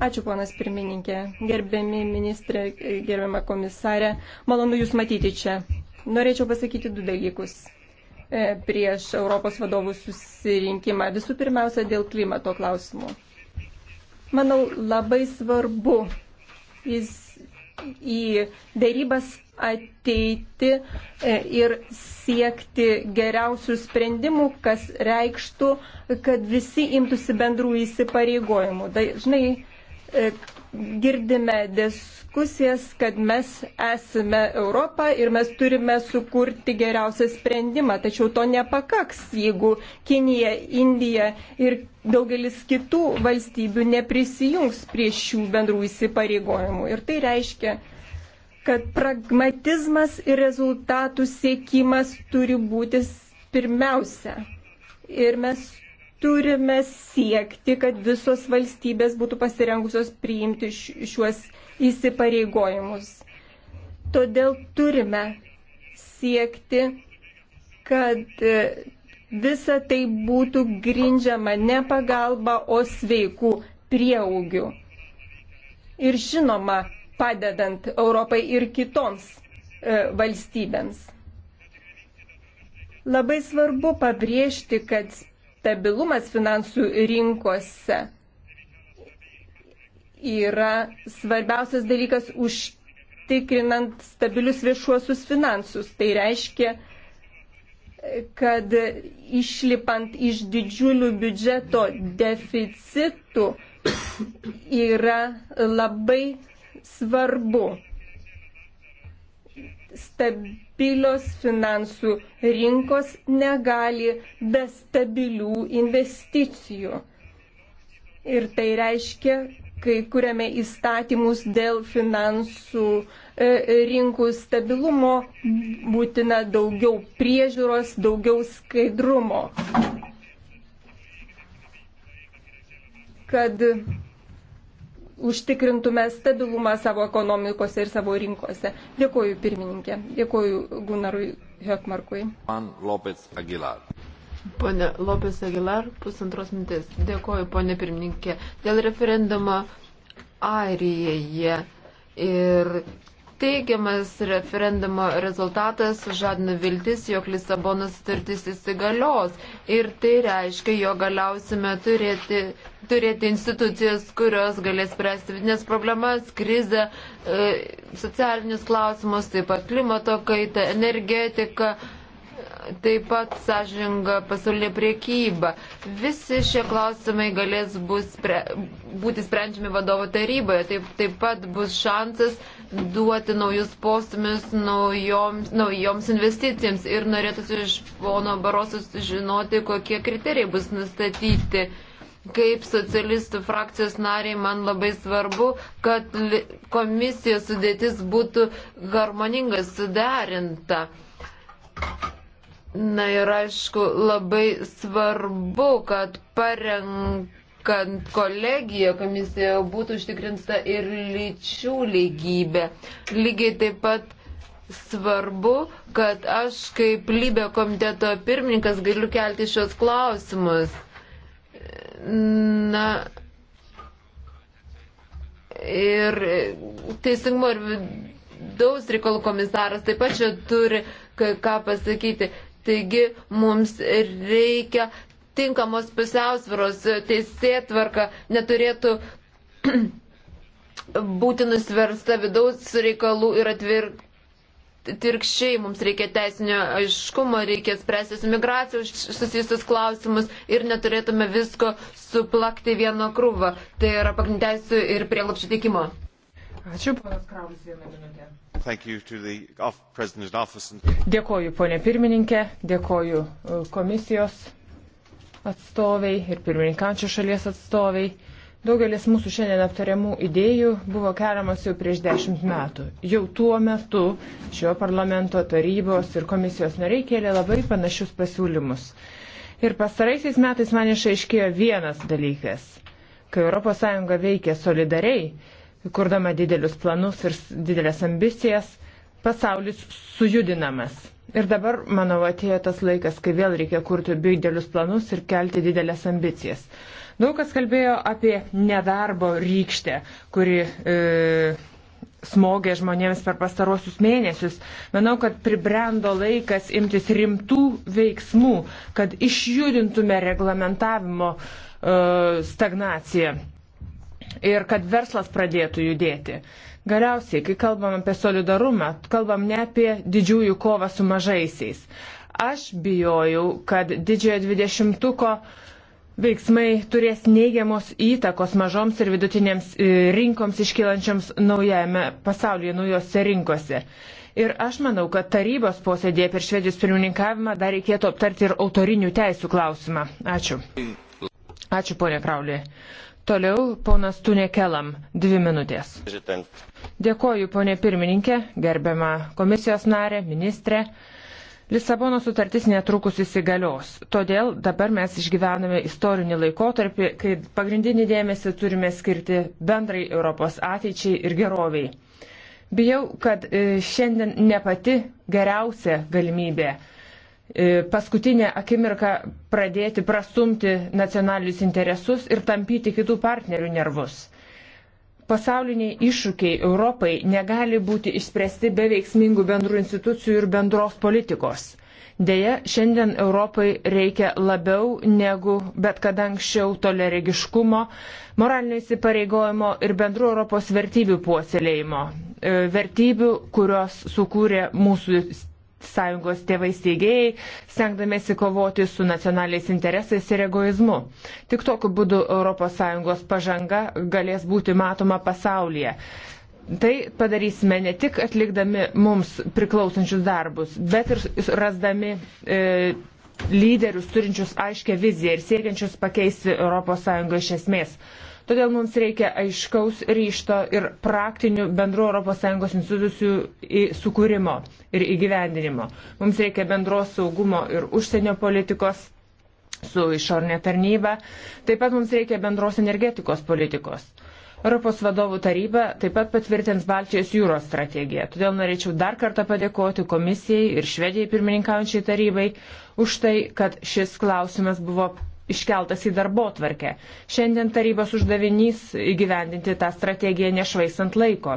Ačiū, ponas pirmininkė. Gerbiami ministrė, gerbiama komisarė, malonu Jūs matyti čia. Norėčiau pasakyti du dalykus e, prieš Europos vadovų susirinkimą. Visų pirmiausia, dėl klimato klausimų. Manau, labai svarbu jis į dėrybas ateiti e, ir siekti geriausių sprendimų, kas reikštų, kad visi imtųsi bendrų įsipareigojimų. Dažnai e, girdime diskusijas, kad mes esame Europą ir mes turime sukurti geriausią sprendimą. Tačiau to nepakaks, jeigu Kinija, Indija ir daugelis kitų valstybių neprisijungs prie šių bendrų įsipareigojimų. Ir tai reiškia, kad pragmatizmas ir rezultatų siekimas turi būti pirmiausia. Ir mes turime siekti, kad visos valstybės būtų pasirengusios priimti šiuos įsipareigojimus. Todėl turime siekti, kad e, visa tai būtų grindžiama ne pagalba, o sveikų prieaugių. Ir žinoma, padedant Europai ir kitoms e, valstybėms. Labai svarbu pabrėžti, kad stabilumas finansų rinkose yra svarbiausias dalykas užtikrinant stabilius viešuosius finansus. Tai reiškia, kad išlipant iš didžiulių biudžeto deficitų yra labai svarbu stabilios finansų rinkos negali be stabilių investicijų. Ir tai reiškia, kai kuriame įstatymus dėl finansų e, e, rinkų stabilumo, būtina daugiau priežiūros, daugiau skaidrumo. Kad užtikrintume stabilumą savo ekonomikose ir savo rinkose. Dėkuoju pirmininkė, dėkuoju Gunarui Hökmarkui. Man Lopez Aguilar. Pone Lopez Aguilar, pusantros mintis. Dėkuoju, pone pirmininkė. Dėl referendumo Airijoje ir Teigiamas referendumo rezultatas žadina viltis, jog Lisabonos sutartis įsigalios ir tai reiškia, jog galiausime turėti, turėti institucijas, kurios galės spręsti vidinės problemas, krizę, e, socialinius klausimus, taip pat klimato kaitą, energetiką taip pat sąžininga pasaulinė priekyba. Visi šie klausimai galės bus pre, būti sprendžiami vadovo taryboje. Taip, taip pat bus šansas duoti naujus postumius naujoms, naujoms investicijoms ir norėtųsi iš pono Barosos žinoti, kokie kriterijai bus nustatyti. Kaip socialistų frakcijos nariai man labai svarbu, kad komisijos sudėtis būtų harmoninga, suderinta. Na ir aišku, labai svarbu, kad parengta kad kolegija komisijoje būtų užtikrinta ir lyčių lygybė. Lygiai taip pat svarbu, kad aš kaip lybė komiteto pirmininkas galiu kelti šios klausimus. Na, ir teisingumo ir vidaus reikalų komisaras taip pat čia turi ką pasakyti. Taigi mums reikia tinkamos pusiausviros teisėtvarka neturėtų būti nusversta vidaus reikalų ir atvirkščiai. Mums reikia teisinio aiškumo, reikia spręsti su migracijos susijusius klausimus ir neturėtume visko suplakti vieno krūvą. Tai yra pagrindėsių ir prieglapščių teikimo. Ačiū, ponas Kraulis, vieną minutę. Dėkoju, ponė pirmininkė, dėkoju e, komisijos atstoviai ir pirmininkančio šalies atstoviai. Daugelis mūsų šiandien aptariamų idėjų buvo keliamas jau prieš dešimt metų. Jau tuo metu šio parlamento tarybos ir komisijos nariai kėlė labai panašius pasiūlymus. Ir pastaraisiais metais man išaiškėjo vienas dalykas. Kai ES veikia solidariai, kurdama didelius planus ir didelės ambicijas, pasaulis sujudinamas Ir dabar, manau, atėjo tas laikas, kai vėl reikia kurti didelius planus ir kelti didelės ambicijas. Daug kas kalbėjo apie nedarbo rykštę, kuri e, smogė žmonėms per pastarosius mėnesius. Manau, kad pribrendo laikas imtis rimtų veiksmų, kad išjudintume reglamentavimo e, stagnaciją ir kad verslas pradėtų judėti. E, Galiausiai, kai kalbam apie solidarumą, kalbam ne apie didžiųjų kovą su mažaisiais. Aš bijojau, kad didžiojo dvidešimtuko veiksmai turės neigiamos įtakos mažoms ir vidutinėms e, rinkoms iškylančiams naujame pasaulyje, naujose rinkose. Ir aš manau, kad tarybos posėdėje per švedijos pirmininkavimą dar reikėtų aptarti ir autorinių teisų klausimą. Ačiū. Ačiū, ponė Kraulė. Toliau ponas Tunė Kelam, dvi minutės. President. Dėkoju, ponė pirmininkė, gerbiama komisijos narė, ministrė. Lisabono sutartis netrukus įsigalios. Todėl dabar mes išgyvename istorinį laikotarpį, kai pagrindinį dėmesį turime skirti bendrai Europos ateičiai ir geroviai. Bijau, kad e, šiandien ne pati geriausia galimybė e, paskutinę akimirką pradėti prastumti nacionalinius interesus ir tampyti kitų partnerių nervus pasauliniai iššūkiai Europai negali būti išspręsti be veiksmingų bendrų institucijų ir bendros politikos. Deja, šiandien Europai reikia labiau negu bet kada anksčiau toleregiškumo, moralinio įsipareigojimo ir bendrų Europos vertybių puoselėjimo. E, vertybių, kurios sukūrė mūsų sąjungos tėvai steigėjai, stengdamėsi kovoti su nacionaliais interesais ir egoizmu. Tik tokiu būdu ES pažanga galės būti matoma pasaulyje. Tai padarysime ne tik atlikdami mums priklausančius darbus, bet ir rasdami e, lyderius turinčius aiškę viziją ir siekiančius pakeisti ES iš esmės. Todėl mums reikia aiškaus ryšto ir praktinių bendrų ES institucijų sukūrimo ir įgyvendinimo. Mums reikia bendros saugumo ir užsienio politikos su išornė tarnyba. Taip pat mums reikia bendros energetikos politikos. Europos vadovų taryba taip pat patvirtins Baltijos jūros strategiją. Todėl norėčiau dar kartą padėkoti komisijai ir Švedijai pirmininkaujančiai tarybai už tai, kad šis klausimas buvo iškeltas į darbo tvarkę. Šiandien tarybos uždavinys įgyvendinti tą strategiją nešvaistant laiko.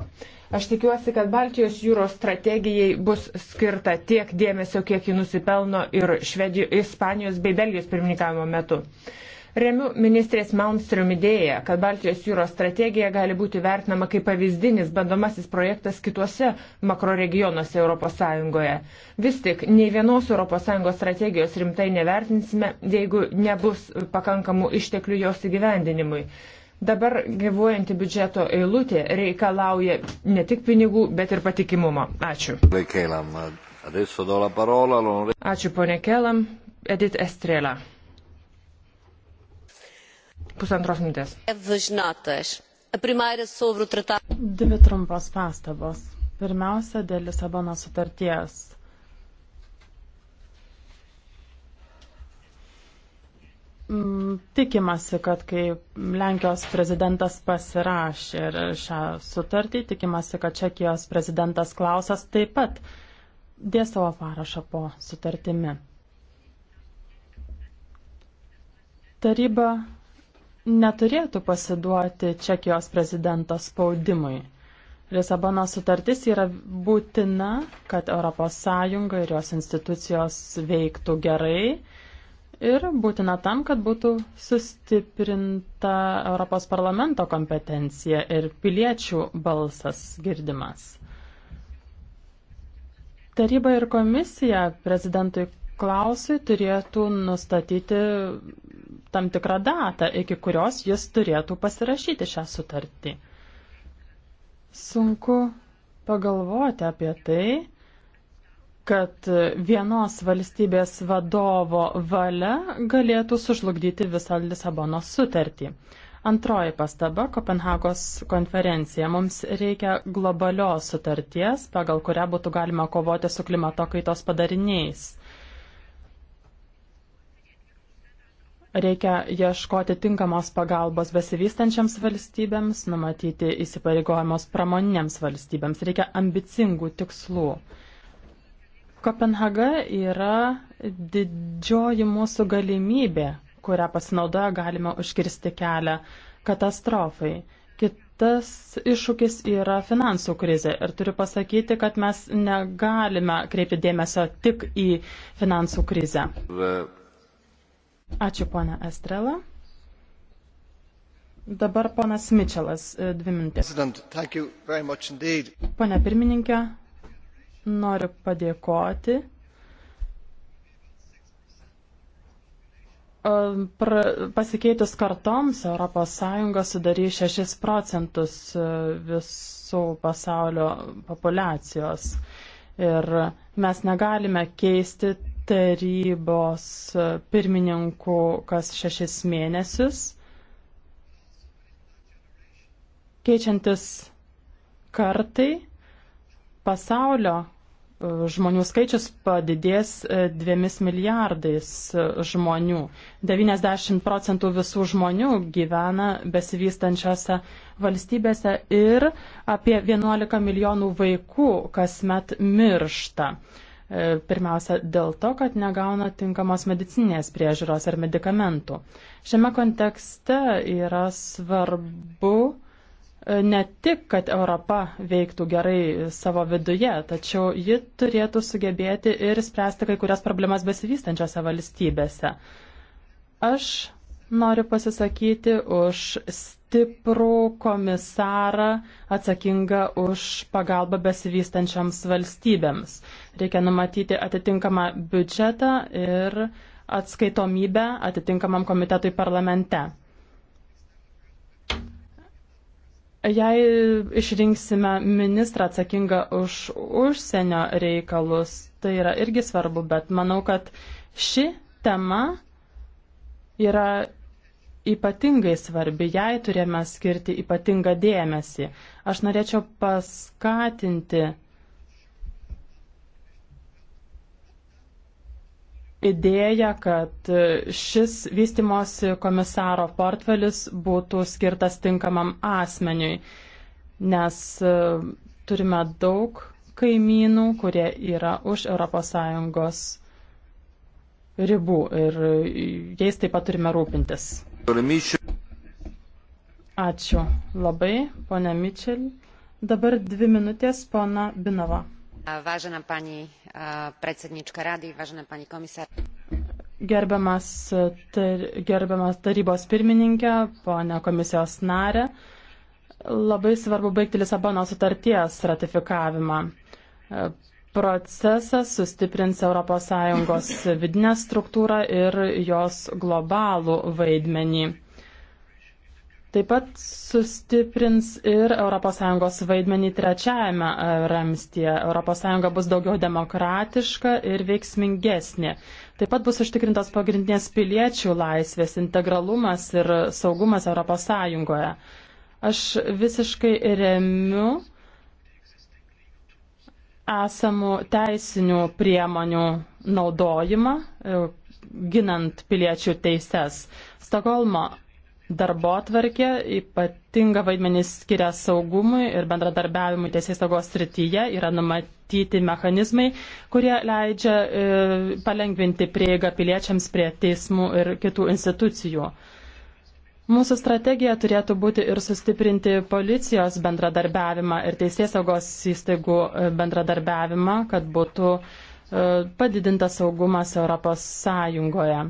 Aš tikiuosi, kad Baltijos jūros strategijai bus skirta tiek dėmesio, kiek ji nusipelno ir Švedijo, Ispanijos bei Belgijos pirmininkavimo metu. Remiu ministrės Malmström idėją, kad Baltijos jūros strategija gali būti vertinama kaip pavyzdinis bandomasis projektas kituose makroregionuose ES. Vis tik, nei vienos ES strategijos rimtai nevertinsime, jeigu nebus pakankamų išteklių jos įgyvendinimui. Dabar gyvuojanti biudžeto eilutė reikalauja ne tik pinigų, bet ir patikimumo. Ačiū. Ačiū, ponė Kelam. Edith Estrela pusantros minutės. Dvi trumpos pastabos. Pirmiausia, dėl Lisabono sutarties. Mm, tikimasi, kad kai Lenkijos prezidentas pasirašė šią sutartį, tikimasi, kad Čekijos prezidentas Klausas taip pat dės savo parašą po sutartimi. Taryba neturėtų pasiduoti Čekijos prezidento spaudimui. Lisabonos sutartis yra būtina, kad ES ir jos institucijos veiktų gerai ir būtina tam, kad būtų sustiprinta Europos parlamento kompetencija ir piliečių balsas girdimas. Taryba ir komisija prezidentui Klausui turėtų nustatyti tam tikrą datą, iki kurios jis turėtų pasirašyti šią sutartį. Sunku pagalvoti apie tai, kad vienos valstybės vadovo valia galėtų sužlugdyti visą Lisabono sutartį. Antroji pastaba - Kopenhagos konferencija. Mums reikia globalios sutarties, pagal kurią būtų galima kovoti su klimato kaitos padariniais. Reikia ieškoti tinkamos pagalbos besivystančiams valstybėms, numatyti įsipareigojimus pramoniniams valstybėms. Reikia ambicingų tikslų. Kopenhaga yra didžioji mūsų galimybė, kurią pasinaudoja galima užkirsti kelią katastrofai. Kitas iššūkis yra finansų krizė. Ir turiu pasakyti, kad mes negalime kreipti dėmesio tik į finansų krizę. The... Ačiū, ponia Estrela. Dabar ponas Mičelas, e, dvi minutės. Pone pirmininkė, noriu padėkoti. E, pasikeitus kartoms ES sudarys 6 procentus e, visų pasaulio populacijos. Ir mes negalime keisti tarybos pirmininku kas šešis mėnesius, keičiantis kartai pasaulio e, žmonių skaičius padidės e, dviemis milijardais e, žmonių. 90 procentų visų žmonių gyvena besivystančiose valstybėse ir apie 11 milijonų vaikų kasmet miršta. E, pirmiausia, dėl to, kad negauna tinkamos medicinės priežiūros ar medikamentų. Šiame kontekste yra svarbu e, ne tik, kad Europa veiktų gerai savo viduje, tačiau ji turėtų sugebėti ir spręsti kai kurias problemas besivystančiose valstybėse. Aš noriu pasisakyti už stiprų komisarą atsakingą už pagalbą besivystančiams valstybėms. Reikia numatyti atitinkamą biudžetą ir atskaitomybę atitinkamam komitetui parlamente. Jei išrinksime ministrą atsakingą už užsienio reikalus, tai yra irgi svarbu, bet manau, kad ši tema yra ypatingai svarbi, jai turime skirti ypatingą dėmesį. Aš norėčiau paskatinti idėją, kad šis vystimosi komisaro portfelis būtų skirtas tinkamam asmeniui, nes e, turime daug kaimynų, kurie yra už ES ribų ir jais taip pat turime rūpintis. Ačiū labai, ponia Mičel. Dabar dvi minutės, pona Binova. Vážená pani predsednička rady, vážená pani komisar. Gerbiamas, tar, gerbiamas tarybos pirmininkė, ponia komisijos narė, labai svarbu baigti Lisabono sutarties ratifikavimą. E, procesas sustiprins ES vidinę struktūrą ir jos globalų vaidmenį. Taip pat sustiprins ir ES vaidmenį trečiajame ramstyje. ES bus daugiau demokratiška ir veiksmingesnė. Taip pat bus užtikrintos pagrindinės piliečių laisvės, integralumas ir saugumas ES. Aš visiškai remiu esamų teisinių priemonių naudojimą, ginant piliečių teises. Stokholmo darbo atvarkė, ypatinga vaidmenį skiria saugumui ir bendradarbiavimui teisės saugos srityje, yra numatyti mechanizmai, kurie leidžia e, palengvinti prieigą piliečiams prie teismų ir kitų institucijų. Mūsų strategija turėtų būti ir sustiprinti policijos bendradarbiavimą ir teisės saugos įstaigų e, bendradarbiavimą, kad būtų e, padidintas saugumas Europos Sąjungoje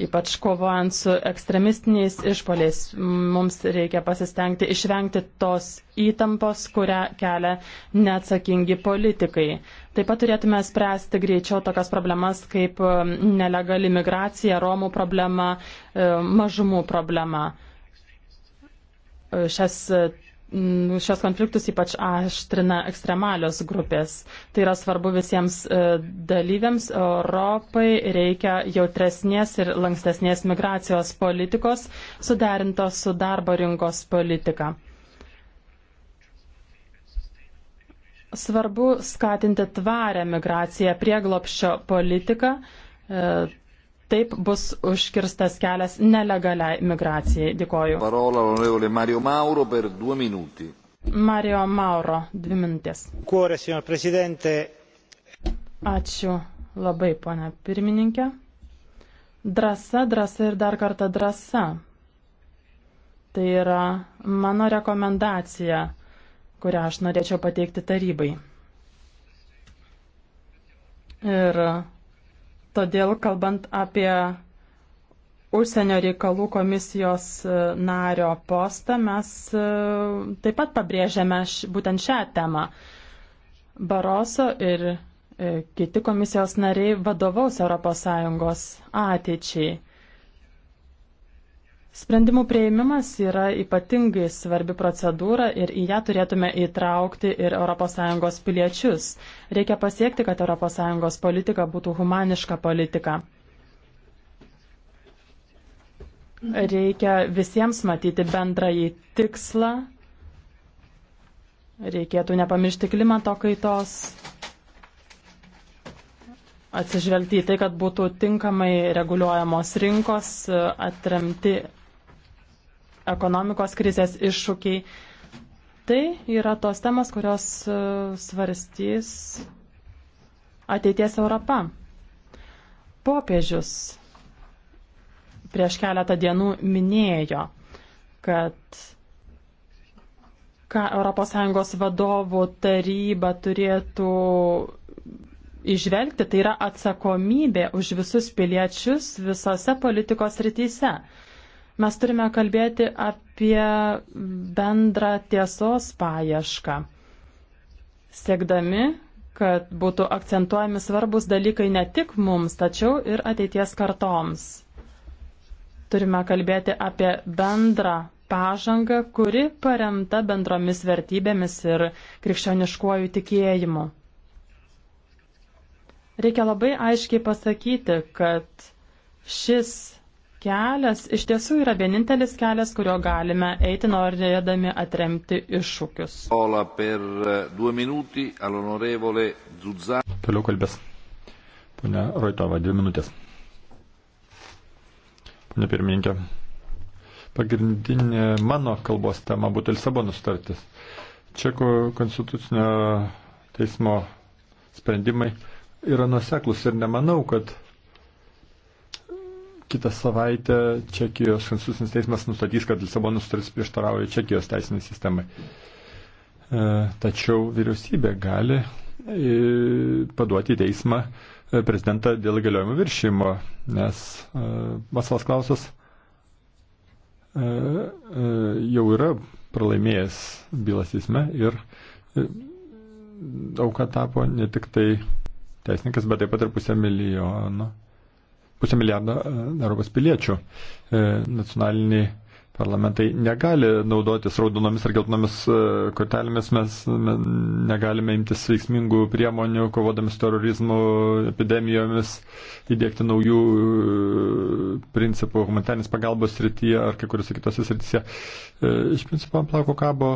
ypač kovojant su ekstremistiniais išpoliais. Mums reikia pasistengti išvengti tos įtampos, kurią kelia neatsakingi politikai. Taip pat turėtume spręsti greičiau tokias problemas kaip um, nelegali migracija, Romų problema, um, mažumų problema. Šias Mm, šios konfliktus ypač aštrina ekstremalios grupės. Tai yra svarbu visiems e, dalyviams. Europai reikia jautresnės ir lankstesnės migracijos politikos, suderintos su darbo rinkos politika. Svarbu skatinti tvarę migraciją prieglopščio politiką e, Taip bus užkirstas kelias nelegaliai migracijai. Dėkoju. Parola, Mario Mauro, per du minutį. Mario Mauro, dvi minutės. Kuore, signor Presidente. Ačiū labai, ponia pirmininkė. Drasa, drasa ir dar kartą drasa. Tai yra mano rekomendacija, kurią aš norėčiau pateikti tarybai. Ir Todėl, kalbant apie užsienio reikalų komisijos e, nario postą, mes e, taip pat pabrėžiame būtent šią temą. Baroso ir e, kiti komisijos nariai vadovaus ES ateičiai. Sprendimų prieimimas yra ypatingai svarbi procedūra ir į ją turėtume įtraukti ir ES piliečius. Reikia pasiekti, kad ES politika būtų humaniška politika. Reikia visiems matyti bendrąjį tikslą. Reikėtų nepamiršti klimato kaitos, atsižvelgti į tai, kad būtų tinkamai reguliuojamos rinkos, atremti ekonomikos krizės iššūkiai. Tai yra tos temos, kurios e, svarstys ateities Europa. Popiežius prieš keletą dienų minėjo, kad ką ES vadovų taryba turėtų išvelgti, tai yra atsakomybė už visus piliečius visose politikos rytise. Mes turime kalbėti apie bendrą tiesos paiešką, siekdami, kad būtų akcentuojami svarbus dalykai ne tik mums, tačiau ir ateities kartoms. Turime kalbėti apie bendrą pažangą, kuri paremta bendromis vertybėmis ir krikščioniškuoju tikėjimu. Reikia labai aiškiai pasakyti, kad šis kelias iš tiesų yra vienintelis kelias, kurio galime eiti norėdami atremti iššūkius. Eh, Toliau kalbės. Pone Roitova, dvi minutės. Pone pirmininkė, pagrindinė mano kalbos tema būtų Lisabono sutartis. Čekų konstitucinio teismo sprendimai yra nuseklus ir nemanau, kad Kitą savaitę Čekijos konstitucinis teismas nustatys, kad Lisabonos sutartis prieštarauja Čekijos teisiniai sistemai. E, tačiau vyriausybė gali e, paduoti į teismą e, prezidentą dėl galiojimo viršymo, nes Vasvas Klausas jau yra pralaimėjęs bylas teisme ir auka tapo ne tik tai teisininkas, bet taip pat ir pusę milijono pusę milijardo e, Europos piliečių. E, Nacionaliniai parlamentai negali naudotis raudonomis ar geltonomis e, kortelėmis, mes negalime imtis veiksmingų priemonių, kovodami su terorizmu, epidemijomis, įdėkti naujų e, principų humanitarnės pagalbos srityje ar kai kuriuose kitose srityse. E, iš principo, ant plauko kabo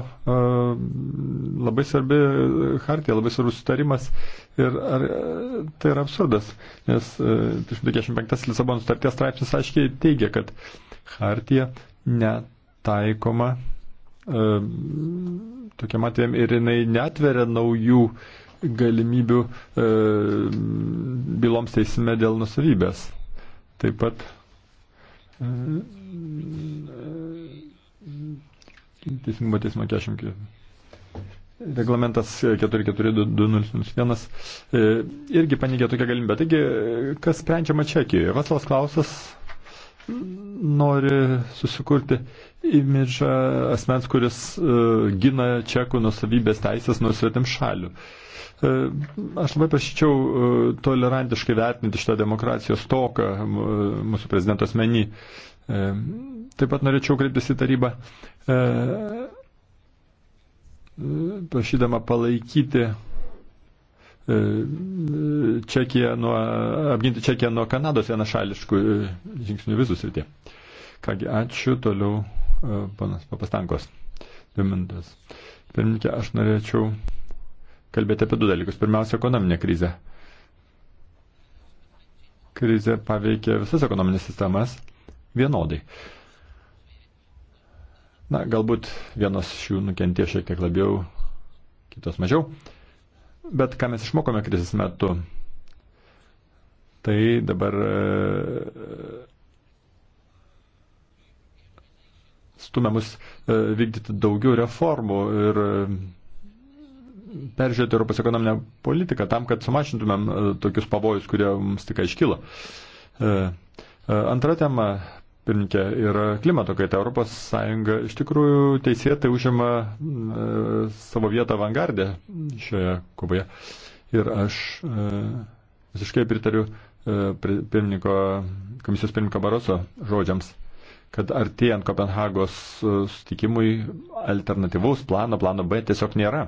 labai svarbi hartija, labai svarbus sutarimas ir ar, tai yra absurdas, nes 325 Lisabono sutarties straipsnis aiškiai teigia, kad hartija netaikoma e, tokiam atvejam ir jinai netveria naujų galimybių e, byloms teisime dėl nusavybės. Taip pat e, teisingumo teismo 40. Reglamentas 44201 irgi paneigė tokią galimybę. Taigi, kas sprendžiama Čekijoje? Vaslas Klausas nori susikurti imidžą asmens, kuris uh, gina čekų nusavybės teisės nuo svetim šalių. Uh, e, aš labai prašyčiau uh, tolerantiškai vertinti šitą demokratijos toką mūsų prezidento asmenį. Uh, taip pat norėčiau kreiptis į tarybą, uh, prašydama palaikyti uh, Čekiją nuo, apginti Čekiją nuo Kanados vienašališkų e, žingsnių vizų srityje. Kągi, ačiū. Toliau e, panas papastankos. Dvi minutės. Pirmininkė, aš norėčiau kalbėti apie du dalykus. Pirmiausia, ekonominė krizė. Krizė paveikė visas ekonominės sistemas vienodai. Na, galbūt vienos iš jų nukentėjo šiek tiek labiau, kitos mažiau. Uh, Bet ką mes išmokome krizės metu, tai dabar e, stumiamus e, vykdyti daugiau reformų ir e, peržiūrėti Europos ekonominę politiką tam, kad sumažintumėm tokius pavojus, kurie mums tik iškilo. Antra tema pirmininkė, yra klimato kaita. Europos Sąjunga iš tikrųjų teisėtai užima e, savo vietą avangardę šioje kovoje. Ir aš e, visiškai pritariu e, pirmininko, komisijos pirmininko Baroso žodžiams kad artėjant Kopenhagos e, sutikimui alternatyvaus plano, plano B tiesiog nėra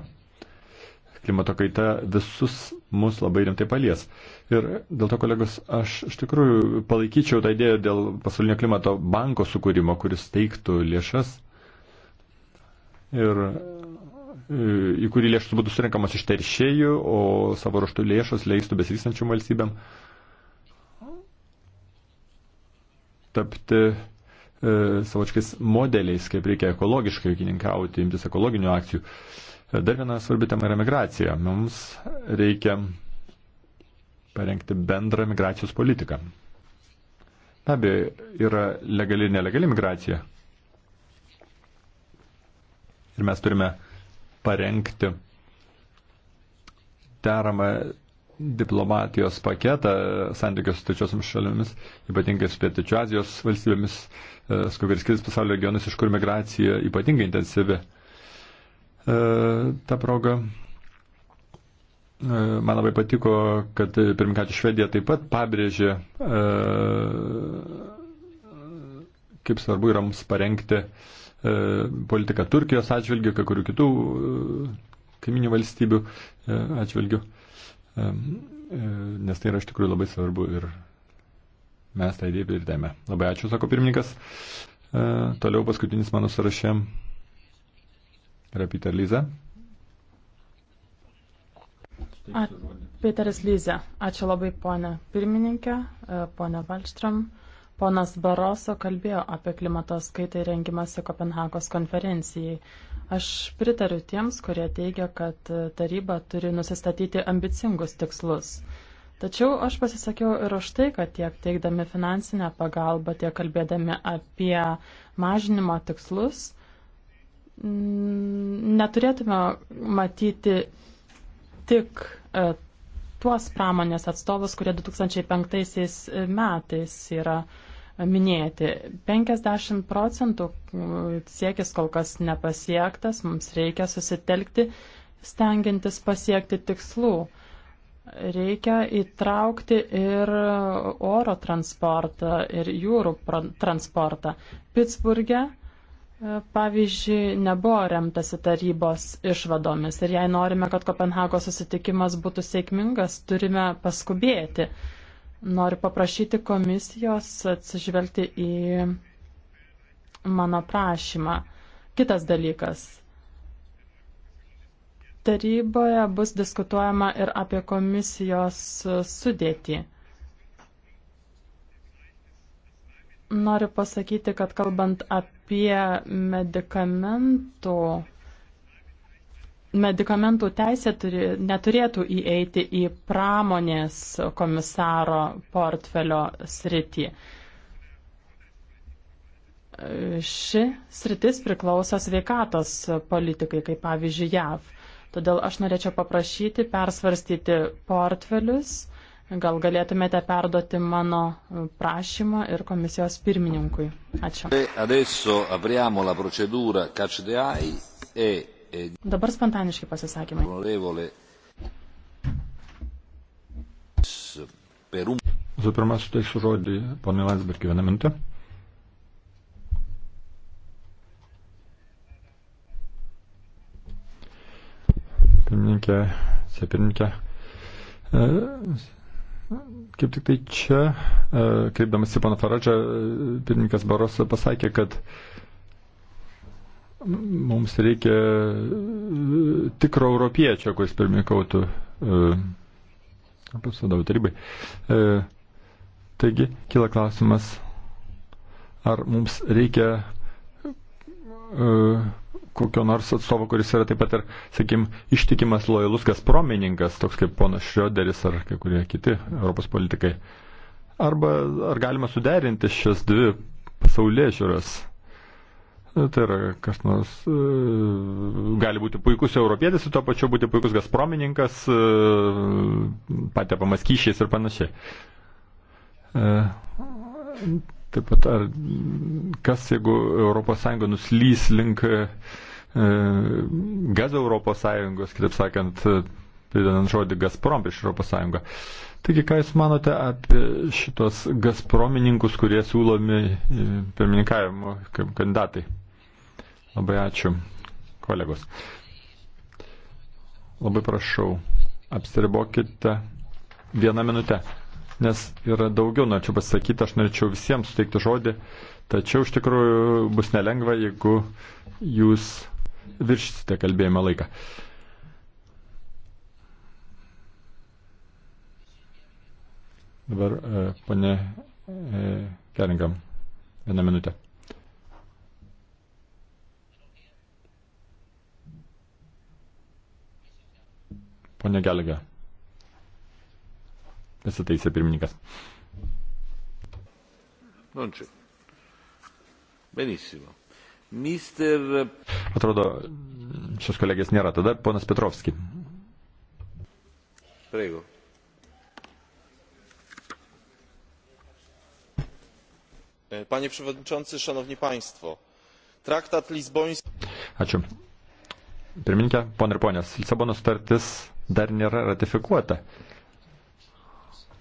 klimato kaita visus mus labai rimtai palies. Ir dėl to, kolegos, aš iš tikrųjų palaikyčiau tą idėją dėl pasaulinio klimato banko sukūrimo, kuris teiktų lėšas ir e, į kurį lėšas būtų surinkamas iš teršėjų, o savo raštų lėšos leistų besivystančiam valstybėm tapti e, savočkais modeliais, kaip reikia ekologiškai ūkininkauti, imtis ekologinių akcijų. E, Dar viena svarbi tema yra migracija. Mums reikia parengti bendrą migracijos politiką. Be abejo, yra legali ir nelegali migracija. Ir mes turime parengti deramą diplomatijos paketą santykios su trečiosiams šalimis, ypatingai su Pietričio Azijos valstybėmis, e, skuvirskis pasaulio regionus, iš kur migracija ypatingai intensyvi. E, tą progą. E, man labai patiko, kad pirmkatė Švedija taip pat pabrėžė, e, kaip svarbu yra mums parengti politiką Turkijos atžvilgių, kai kurių kitų kaiminių valstybių atžvilgių, nes tai yra iš tikrųjų labai svarbu ir mes tai dėbėdėme. Labai ačiū, sako pirmininkas. Toliau paskutinis mano sąrašė yra Peter Lyza. Peteris Lyze, ačiū labai ponė pirmininkė, e, ponė Valštram. Ponas Baroso kalbėjo apie klimatos kaitą įrengimąsi Kopenhagos konferencijai. Aš pritariu tiems, kurie teigia, kad e, taryba turi nusistatyti ambicingus tikslus. Tačiau aš pasisakiau ir už tai, kad tiek teikdami finansinę pagalbą, tiek kalbėdami apie mažinimo tikslus, Mm, neturėtume matyti tik e, tuos pramonės atstovus, kurie 2005 metais yra minėti. 50 procentų mm, siekis kol kas nepasiektas, mums reikia susitelkti, stengiantis pasiekti tikslų. Reikia įtraukti ir oro transportą, ir jūrų transportą. Pittsburgė e Pavyzdžiui, nebuvo remtasi tarybos išvadomis ir jei norime, kad Kopenhagos susitikimas būtų sėkmingas, turime paskubėti. Noriu paprašyti komisijos atsižvelgti į mano prašymą. Kitas dalykas. Taryboje bus diskutuojama ir apie komisijos sudėtį. Noriu pasakyti, kad kalbant apie apie medikamentų medikamentų teisė turi, neturėtų įeiti į pramonės komisaro portfelio sritį. Ši sritis priklauso sveikatos politikai, kaip pavyzdžiui JAV. Todėl aš norėčiau paprašyti persvarstyti portfelius Gal galėtumėte perduoti mano prašymą ir komisijos pirmininkui. Ačiū. E e, e Dabar spontaniški pasisakymai. Perum. Visų pirma, suteiksiu žodį ponui Landsbergį vieną minutę. Pirmininkė, sepirmininkė. E, Kaip tik tai čia, e, kreipdamas į pana Faradžą, e, pirmininkas Baros pasakė, kad mums reikia e, tikro europiečio, kuris pirmininkautų pasadovų tarybai. Taigi, kyla klausimas, ar mums reikia kokio nors atstovo, kuris yra taip pat ir, sakim, ištikimas lojalus Gazpromininkas, toks kaip ponas Šrioderis ar kai kurie kiti Europos politikai. Arba ar galima suderinti šias dvi pasaulyje žiūras? Tai yra, kas nors e, gali būti puikus europietis, tuo pačiu būti puikus Gazpromininkas, e, patepamas kyšiais ir panašiai. E, Taip pat, ar kas jeigu ES nuslys link e, gaz ES, kitaip sakant, e, pridedant žodį Gazprom prieš ES. Taigi, ką Jūs manote apie šitos Gazpromininkus, kurie siūlomi e, pirmininkavimo kaip kandidatai? Labai ačiū, kolegos. Labai prašau, apsiribokite vieną minutę nes yra daugiau norėčiau pasakyti, aš norėčiau visiems suteikti žodį, tačiau iš tikrųjų bus nelengva, jeigu jūs viršysite kalbėjimo laiką. Dabar e, ponė e, Keringam, vieną minutę. Pone Geliga pasitaisė pirmininkas. Benissimo. Mister... Atrodo, šios kolegės nėra. Tada ponas Petrovski. Prego. E, panie Przewodniczący, Szanowni Państwo, traktat lizboński. Ačiū. Pirmininkė, ponai ir ponės, Lisabono sutartis dar nėra ratifikuota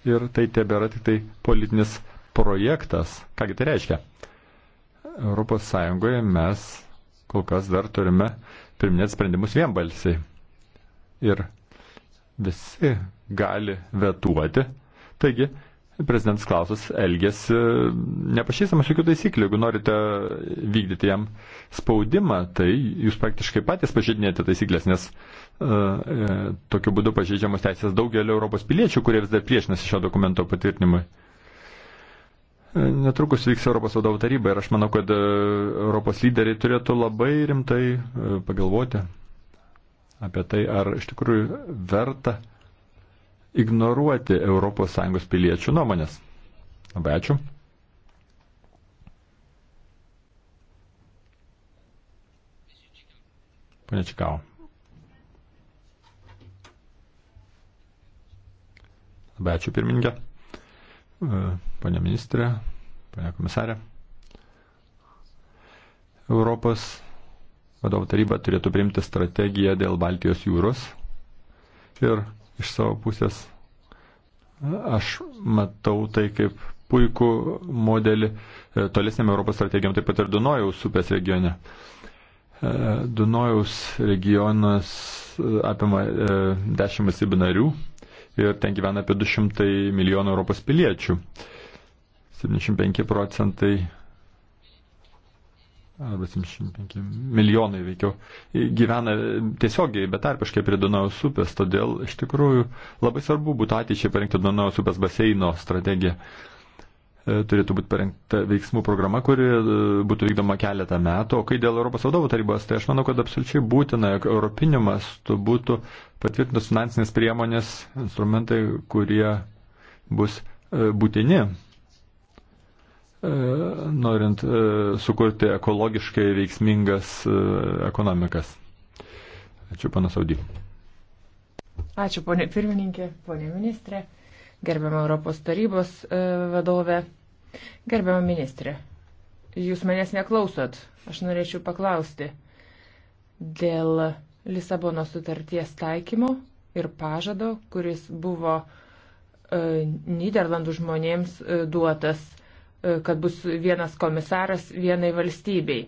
ir tai tebėra tik tai politinis projektas. Kągi tai reiškia? ES mes kol kas dar turime priminėti sprendimus vienbalsiai. Ir visi gali vetuoti. Taigi, prezidentas Klausas elgėsi nepažįstamas jokių taisyklių. Jeigu norite vykdyti jam spaudimą, tai jūs praktiškai patys pažydinėte taisyklės, nes E, e, tokiu būdu pažeidžiamos teisės daugelio Europos piliečių, kurie vis dar priešinasi šio dokumento patvirtinimui. E, netrukus vyks Europos vadovų taryba ir aš manau, kad Europos lyderiai turėtų labai rimtai pagalvoti apie tai, ar iš tikrųjų verta ignoruoti ES piliečių nuomonės. Labai ačiū. Pane Čikau. Labai ačiū pirmininkė, e, ponė ministrė, ponė komisarė. Europos vadovų taryba turėtų priimti strategiją dėl Baltijos jūros. Ir iš savo pusės e, aš matau tai kaip puikų modelį e, tolesniam Europos strategijam, taip pat ir Dunojaus upės regione. Dunojaus regionas apima dešimt valstybių narių ir ten gyvena apie 200 milijonų Europos piliečių. 75 procentai arba 75 milijonai veikiau gyvena tiesiogiai, betarpiškai prie Dunaus upės, todėl iš tikrųjų labai svarbu būtų ateičiai parengti Dunaus upės baseino strategiją. E, turėtų būti parengta veiksmų programa, kuri e, būtų vykdoma keletą metų. O kai dėl Europos vadovų tarybos, tai aš manau, kad absoliučiai būtina, jog europiniu mastu būtų patvirtintos finansinės priemonės, instrumentai, kurie bus e, būtini norint sukurti ekologiškai veiksmingas ekonomikas. Ačiū, panas Audy. Ačiū, ponė pirmininkė, ponė ministrė, gerbiama Europos tarybos vadovė. Gerbiama ministrė, jūs manęs neklausot. Aš norėčiau paklausti dėl Lisabono sutarties taikymo ir pažado, kuris buvo e, Niderlandų žmonėms e, duotas, e, kad bus vienas komisaras vienai valstybei.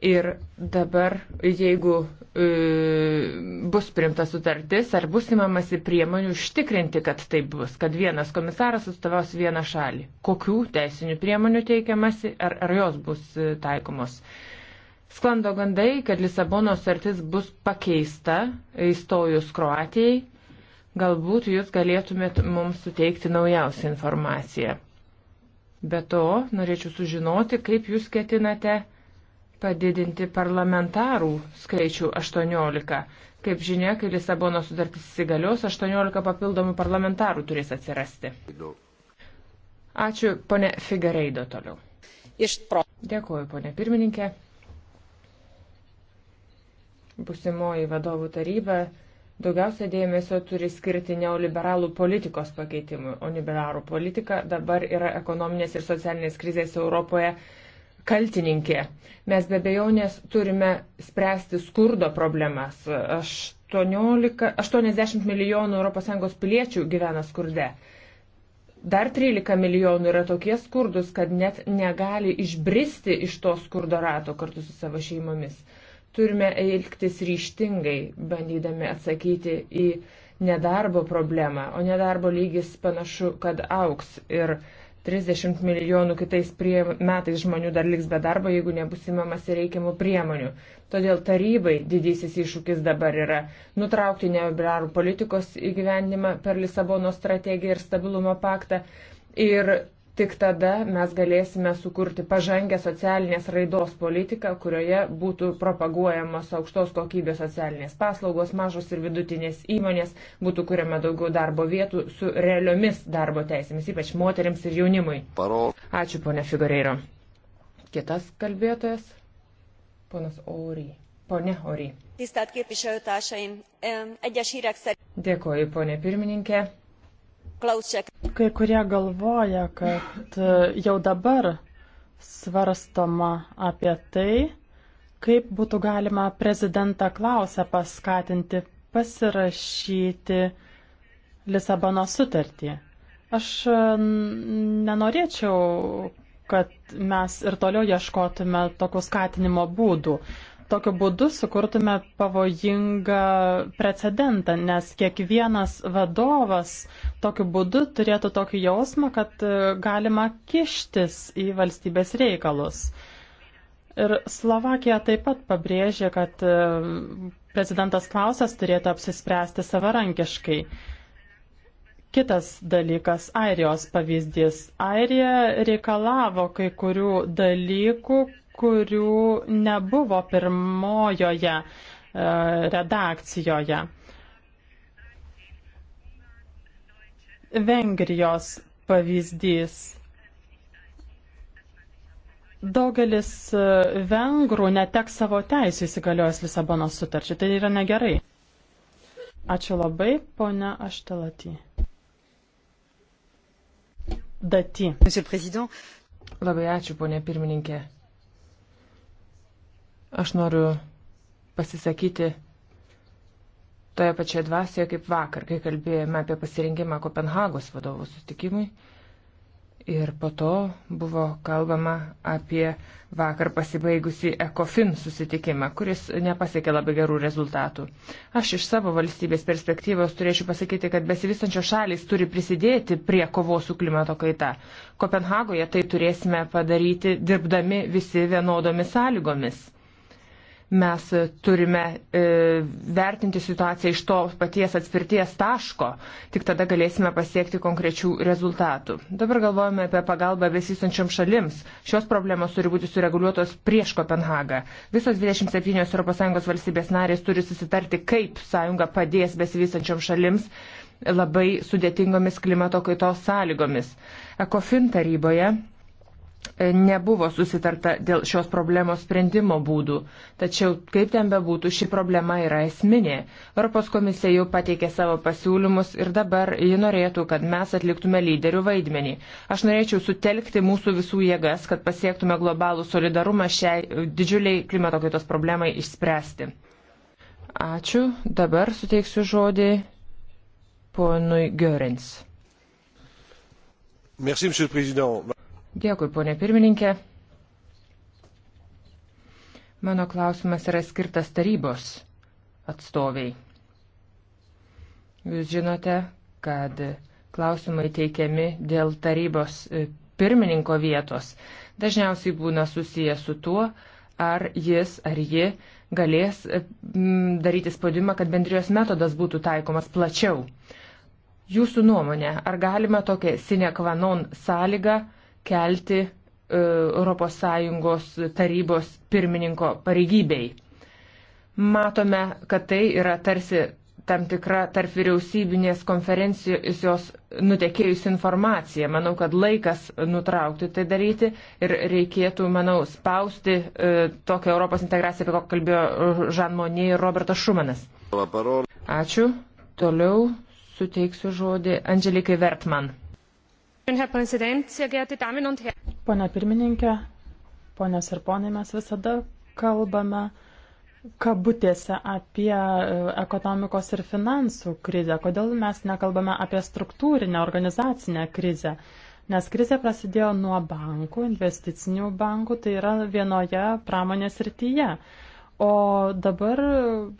Ir dabar, jeigu e, bus primta sutartis, ar bus įmamasi priemonių užtikrinti, kad taip bus, kad vienas komisaras atstovaus vieną šalį. Kokių teisinių priemonių teikiamasi, ar, ar jos bus e, taikomos. Sklando gandai, kad Lisabono sutartis bus pakeista įstojus Kroatijai. Galbūt jūs galėtumėt mums suteikti naujausią informaciją. Be to, norėčiau sužinoti, kaip jūs ketinate padidinti parlamentarų skaičių 18. Kaip žinia, kai Lisabono sudartis įsigalios, 18 papildomų parlamentarų turės atsirasti. Ačiū, ponė Figareido toliau. Išpro. Dėkuoju, ponė pirmininkė. Busimoji vadovų taryba daugiausia dėmesio turi skirti neoliberalų politikos pakeitimui, o liberalų politika dabar yra ekonominės ir socialinės krizės Europoje kaltininkė. Mes be bejonės turime spręsti skurdo problemas. 18, 80 milijonų ES piliečių gyvena skurde. Dar 13 milijonų yra tokie skurdus, kad net negali išbristi iš to skurdo rato kartu su savo šeimomis. Turime elgtis ryštingai, bandydami atsakyti į nedarbo problemą, o nedarbo lygis panašu, kad auks. Ir uh, 30 milijonų kitais prie, metais žmonių dar liks be darbo, jeigu nebus įmamas reikiamų priemonių. Todėl tarybai didysis iššūkis dabar yra nutraukti neobrarų politikos įgyvendimą per Lisabono strategiją ir stabilumo paktą ir Tik tada mes galėsime sukurti pažangę socialinės raidos politiką, kurioje būtų propaguojamos aukštos kokybės socialinės paslaugos, mažos ir vidutinės įmonės, būtų kuriama daugiau darbo vietų su realiomis darbo teisėmis, ypač moteriams ir jaunimui. Paro. Ačiū, ponia Figureiro. Kitas kalbėtojas, ponas Ory. Pone Ory. Dėkoju, ponė pirmininkė. Kai kurie galvoja, kad jau dabar svarstoma apie tai, kaip būtų galima prezidentą Klausę paskatinti pasirašyti Lisabono sutartį. Aš nenorėčiau, kad mes ir toliau ieškotume tokių skatinimo būdų tokiu būdu sukurtume pavojingą precedentą, nes kiekvienas vadovas tokiu būdu turėtų tokį jausmą, kad e, galima kištis į valstybės reikalus. Ir Slovakija taip pat pabrėžė, kad e, prezidentas Klausas turėtų apsispręsti savarankiškai. Kitas dalykas - Airijos pavyzdys. Airija reikalavo kai kurių dalykų, kurių nebuvo pirmojoje e, redakcijoje. Vengrijos pavyzdys. Daugelis e, vengrų neteks savo teisų įsigaliojus Lisabono sutarčiai. Tai yra negerai. Ačiū labai, ponia Aštelatį. Dati. Labai ačiū, ponia pirmininkė. Aš noriu pasisakyti toje pačioje dvasioje kaip vakar, kai kalbėjome apie pasirinkimą Kopenhagos vadovų sutikimui. Ir po to buvo kalbama apie vakar pasibaigusi ECOFIN susitikimą, kuris nepasiekė labai gerų rezultatų. Aš iš savo valstybės perspektyvos turėčiau pasakyti, kad besivystančios šalis turi prisidėti prie kovos su klimato kaita. Kopenhagoje tai turėsime padaryti dirbdami visi vienodomis sąlygomis Mes turime e, vertinti situaciją iš to paties atspirties taško, tik tada galėsime pasiekti konkrečių rezultatų. Dabar galvojame apie pagalbą besisančiam šalims. Šios problemos turi būti sureguliuotos prieš Kopenhagą. Visos 27 ES valstybės narės turi susitarti, kaip sąjunga padės besivysančiam šalims labai sudėtingomis klimato kaitos sąlygomis. Ekofin taryboje nebuvo susitarta dėl šios problemos sprendimo būdų. Tačiau, kaip ten bebūtų, ši problema yra esminė. Europos komisija jau pateikė savo pasiūlymus ir dabar ji norėtų, kad mes atliktume lyderių vaidmenį. Aš norėčiau sutelkti mūsų visų jėgas, kad pasiektume globalų solidarumą šiai didžiuliai klimato kaitos problemai išspręsti. Ačiū. Dabar suteiksiu žodį ponui Görens. Merci, Dėkui, ponė pirmininkė. Mano klausimas yra skirtas tarybos atstoviai. Jūs žinote, kad klausimai teikiami dėl tarybos e, pirmininko vietos dažniausiai būna susiję su tuo, ar jis ar ji galės e, daryti spaudimą, kad bendrijos metodas būtų taikomas plačiau. Jūsų nuomonė, ar galima tokią sinekvanon sąlygą kelti ES tarybos pirmininko pareigybei. Matome, kad tai yra tarsi tam tikra tarp vyriausybinės konferencijos jos nutekėjusi informacija. Manau, kad laikas nutraukti tai daryti ir reikėtų, manau, spausti e, tokią Europos integraciją, apie kokią kalbėjo Žan Monė ir Robertas Šumanas. Ačiū. Toliau suteiksiu žodį Andželikai Vertman. Pone pirmininkė, ponios ir ponai, mes visada kalbame kabutėse apie e, ekonomikos ir finansų krizę. Kodėl mes nekalbame apie struktūrinę organizacinę krizę? Nes krizė prasidėjo nuo bankų, investicinių bankų, tai yra vienoje pramonės rytyje. O dabar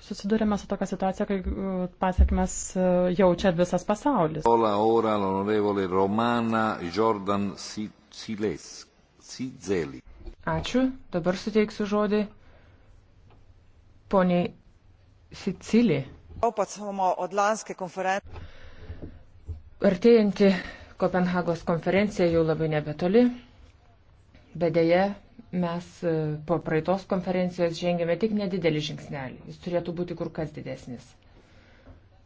susidurėme su tokia situacija, kai e, pasiekmes e, jaučia visas pasaulis. Ola, ora, l'onorevole Romana Jordan Siles, Sizeli. Ačiū. Dabar suteiksiu žodį poniai Sicili. Artėjanti Kopenhagos konferencija jau labai nebetoli, bet dėje mes e, po praeitos konferencijos žengėme tik nedidelį žingsnelį. Jis turėtų būti kur kas didesnis.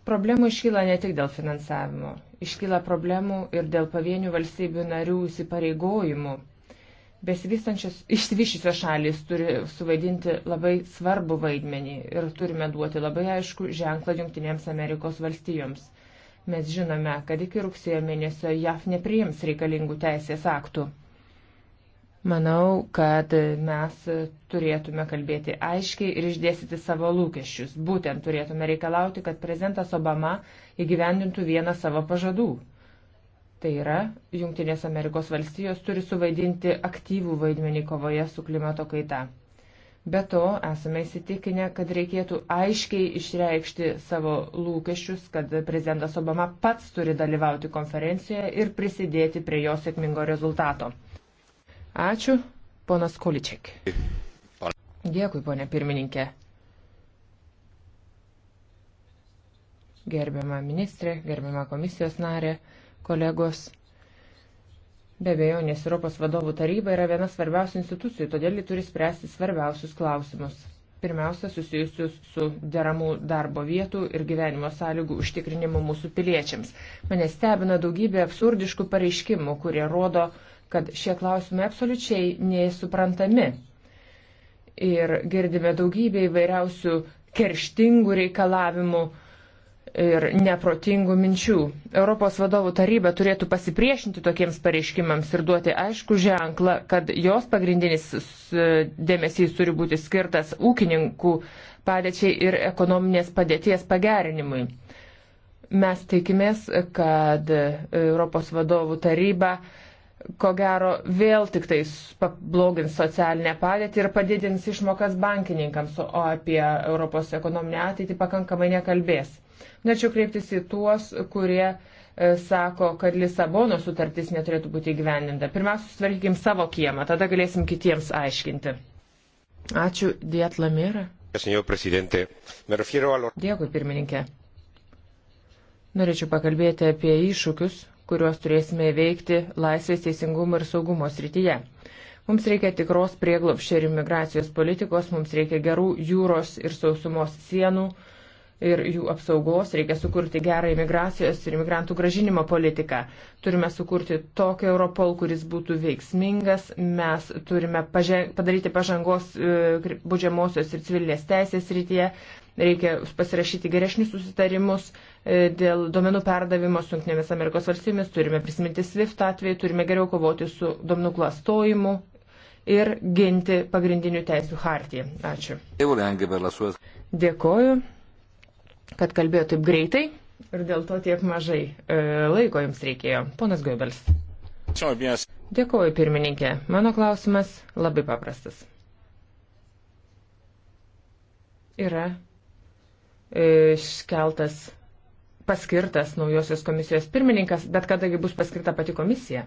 Problemų iškyla ne tik dėl finansavimo, iškyla problemų ir dėl pavienių valstybių narių įsipareigojimų. Besivystančios išsivyšusios šalis turi suvaidinti labai svarbu vaidmenį ir turime duoti labai aišku ženklą Junktinėms Amerikos valstijoms. Mes žinome, kad iki rugsėjo mėnesio JAF nepriims reikalingų teisės aktų. Manau, kad mes turėtume kalbėti aiškiai ir išdėstyti savo lūkesčius. Būtent turėtume reikalauti, kad prezidentas Obama įgyvendintų vieną savo pažadų. Tai yra, Junktinės Amerikos valstijos turi suvaidinti aktyvų vaidmenį kovoje su klimato kaita. Be to, esame įsitikinę, kad reikėtų aiškiai išreikšti savo lūkesčius, kad prezidentas Obama pats turi dalyvauti konferencijoje ir prisidėti prie jo sėkmingo rezultato. Ačiū, ponas Količiak. Dėkui, ponė pirmininkė. Gerbiama ministrė, gerbiama komisijos narė, kolegos. Be abejo, nes Europos vadovų taryba yra viena svarbiausių institucijų, todėl ji turi spręsti svarbiausius klausimus. Pirmiausia, susijusius su deramų darbo vietų ir gyvenimo sąlygų užtikrinimu mūsų piliečiams. Mane stebina daugybė absurdiškų pareiškimų, kurie rodo, kad šie klausimai absoliučiai nesuprantami. Ir girdime daugybę įvairiausių kerštingų reikalavimų ir neprotingų minčių. Europos vadovų taryba turėtų pasipriešinti tokiems pareiškimams ir duoti aišku ženklą, kad jos pagrindinis dėmesys turi būti skirtas ūkininkų padėčiai ir ekonominės padėties pagerinimui. Mes tikimės, kad Europos vadovų taryba uh, ko gero, vėl tik tais pablogins socialinę padėtį ir padidins išmokas bankininkams, o apie Europos ekonominę ateitį pakankamai nekalbės. Norėčiau kreiptis į tuos, kurie e, sako, kad Lisabono sutartis neturėtų būti įgyvendinta. Pirmiausia, sutvarkykim savo kiemą, tada galėsim kitiems aiškinti. Ačiū, Diet Lamira. Dėkui, pirmininkė. Norėčiau pakalbėti apie iššūkius, kuriuos turėsime įveikti laisvės, teisingumo ir saugumo srityje. Mums reikia tikros prieglopščio ir imigracijos politikos, mums reikia gerų jūros ir sausumos sienų ir jų apsaugos, reikia sukurti gerą imigracijos ir imigrantų gražinimo politiką. Turime sukurti tokį Europol, kuris būtų veiksmingas, mes turime pažen padaryti pažangos e, būdžiamosios ir civilinės teisės rytyje, Reikia pasirašyti geresnius susitarimus e, dėl domenų perdavimo su Junktinėmis Amerikos valstybėmis, turime prisiminti SWIFT atvejį, turime geriau kovoti su domenų klastojimu ir ginti pagrindinių teisų hartiją. Ačiū. Dėkoju, kad kalbėjo taip greitai ir dėl to tiek mažai e, laiko jums reikėjo. Ponas Goebbels. Dėkoju, pirmininkė. Mano klausimas labai paprastas. Yra iškeltas, paskirtas naujosios komisijos pirmininkas, bet kadagi bus paskirta pati komisija.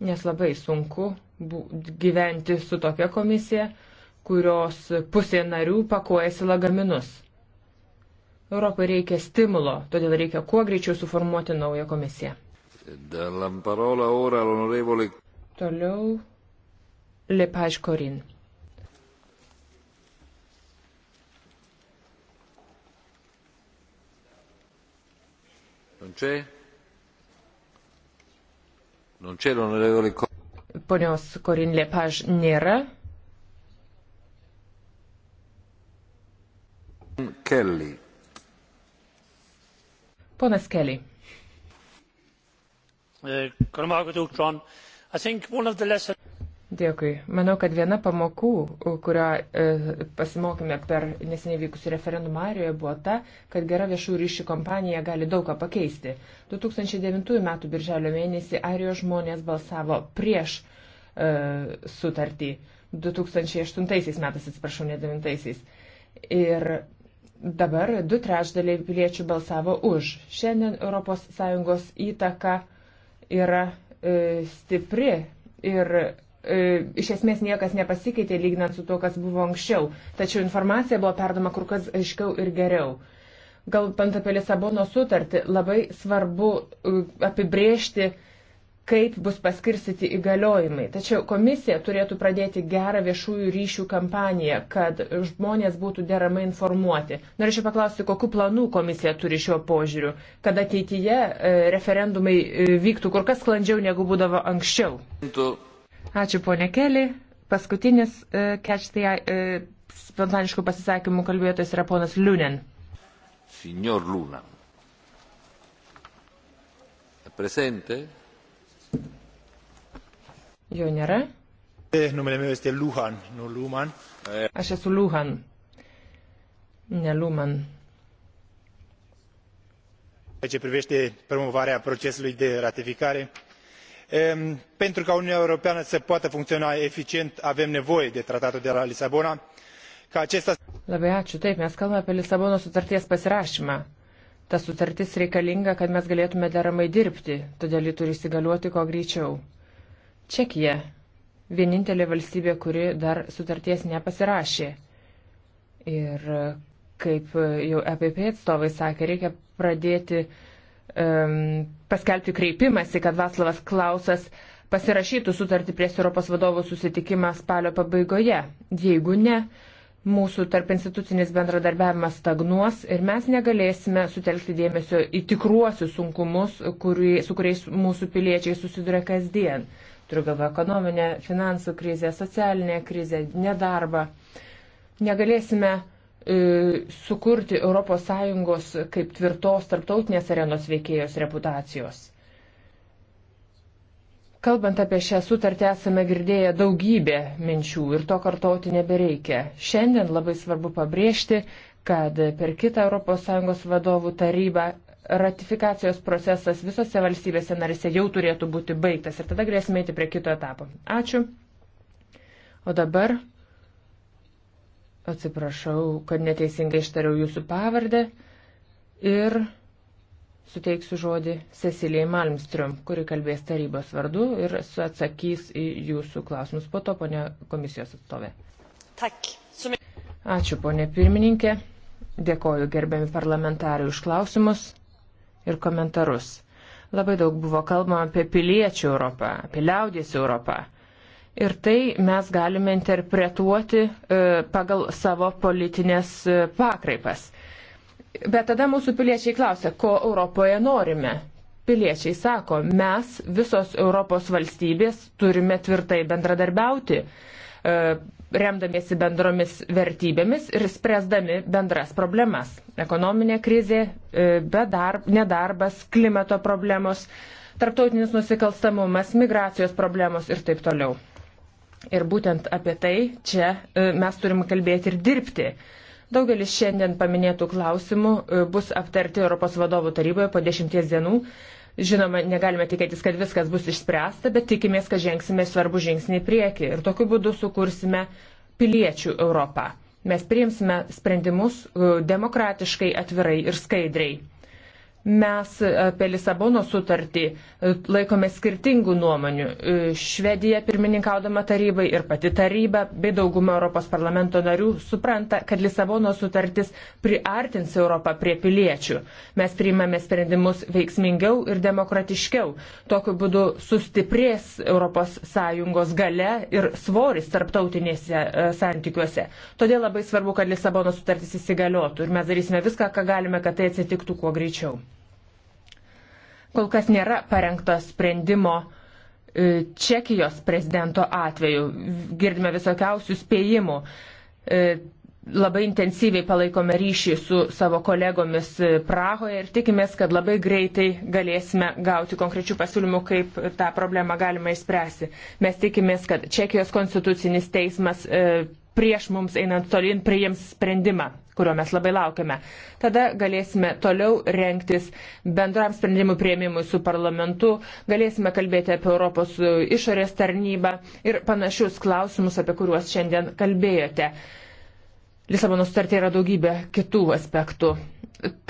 Nes labai sunku gyventi su tokia komisija, kurios pusė narių pakuojasi lagaminus. Europai reikia stimulo, todėl reikia kuo greičiau suformuoti naują komisiją. Toliau Lepaš Korin. Non c'è? Non c'è l'onorevole Korin. Ponios Korin Lepaž nėra. Kelly. Ponas Kelly. Uh, Dėkui. Manau, kad viena pamokų, kurią e, pasimokėme per neseniai vykusį referendumą Arijoje, buvo ta, kad gera viešų ryšių kompanija gali daug ką pakeisti. 2009 m. birželio mėnesį Arijos žmonės balsavo prieš e, sutartį. 2008 metais, atsiprašau, ne 2009. Ir dabar du trečdaliai piliečių balsavo už. Šiandien ES įtaka yra e, stipri ir E, iš esmės niekas nepasikeitė lyginant su to, kas buvo anksčiau, tačiau informacija buvo perdoma kur kas aiškiau ir geriau. Galbant apie Lisabono sutartį, labai svarbu e, apibrėžti, kaip bus paskirstyti įgaliojimai. Tačiau komisija turėtų pradėti gerą viešųjų ryšių kampaniją, kad žmonės būtų deramai informuoti. Norėčiau paklausti, kokiu planu komisija turi šiuo požiūriu, kad ateityje e, referendumai vyktų kur kas sklandžiau negu būdavo anksčiau. Tu Ačiū ponė Keli. Paskutinis uh, catch the uh, spontaniškų pasisakymų kalbėtojas yra ponas Liunen. Signor Luna. Presente. Jo nėra. Eh, eh. Aš esu Luhan. Ne Luman ceea ce privete promovarea procesului de ratificare Ehm, pentru ca uniunea europeană să poată funcționa eficient avem nevoie de tratatul de la lisabona ca acesta Labai ačiū. Taip, mes kalbame apie Lisabono sutarties pasirašymą. Ta sutartis reikalinga, kad mes galėtume deramai dirbti, todėl ji turi įsigaliuoti kuo greičiau. Čekija - vienintelė valstybė, kuri dar sutarties nepasirašė. Ir kaip jau EPP atstovai sakė, reikia pradėti uh, paskelbti kreipimąsi, kad Vaslavas Klausas pasirašytų sutartį prie Europos vadovų susitikimą spalio pabaigoje. Jeigu ne, mūsų tarp institucinis bendradarbiavimas stagnuos ir mes negalėsime sutelkti dėmesio į tikruosius sunkumus, kurį, su kuriais mūsų piliečiai susiduria kasdien. Turiu galvą ekonominę, finansų krizę, socialinę krizę, nedarbą. Negalėsime uh, E, sukurti ES kaip tvirtos tarptautinės arenos veikėjos reputacijos. Kalbant apie šią sutartį esame girdėję daugybę minčių ir to kartoti nebereikia. Šiandien labai svarbu pabrėžti, kad per kitą ES vadovų tarybą ratifikacijos procesas visose valstybėse narise jau turėtų būti baigtas ir tada grėsime eiti prie kito etapo. Ačiū. O dabar Atsiprašau, kad neteisingai ištariau jūsų pavardę ir suteiksiu žodį Cecilijai Malmström, kuri kalbės tarybos vardu ir atsakys į jūsų klausimus po to, ponė komisijos atstovė. Ačiū, ponė pirmininkė. Dėkoju gerbiami parlamentarai už klausimus ir komentarus. Labai daug buvo kalbama apie piliečių Europą, apie liaudės Europą ir tai mes galime interpretuoti e, pagal savo politinės e, pakraipas. Bet tada mūsų piliečiai klausia, ko Europoje norime. Piliečiai sako, mes visos Europos valstybės turime tvirtai bendradarbiauti, e, remdamiesi bendromis vertybėmis ir spręsdami bendras problemas. Ekonominė krizė, bedarb, nedarbas, klimato problemos, tarptautinis nusikalstamumas, migracijos problemos ir taip toliau. Ir būtent apie tai čia e, mes turim kalbėti ir dirbti. Daugelis šiandien paminėtų klausimų e, bus aptarti Europos vadovų taryboje po dešimties dienų. Žinoma, negalime tikėtis, kad viskas bus išspręsta, bet tikimės, kad žengsime svarbų žingsnį į priekį ir tokiu būdu sukursime piliečių Europą. Mes priimsime sprendimus e, demokratiškai, atvirai ir skaidriai mes e, apie Lisabono sutartį e, laikome skirtingų nuomonių. E, Švedija pirmininkaudama tarybai ir pati taryba bei dauguma Europos parlamento narių supranta, kad Lisabono sutartis priartins Europą prie piliečių. Mes priimame sprendimus veiksmingiau ir demokratiškiau. Tokiu būdu sustiprės ES gale ir svoris tarptautinėse santykiuose. Todėl labai svarbu, kad Lisabono sutartis įsigaliotų ir mes darysime viską, ką galime, kad tai atsitiktų kuo greičiau. Kol kas nėra parengto sprendimo e, Čekijos prezidento atveju. Girdime visokiausių spėjimų e, labai intensyviai palaikome ryšį su savo kolegomis Prahoje ir tikimės, kad labai greitai galėsime gauti konkrečių pasiūlymų, kaip tą problemą galima išspręsti. Mes tikimės, kad Čekijos konstitucinis teismas e, prieš mums einant tolin priims sprendimą, kurio mes labai laukiame. Tada galėsime toliau renktis bendram sprendimų prieimimui su parlamentu, galėsime kalbėti apie Europos išorės tarnybą ir panašius klausimus, apie kuriuos šiandien kalbėjote. Lisabono sutartė yra daugybė kitų aspektų.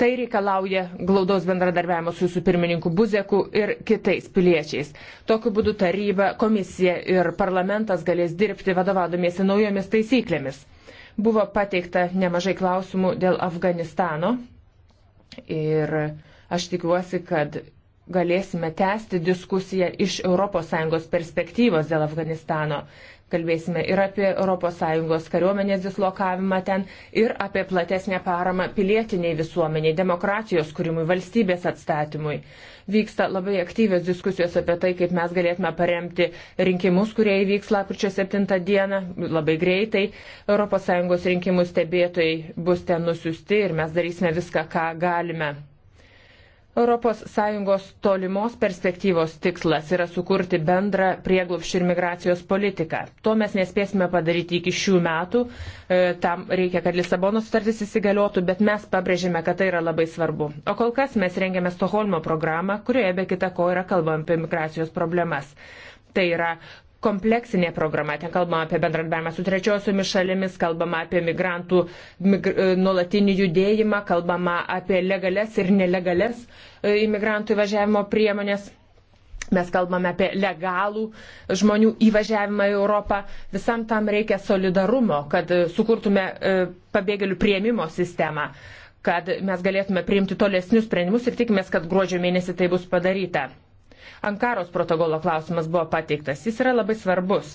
Tai reikalauja glaudaus bendradarbiavimo su jūsų pirmininku Buzeku ir kitais piliečiais. Tokiu būdu taryba, komisija ir parlamentas galės dirbti vadovaudomiesi naujomis taisyklėmis. Buvo pateikta nemažai klausimų dėl Afganistano ir aš tikiuosi, kad galėsime tęsti diskusiją iš ES perspektyvos dėl Afganistano. Kalbėsime ir apie ES kariuomenės dislokavimą ten, ir apie platesnę paramą pilietiniai visuomeniai, demokratijos kūrimui, valstybės atstatymui. Vyksta labai aktyvios diskusijos apie tai, kaip mes galėtume paremti rinkimus, kurie įvyks lapkričio 7 dieną, labai greitai. ES rinkimų stebėtojai bus ten nusiusti ir mes darysime viską, ką galime ES tolimos perspektyvos tikslas yra sukurti bendrą prieglopščių ir migracijos politiką. To mes nespėsime padaryti iki šių metų, e, tam reikia, kad Lisabonos sutartis įsigaliotų, bet mes pabrėžėme, kad tai yra labai svarbu. O kol kas mes rengiame Stoholmo programą, kurioje be kita ko yra kalbama apie migracijos problemas. Tai yra kompleksinė programa. Ten kalbama apie bendradarbiavimą su trečiosiomis šalimis, kalbama apie migrantų migr e, nuolatinį judėjimą, kalbama apie legales ir nelegales e, imigrantų įvažiavimo priemonės. Mes kalbame apie legalų žmonių įvažiavimą į Europą. Visam tam reikia solidarumo, kad e, sukurtume pabėgėlių prieimimo sistemą, kad mes galėtume priimti tolesnius sprendimus ir tikimės, kad gruodžio mėnesį tai bus padaryta. Ankaros protokolo klausimas buvo pateiktas. Jis yra labai svarbus.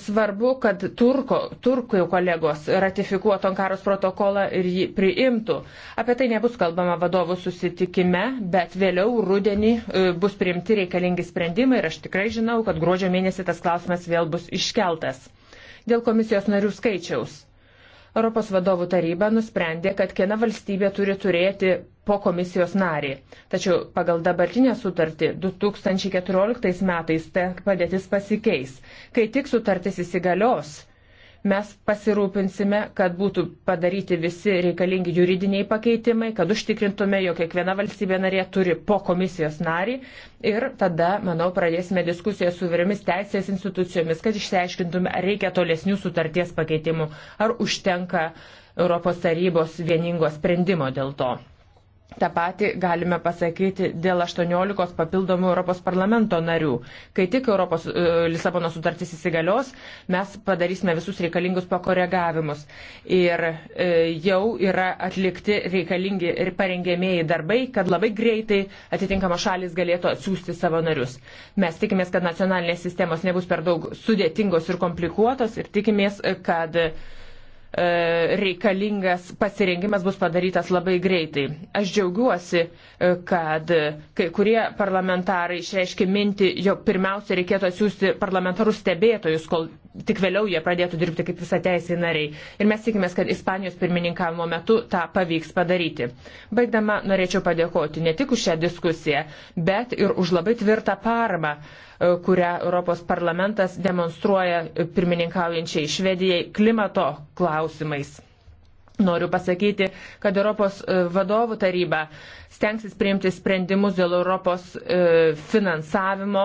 Svarbu, kad turko, turkų kolegos ratifikuotų Ankaros protokolą ir jį priimtų. Apie tai nebus kalbama vadovų susitikime, bet vėliau rudenį e, bus priimti reikalingi sprendimai ir aš tikrai žinau, kad gruodžio mėnesį tas klausimas vėl bus iškeltas. Dėl komisijos narių skaičiaus Europos vadovų taryba nusprendė, kad kiekviena valstybė turi turėti po komisijos narį. Tačiau pagal dabartinę sutartį 2014 metais ta padėtis pasikeis. Kai tik sutartis įsigalios, mes pasirūpinsime, kad būtų padaryti visi reikalingi juridiniai pakeitimai, kad užtikrintume, jog kiekviena valstybė narė turi po komisijos narį ir tada, manau, pradėsime diskusiją su vyriamis teisės institucijomis, kad išsiaiškintume, ar reikia tolesnių sutarties pakeitimų, ar užtenka Europos tarybos vieningo sprendimo dėl to. Ta pati galime pasakyti dėl 18 papildomų Europos parlamento narių. Kai tik Europos e, Lisabono sutartis įsigalios, mes padarysime visus reikalingus pakoregavimus. Ir e, jau yra atlikti reikalingi ir parengėmėjai darbai, kad labai greitai atitinkamos šalis galėtų atsiųsti savo narius. Mes tikimės, kad nacionalinės sistemos nebus per daug sudėtingos ir komplikuotos ir tikimės, kad. E, E, reikalingas pasirengimas bus padarytas labai greitai. Aš džiaugiuosi, e, kad kai kurie parlamentarai išreiškė mintį, jog pirmiausia reikėtų atsiųsti parlamentarus stebėtojus, kol tik vėliau jie pradėtų dirbti kaip visą teisį nariai. Ir mes tikimės, kad Ispanijos pirmininkavimo metu tą pavyks padaryti. Baigdama norėčiau padėkoti ne tik už šią diskusiją, bet ir už labai tvirtą paramą kurią Europos parlamentas demonstruoja pirmininkaujančiai Švedijai klimato klausimais. Noriu pasakyti, kad Europos e, vadovų taryba stengsis priimti sprendimus dėl Europos e, finansavimo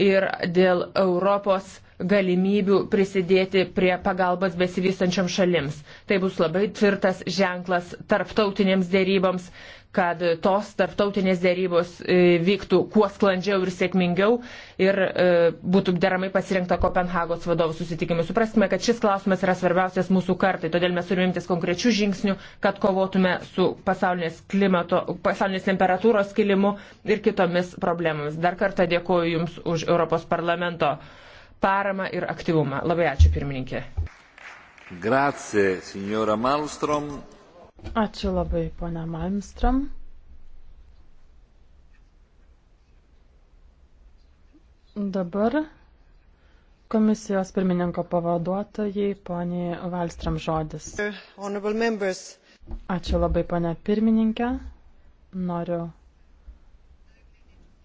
ir dėl Europos galimybių prisidėti prie pagalbos besivystančiam šalims. Tai bus labai tvirtas ženklas tarptautinėms dėryboms, kad tos tarptautinės dėrybos e, vyktų kuo sklandžiau ir sėkmingiau ir e, būtų deramai pasirinkta Kopenhagos vadovų susitikimui. Supraskime, kad šis klausimas yra svarbiausias mūsų kartai, todėl mes turime imtis konkrečių žingsnių, kad kovotume su pasaulinės, klimato, pasaulinės temperatūros kilimu ir kitomis problemomis. Dar kartą dėkoju Jums už Europos parlamento paramą ir aktyvumą. Labai ačiū, pirmininkė. Grazie, signora Malmström. Ačiū labai, ponia Malmstram. Dabar komisijos pirmininko pavaduotojai, poniai Valstram žodis. Ačiū labai, ponia pirmininkė. Noriu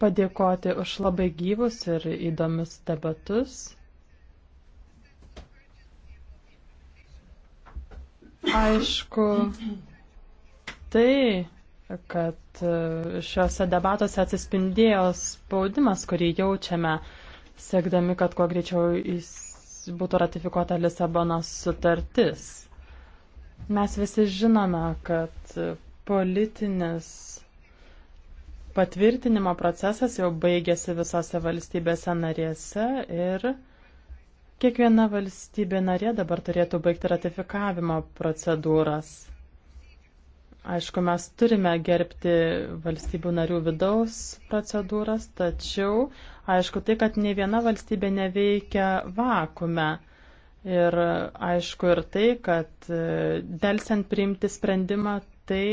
padėkoti už labai gyvus ir įdomius debatus. Aišku, tai, kad e, šiuose debatuose atsispindėjo spaudimas, kurį jaučiame, siekdami, kad kuo greičiau būtų ratifikuota Lisabonos sutartis. Mes visi žinome, kad politinis patvirtinimo procesas jau baigėsi visose valstybėse narėse ir Kiekviena valstybė narė dabar turėtų baigti ratifikavimo procedūras. Aišku, mes turime gerbti valstybių narių vidaus procedūras, tačiau aišku tai, kad ne viena valstybė neveikia vakume. Ir aišku ir tai, kad e, delsiant priimti sprendimą, tai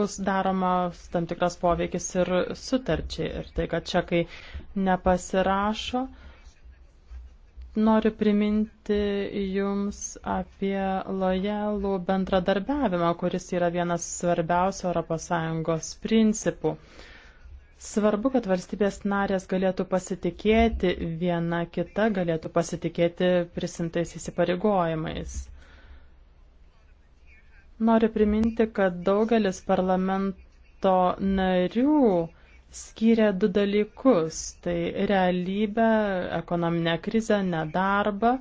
bus daromas tam tikras poveikis ir sutarčiai. Ir tai, kad čekai nepasirašo, Noriu priminti Jums apie lojalų bendradarbiavimą, kuris yra vienas svarbiausių ES principų. Svarbu, kad valstybės narės galėtų pasitikėti viena kita, galėtų pasitikėti prisimtais įsipareigojimais. Noriu priminti, kad daugelis parlamento narių skyrė du dalykus - tai realybę, ekonominę krizę, nedarbą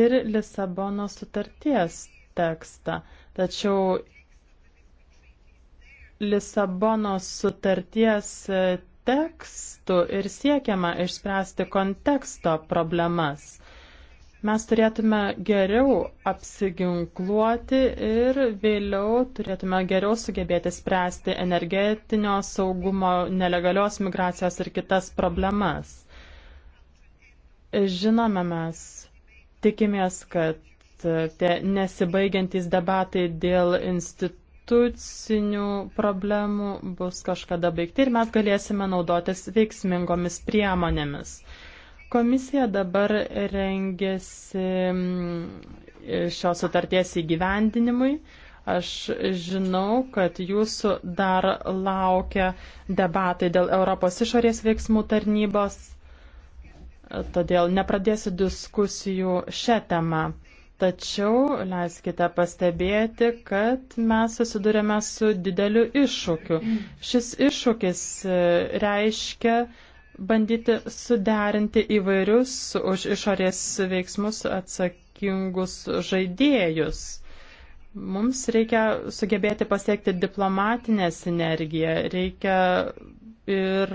ir Lisabono sutarties tekstą. Tačiau Lisabonos sutarties tekstų ir siekiama išspręsti konteksto problemas mes turėtume geriau apsiginkluoti ir vėliau turėtume geriau sugebėti spręsti energetinio saugumo, nelegalios migracijos ir kitas problemas. Žinome mes, tikimės, kad tie nesibaigiantys debatai dėl institucinių problemų bus kažkada baigti ir mes galėsime naudotis veiksmingomis priemonėmis. Komisija dabar rengiasi mm, šios sutarties įgyvendinimui. Aš žinau, kad jūsų dar laukia debatai dėl Europos išorės veiksmų tarnybos, todėl nepradėsiu diskusijų šią temą. Tačiau leiskite pastebėti, kad mes susidurėme su dideliu iššūkiu. Šis iššūkis e, reiškia, bandyti suderinti įvairius už išorės veiksmus atsakingus žaidėjus. Mums reikia sugebėti pasiekti diplomatinę sinergiją, reikia ir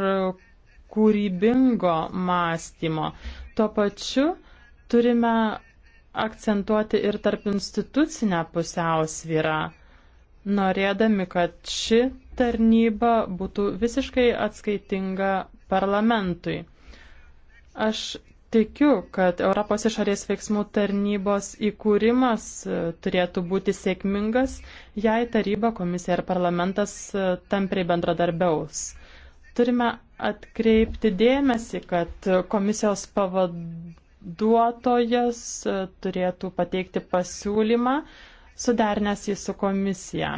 kūrybingo mąstymo. Tuo pačiu turime akcentuoti ir tarp institucinę pusiausvyrą, norėdami, kad ši tarnyba būtų visiškai atskaitinga parlamentui. Aš tikiu, kad Europos išorės veiksmų tarnybos įkūrimas e, turėtų būti sėkmingas, jei taryba, komisija ir parlamentas e, tampriai bendradarbiaus. Turime atkreipti dėmesį, kad komisijos pavaduotojas e, turėtų pateikti pasiūlymą, sudernęs jį su komisija.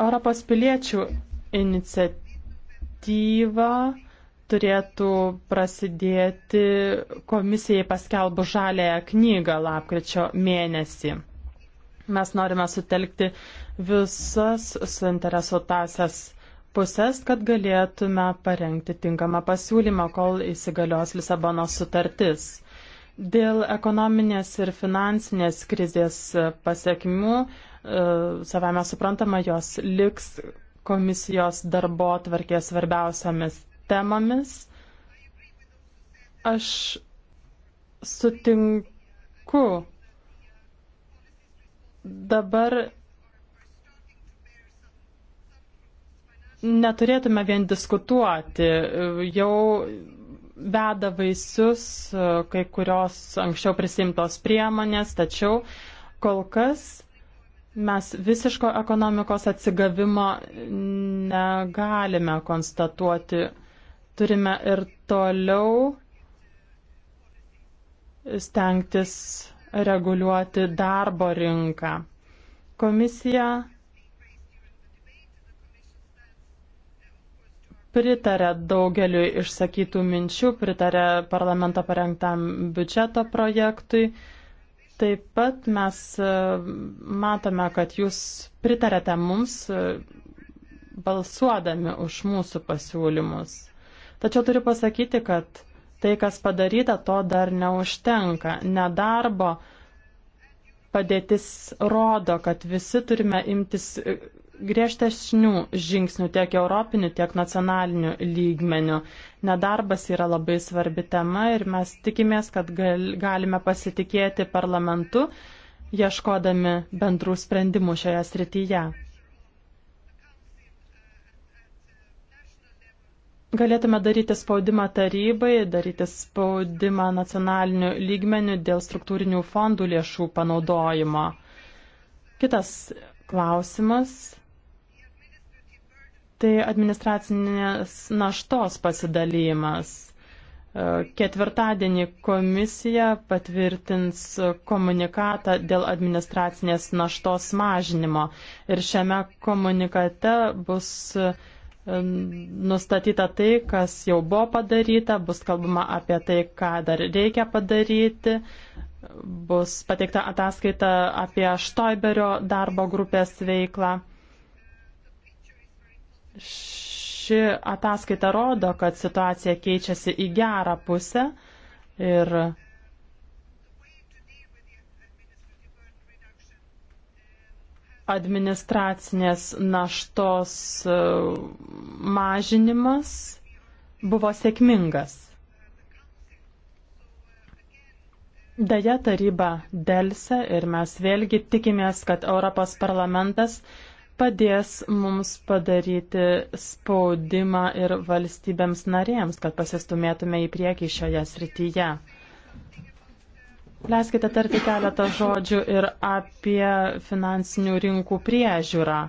Europos piliečių iniciatyva iniciatyva turėtų prasidėti komisijai paskelbus žalėją knygą lapkričio mėnesį. Mes norime sutelkti visas suinteresuotasias pusės, kad galėtume parengti tinkamą pasiūlymą, kol įsigalios Lisabono sutartis. Dėl ekonominės ir finansinės krizės pasiekmių e, savame suprantama, jos liks komisijos darbo tvarkės svarbiausiamis temomis. Aš sutinku dabar neturėtume vien diskutuoti, jau veda vaisius kai kurios anksčiau prisimtos priemonės, tačiau kol kas mes visiško ekonomikos atsigavimo negalime konstatuoti. Turime ir toliau stengtis reguliuoti darbo rinką. Komisija pritarė daugeliu išsakytų minčių, pritarė parlamento parengtam biudžeto projektui. Taip pat mes e, matome, kad jūs pritarėte mums e, balsuodami už mūsų pasiūlymus. Tačiau turiu pasakyti, kad tai, kas padaryta, to dar neužtenka. Nedarbo padėtis rodo, kad visi turime imtis e, griežtesnių žingsnių tiek europinių, tiek nacionalinių lygmenių. Nedarbas yra labai svarbi tema ir mes tikimės, kad gal, galime pasitikėti parlamentu, ieškodami bendrų sprendimų šioje srityje. Galėtume daryti spaudimą tarybai, daryti spaudimą nacionaliniu lygmeniu dėl struktūrinių fondų lėšų panaudojimo. Kitas klausimas tai administracinės naštos pasidalymas. E, ketvirtadienį komisija patvirtins komunikatą dėl administracinės naštos mažinimo ir šiame komunikate bus e, nustatyta tai, kas jau buvo padaryta, bus kalbama apie tai, ką dar reikia padaryti, bus pateikta ataskaita apie Štoiberio darbo grupės veiklą. Ši ataskaita rodo, kad situacija keičiasi į gerą pusę ir administracinės naštos e, mažinimas buvo sėkmingas. Deja, taryba dėlse ir mes vėlgi tikimės, kad Europos parlamentas padės mums padaryti spaudimą ir valstybėms narėms, kad pasistumėtume į priekį šioje srityje. Leiskite tarti keletą žodžių ir apie finansinių rinkų priežiūrą.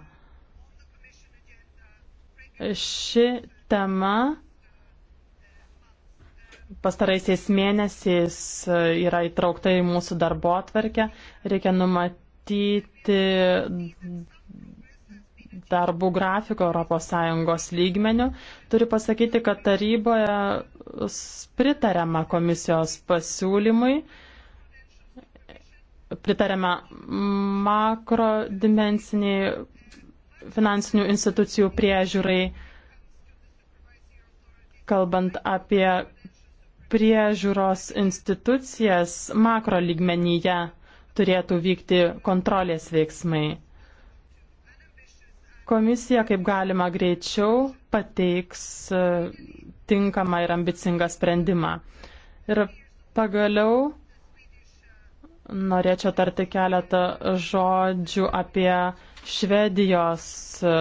Ši tema pastaraisiais mėnesiais yra įtraukta į mūsų darbo atverkę. Reikia numatyti darbų grafiko ES lygmenių, turiu pasakyti, kad taryboje pritariama komisijos pasiūlymui, pritariama makrodimensiniai finansinių institucijų priežiūrai, kalbant apie priežiūros institucijas makro lygmenyje turėtų vykti kontrolės veiksmai. Komisija kaip galima greičiau pateiks e, tinkamą ir ambicingą sprendimą. Ir pagaliau norėčiau tarti keletą žodžių apie Švedijos e,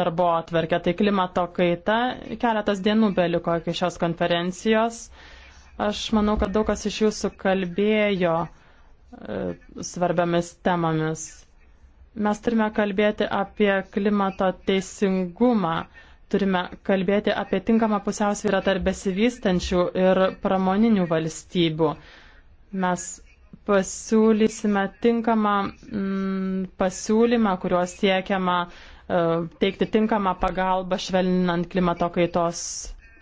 darbo atverkę, tai klimato kaita. Keletas dienų beliko iki šios konferencijos. Aš manau, kad daug kas iš jūsų kalbėjo e, svarbiamis temomis. Mes turime kalbėti apie klimato teisingumą, turime kalbėti apie tinkamą pusiausvyrą tarp besivystančių ir pramoninių valstybių. Mes pasiūlysime tinkamą mm, pasiūlymą, kuriuo siekiama uh, teikti tinkamą pagalbą švelninant klimato kaitos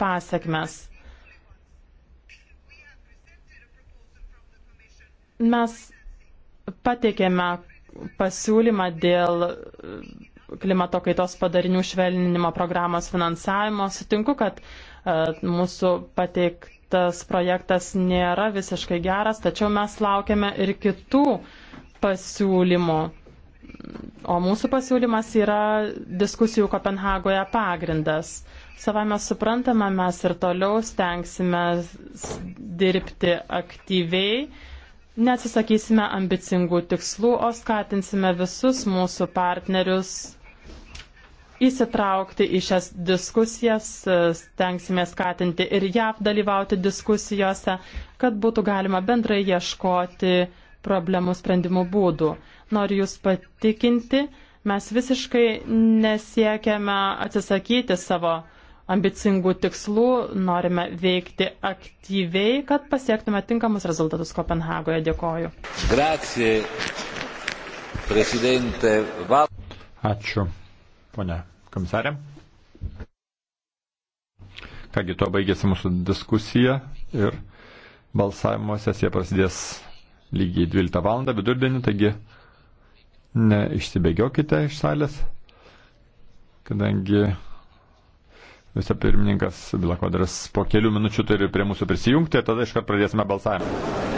pasiekmes. Mes pateikėme pasiūlymą dėl e, klimato kaitos padarinių švelninimo programos finansavimo. Sutinku, kad e, mūsų pateiktas projektas nėra visiškai geras, tačiau mes laukiame ir kitų pasiūlymų. O mūsų pasiūlymas yra diskusijų Kopenhagoje pagrindas. Savame suprantame, mes ir toliau stengsime dirbti aktyviai Neatsisakysime ambicingų tikslų, o skatinsime visus mūsų partnerius įsitraukti į šias diskusijas, stengsime skatinti ir JAV dalyvauti diskusijose, kad būtų galima bendrai ieškoti problemų sprendimų būdų. Noriu Jūs patikinti, mes visiškai nesiekiame atsisakyti savo ambicingų tikslų, norime veikti aktyviai, kad pasiektume tinkamus rezultatus Kopenhagoje. Dėkoju. Grazie, prezidente Val. Ačiū, ponia komisarė. Kągi, tuo baigėsi mūsų diskusija ir balsavimo sesija prasidės lygiai 12 val. vidurdienį, taigi neišsibėgiokite iš salės, kadangi Visapirmininkas Bilakvadras po kelių minučių turi prie mūsų prisijungti ir tada iškart pradėsime balsavimą.